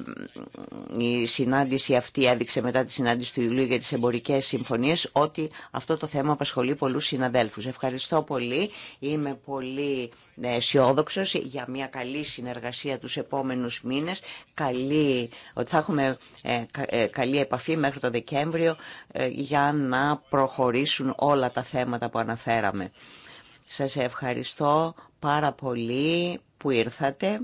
η συνάντηση αυτή έδειξε μετά τη συνάντηση του Ιουλίου για τις εμπορικές συμφωνίες ότι αυτό το θέμα απασχολεί πολλούς συναδέλφους. Ευχαριστώ πολύ. Είμαι πολύ ε, αισιόδοξο για μια καλή συνεργασία τους επόμενους μήνες. Καλή, ότι θα έχουμε ε, ε, καλή επαφή μέχρι το Δεκέμβριο για να προχωρήσουν όλα τα θέματα που αναφέραμε. Σας ευχαριστώ πάρα πολύ που ήρθατε.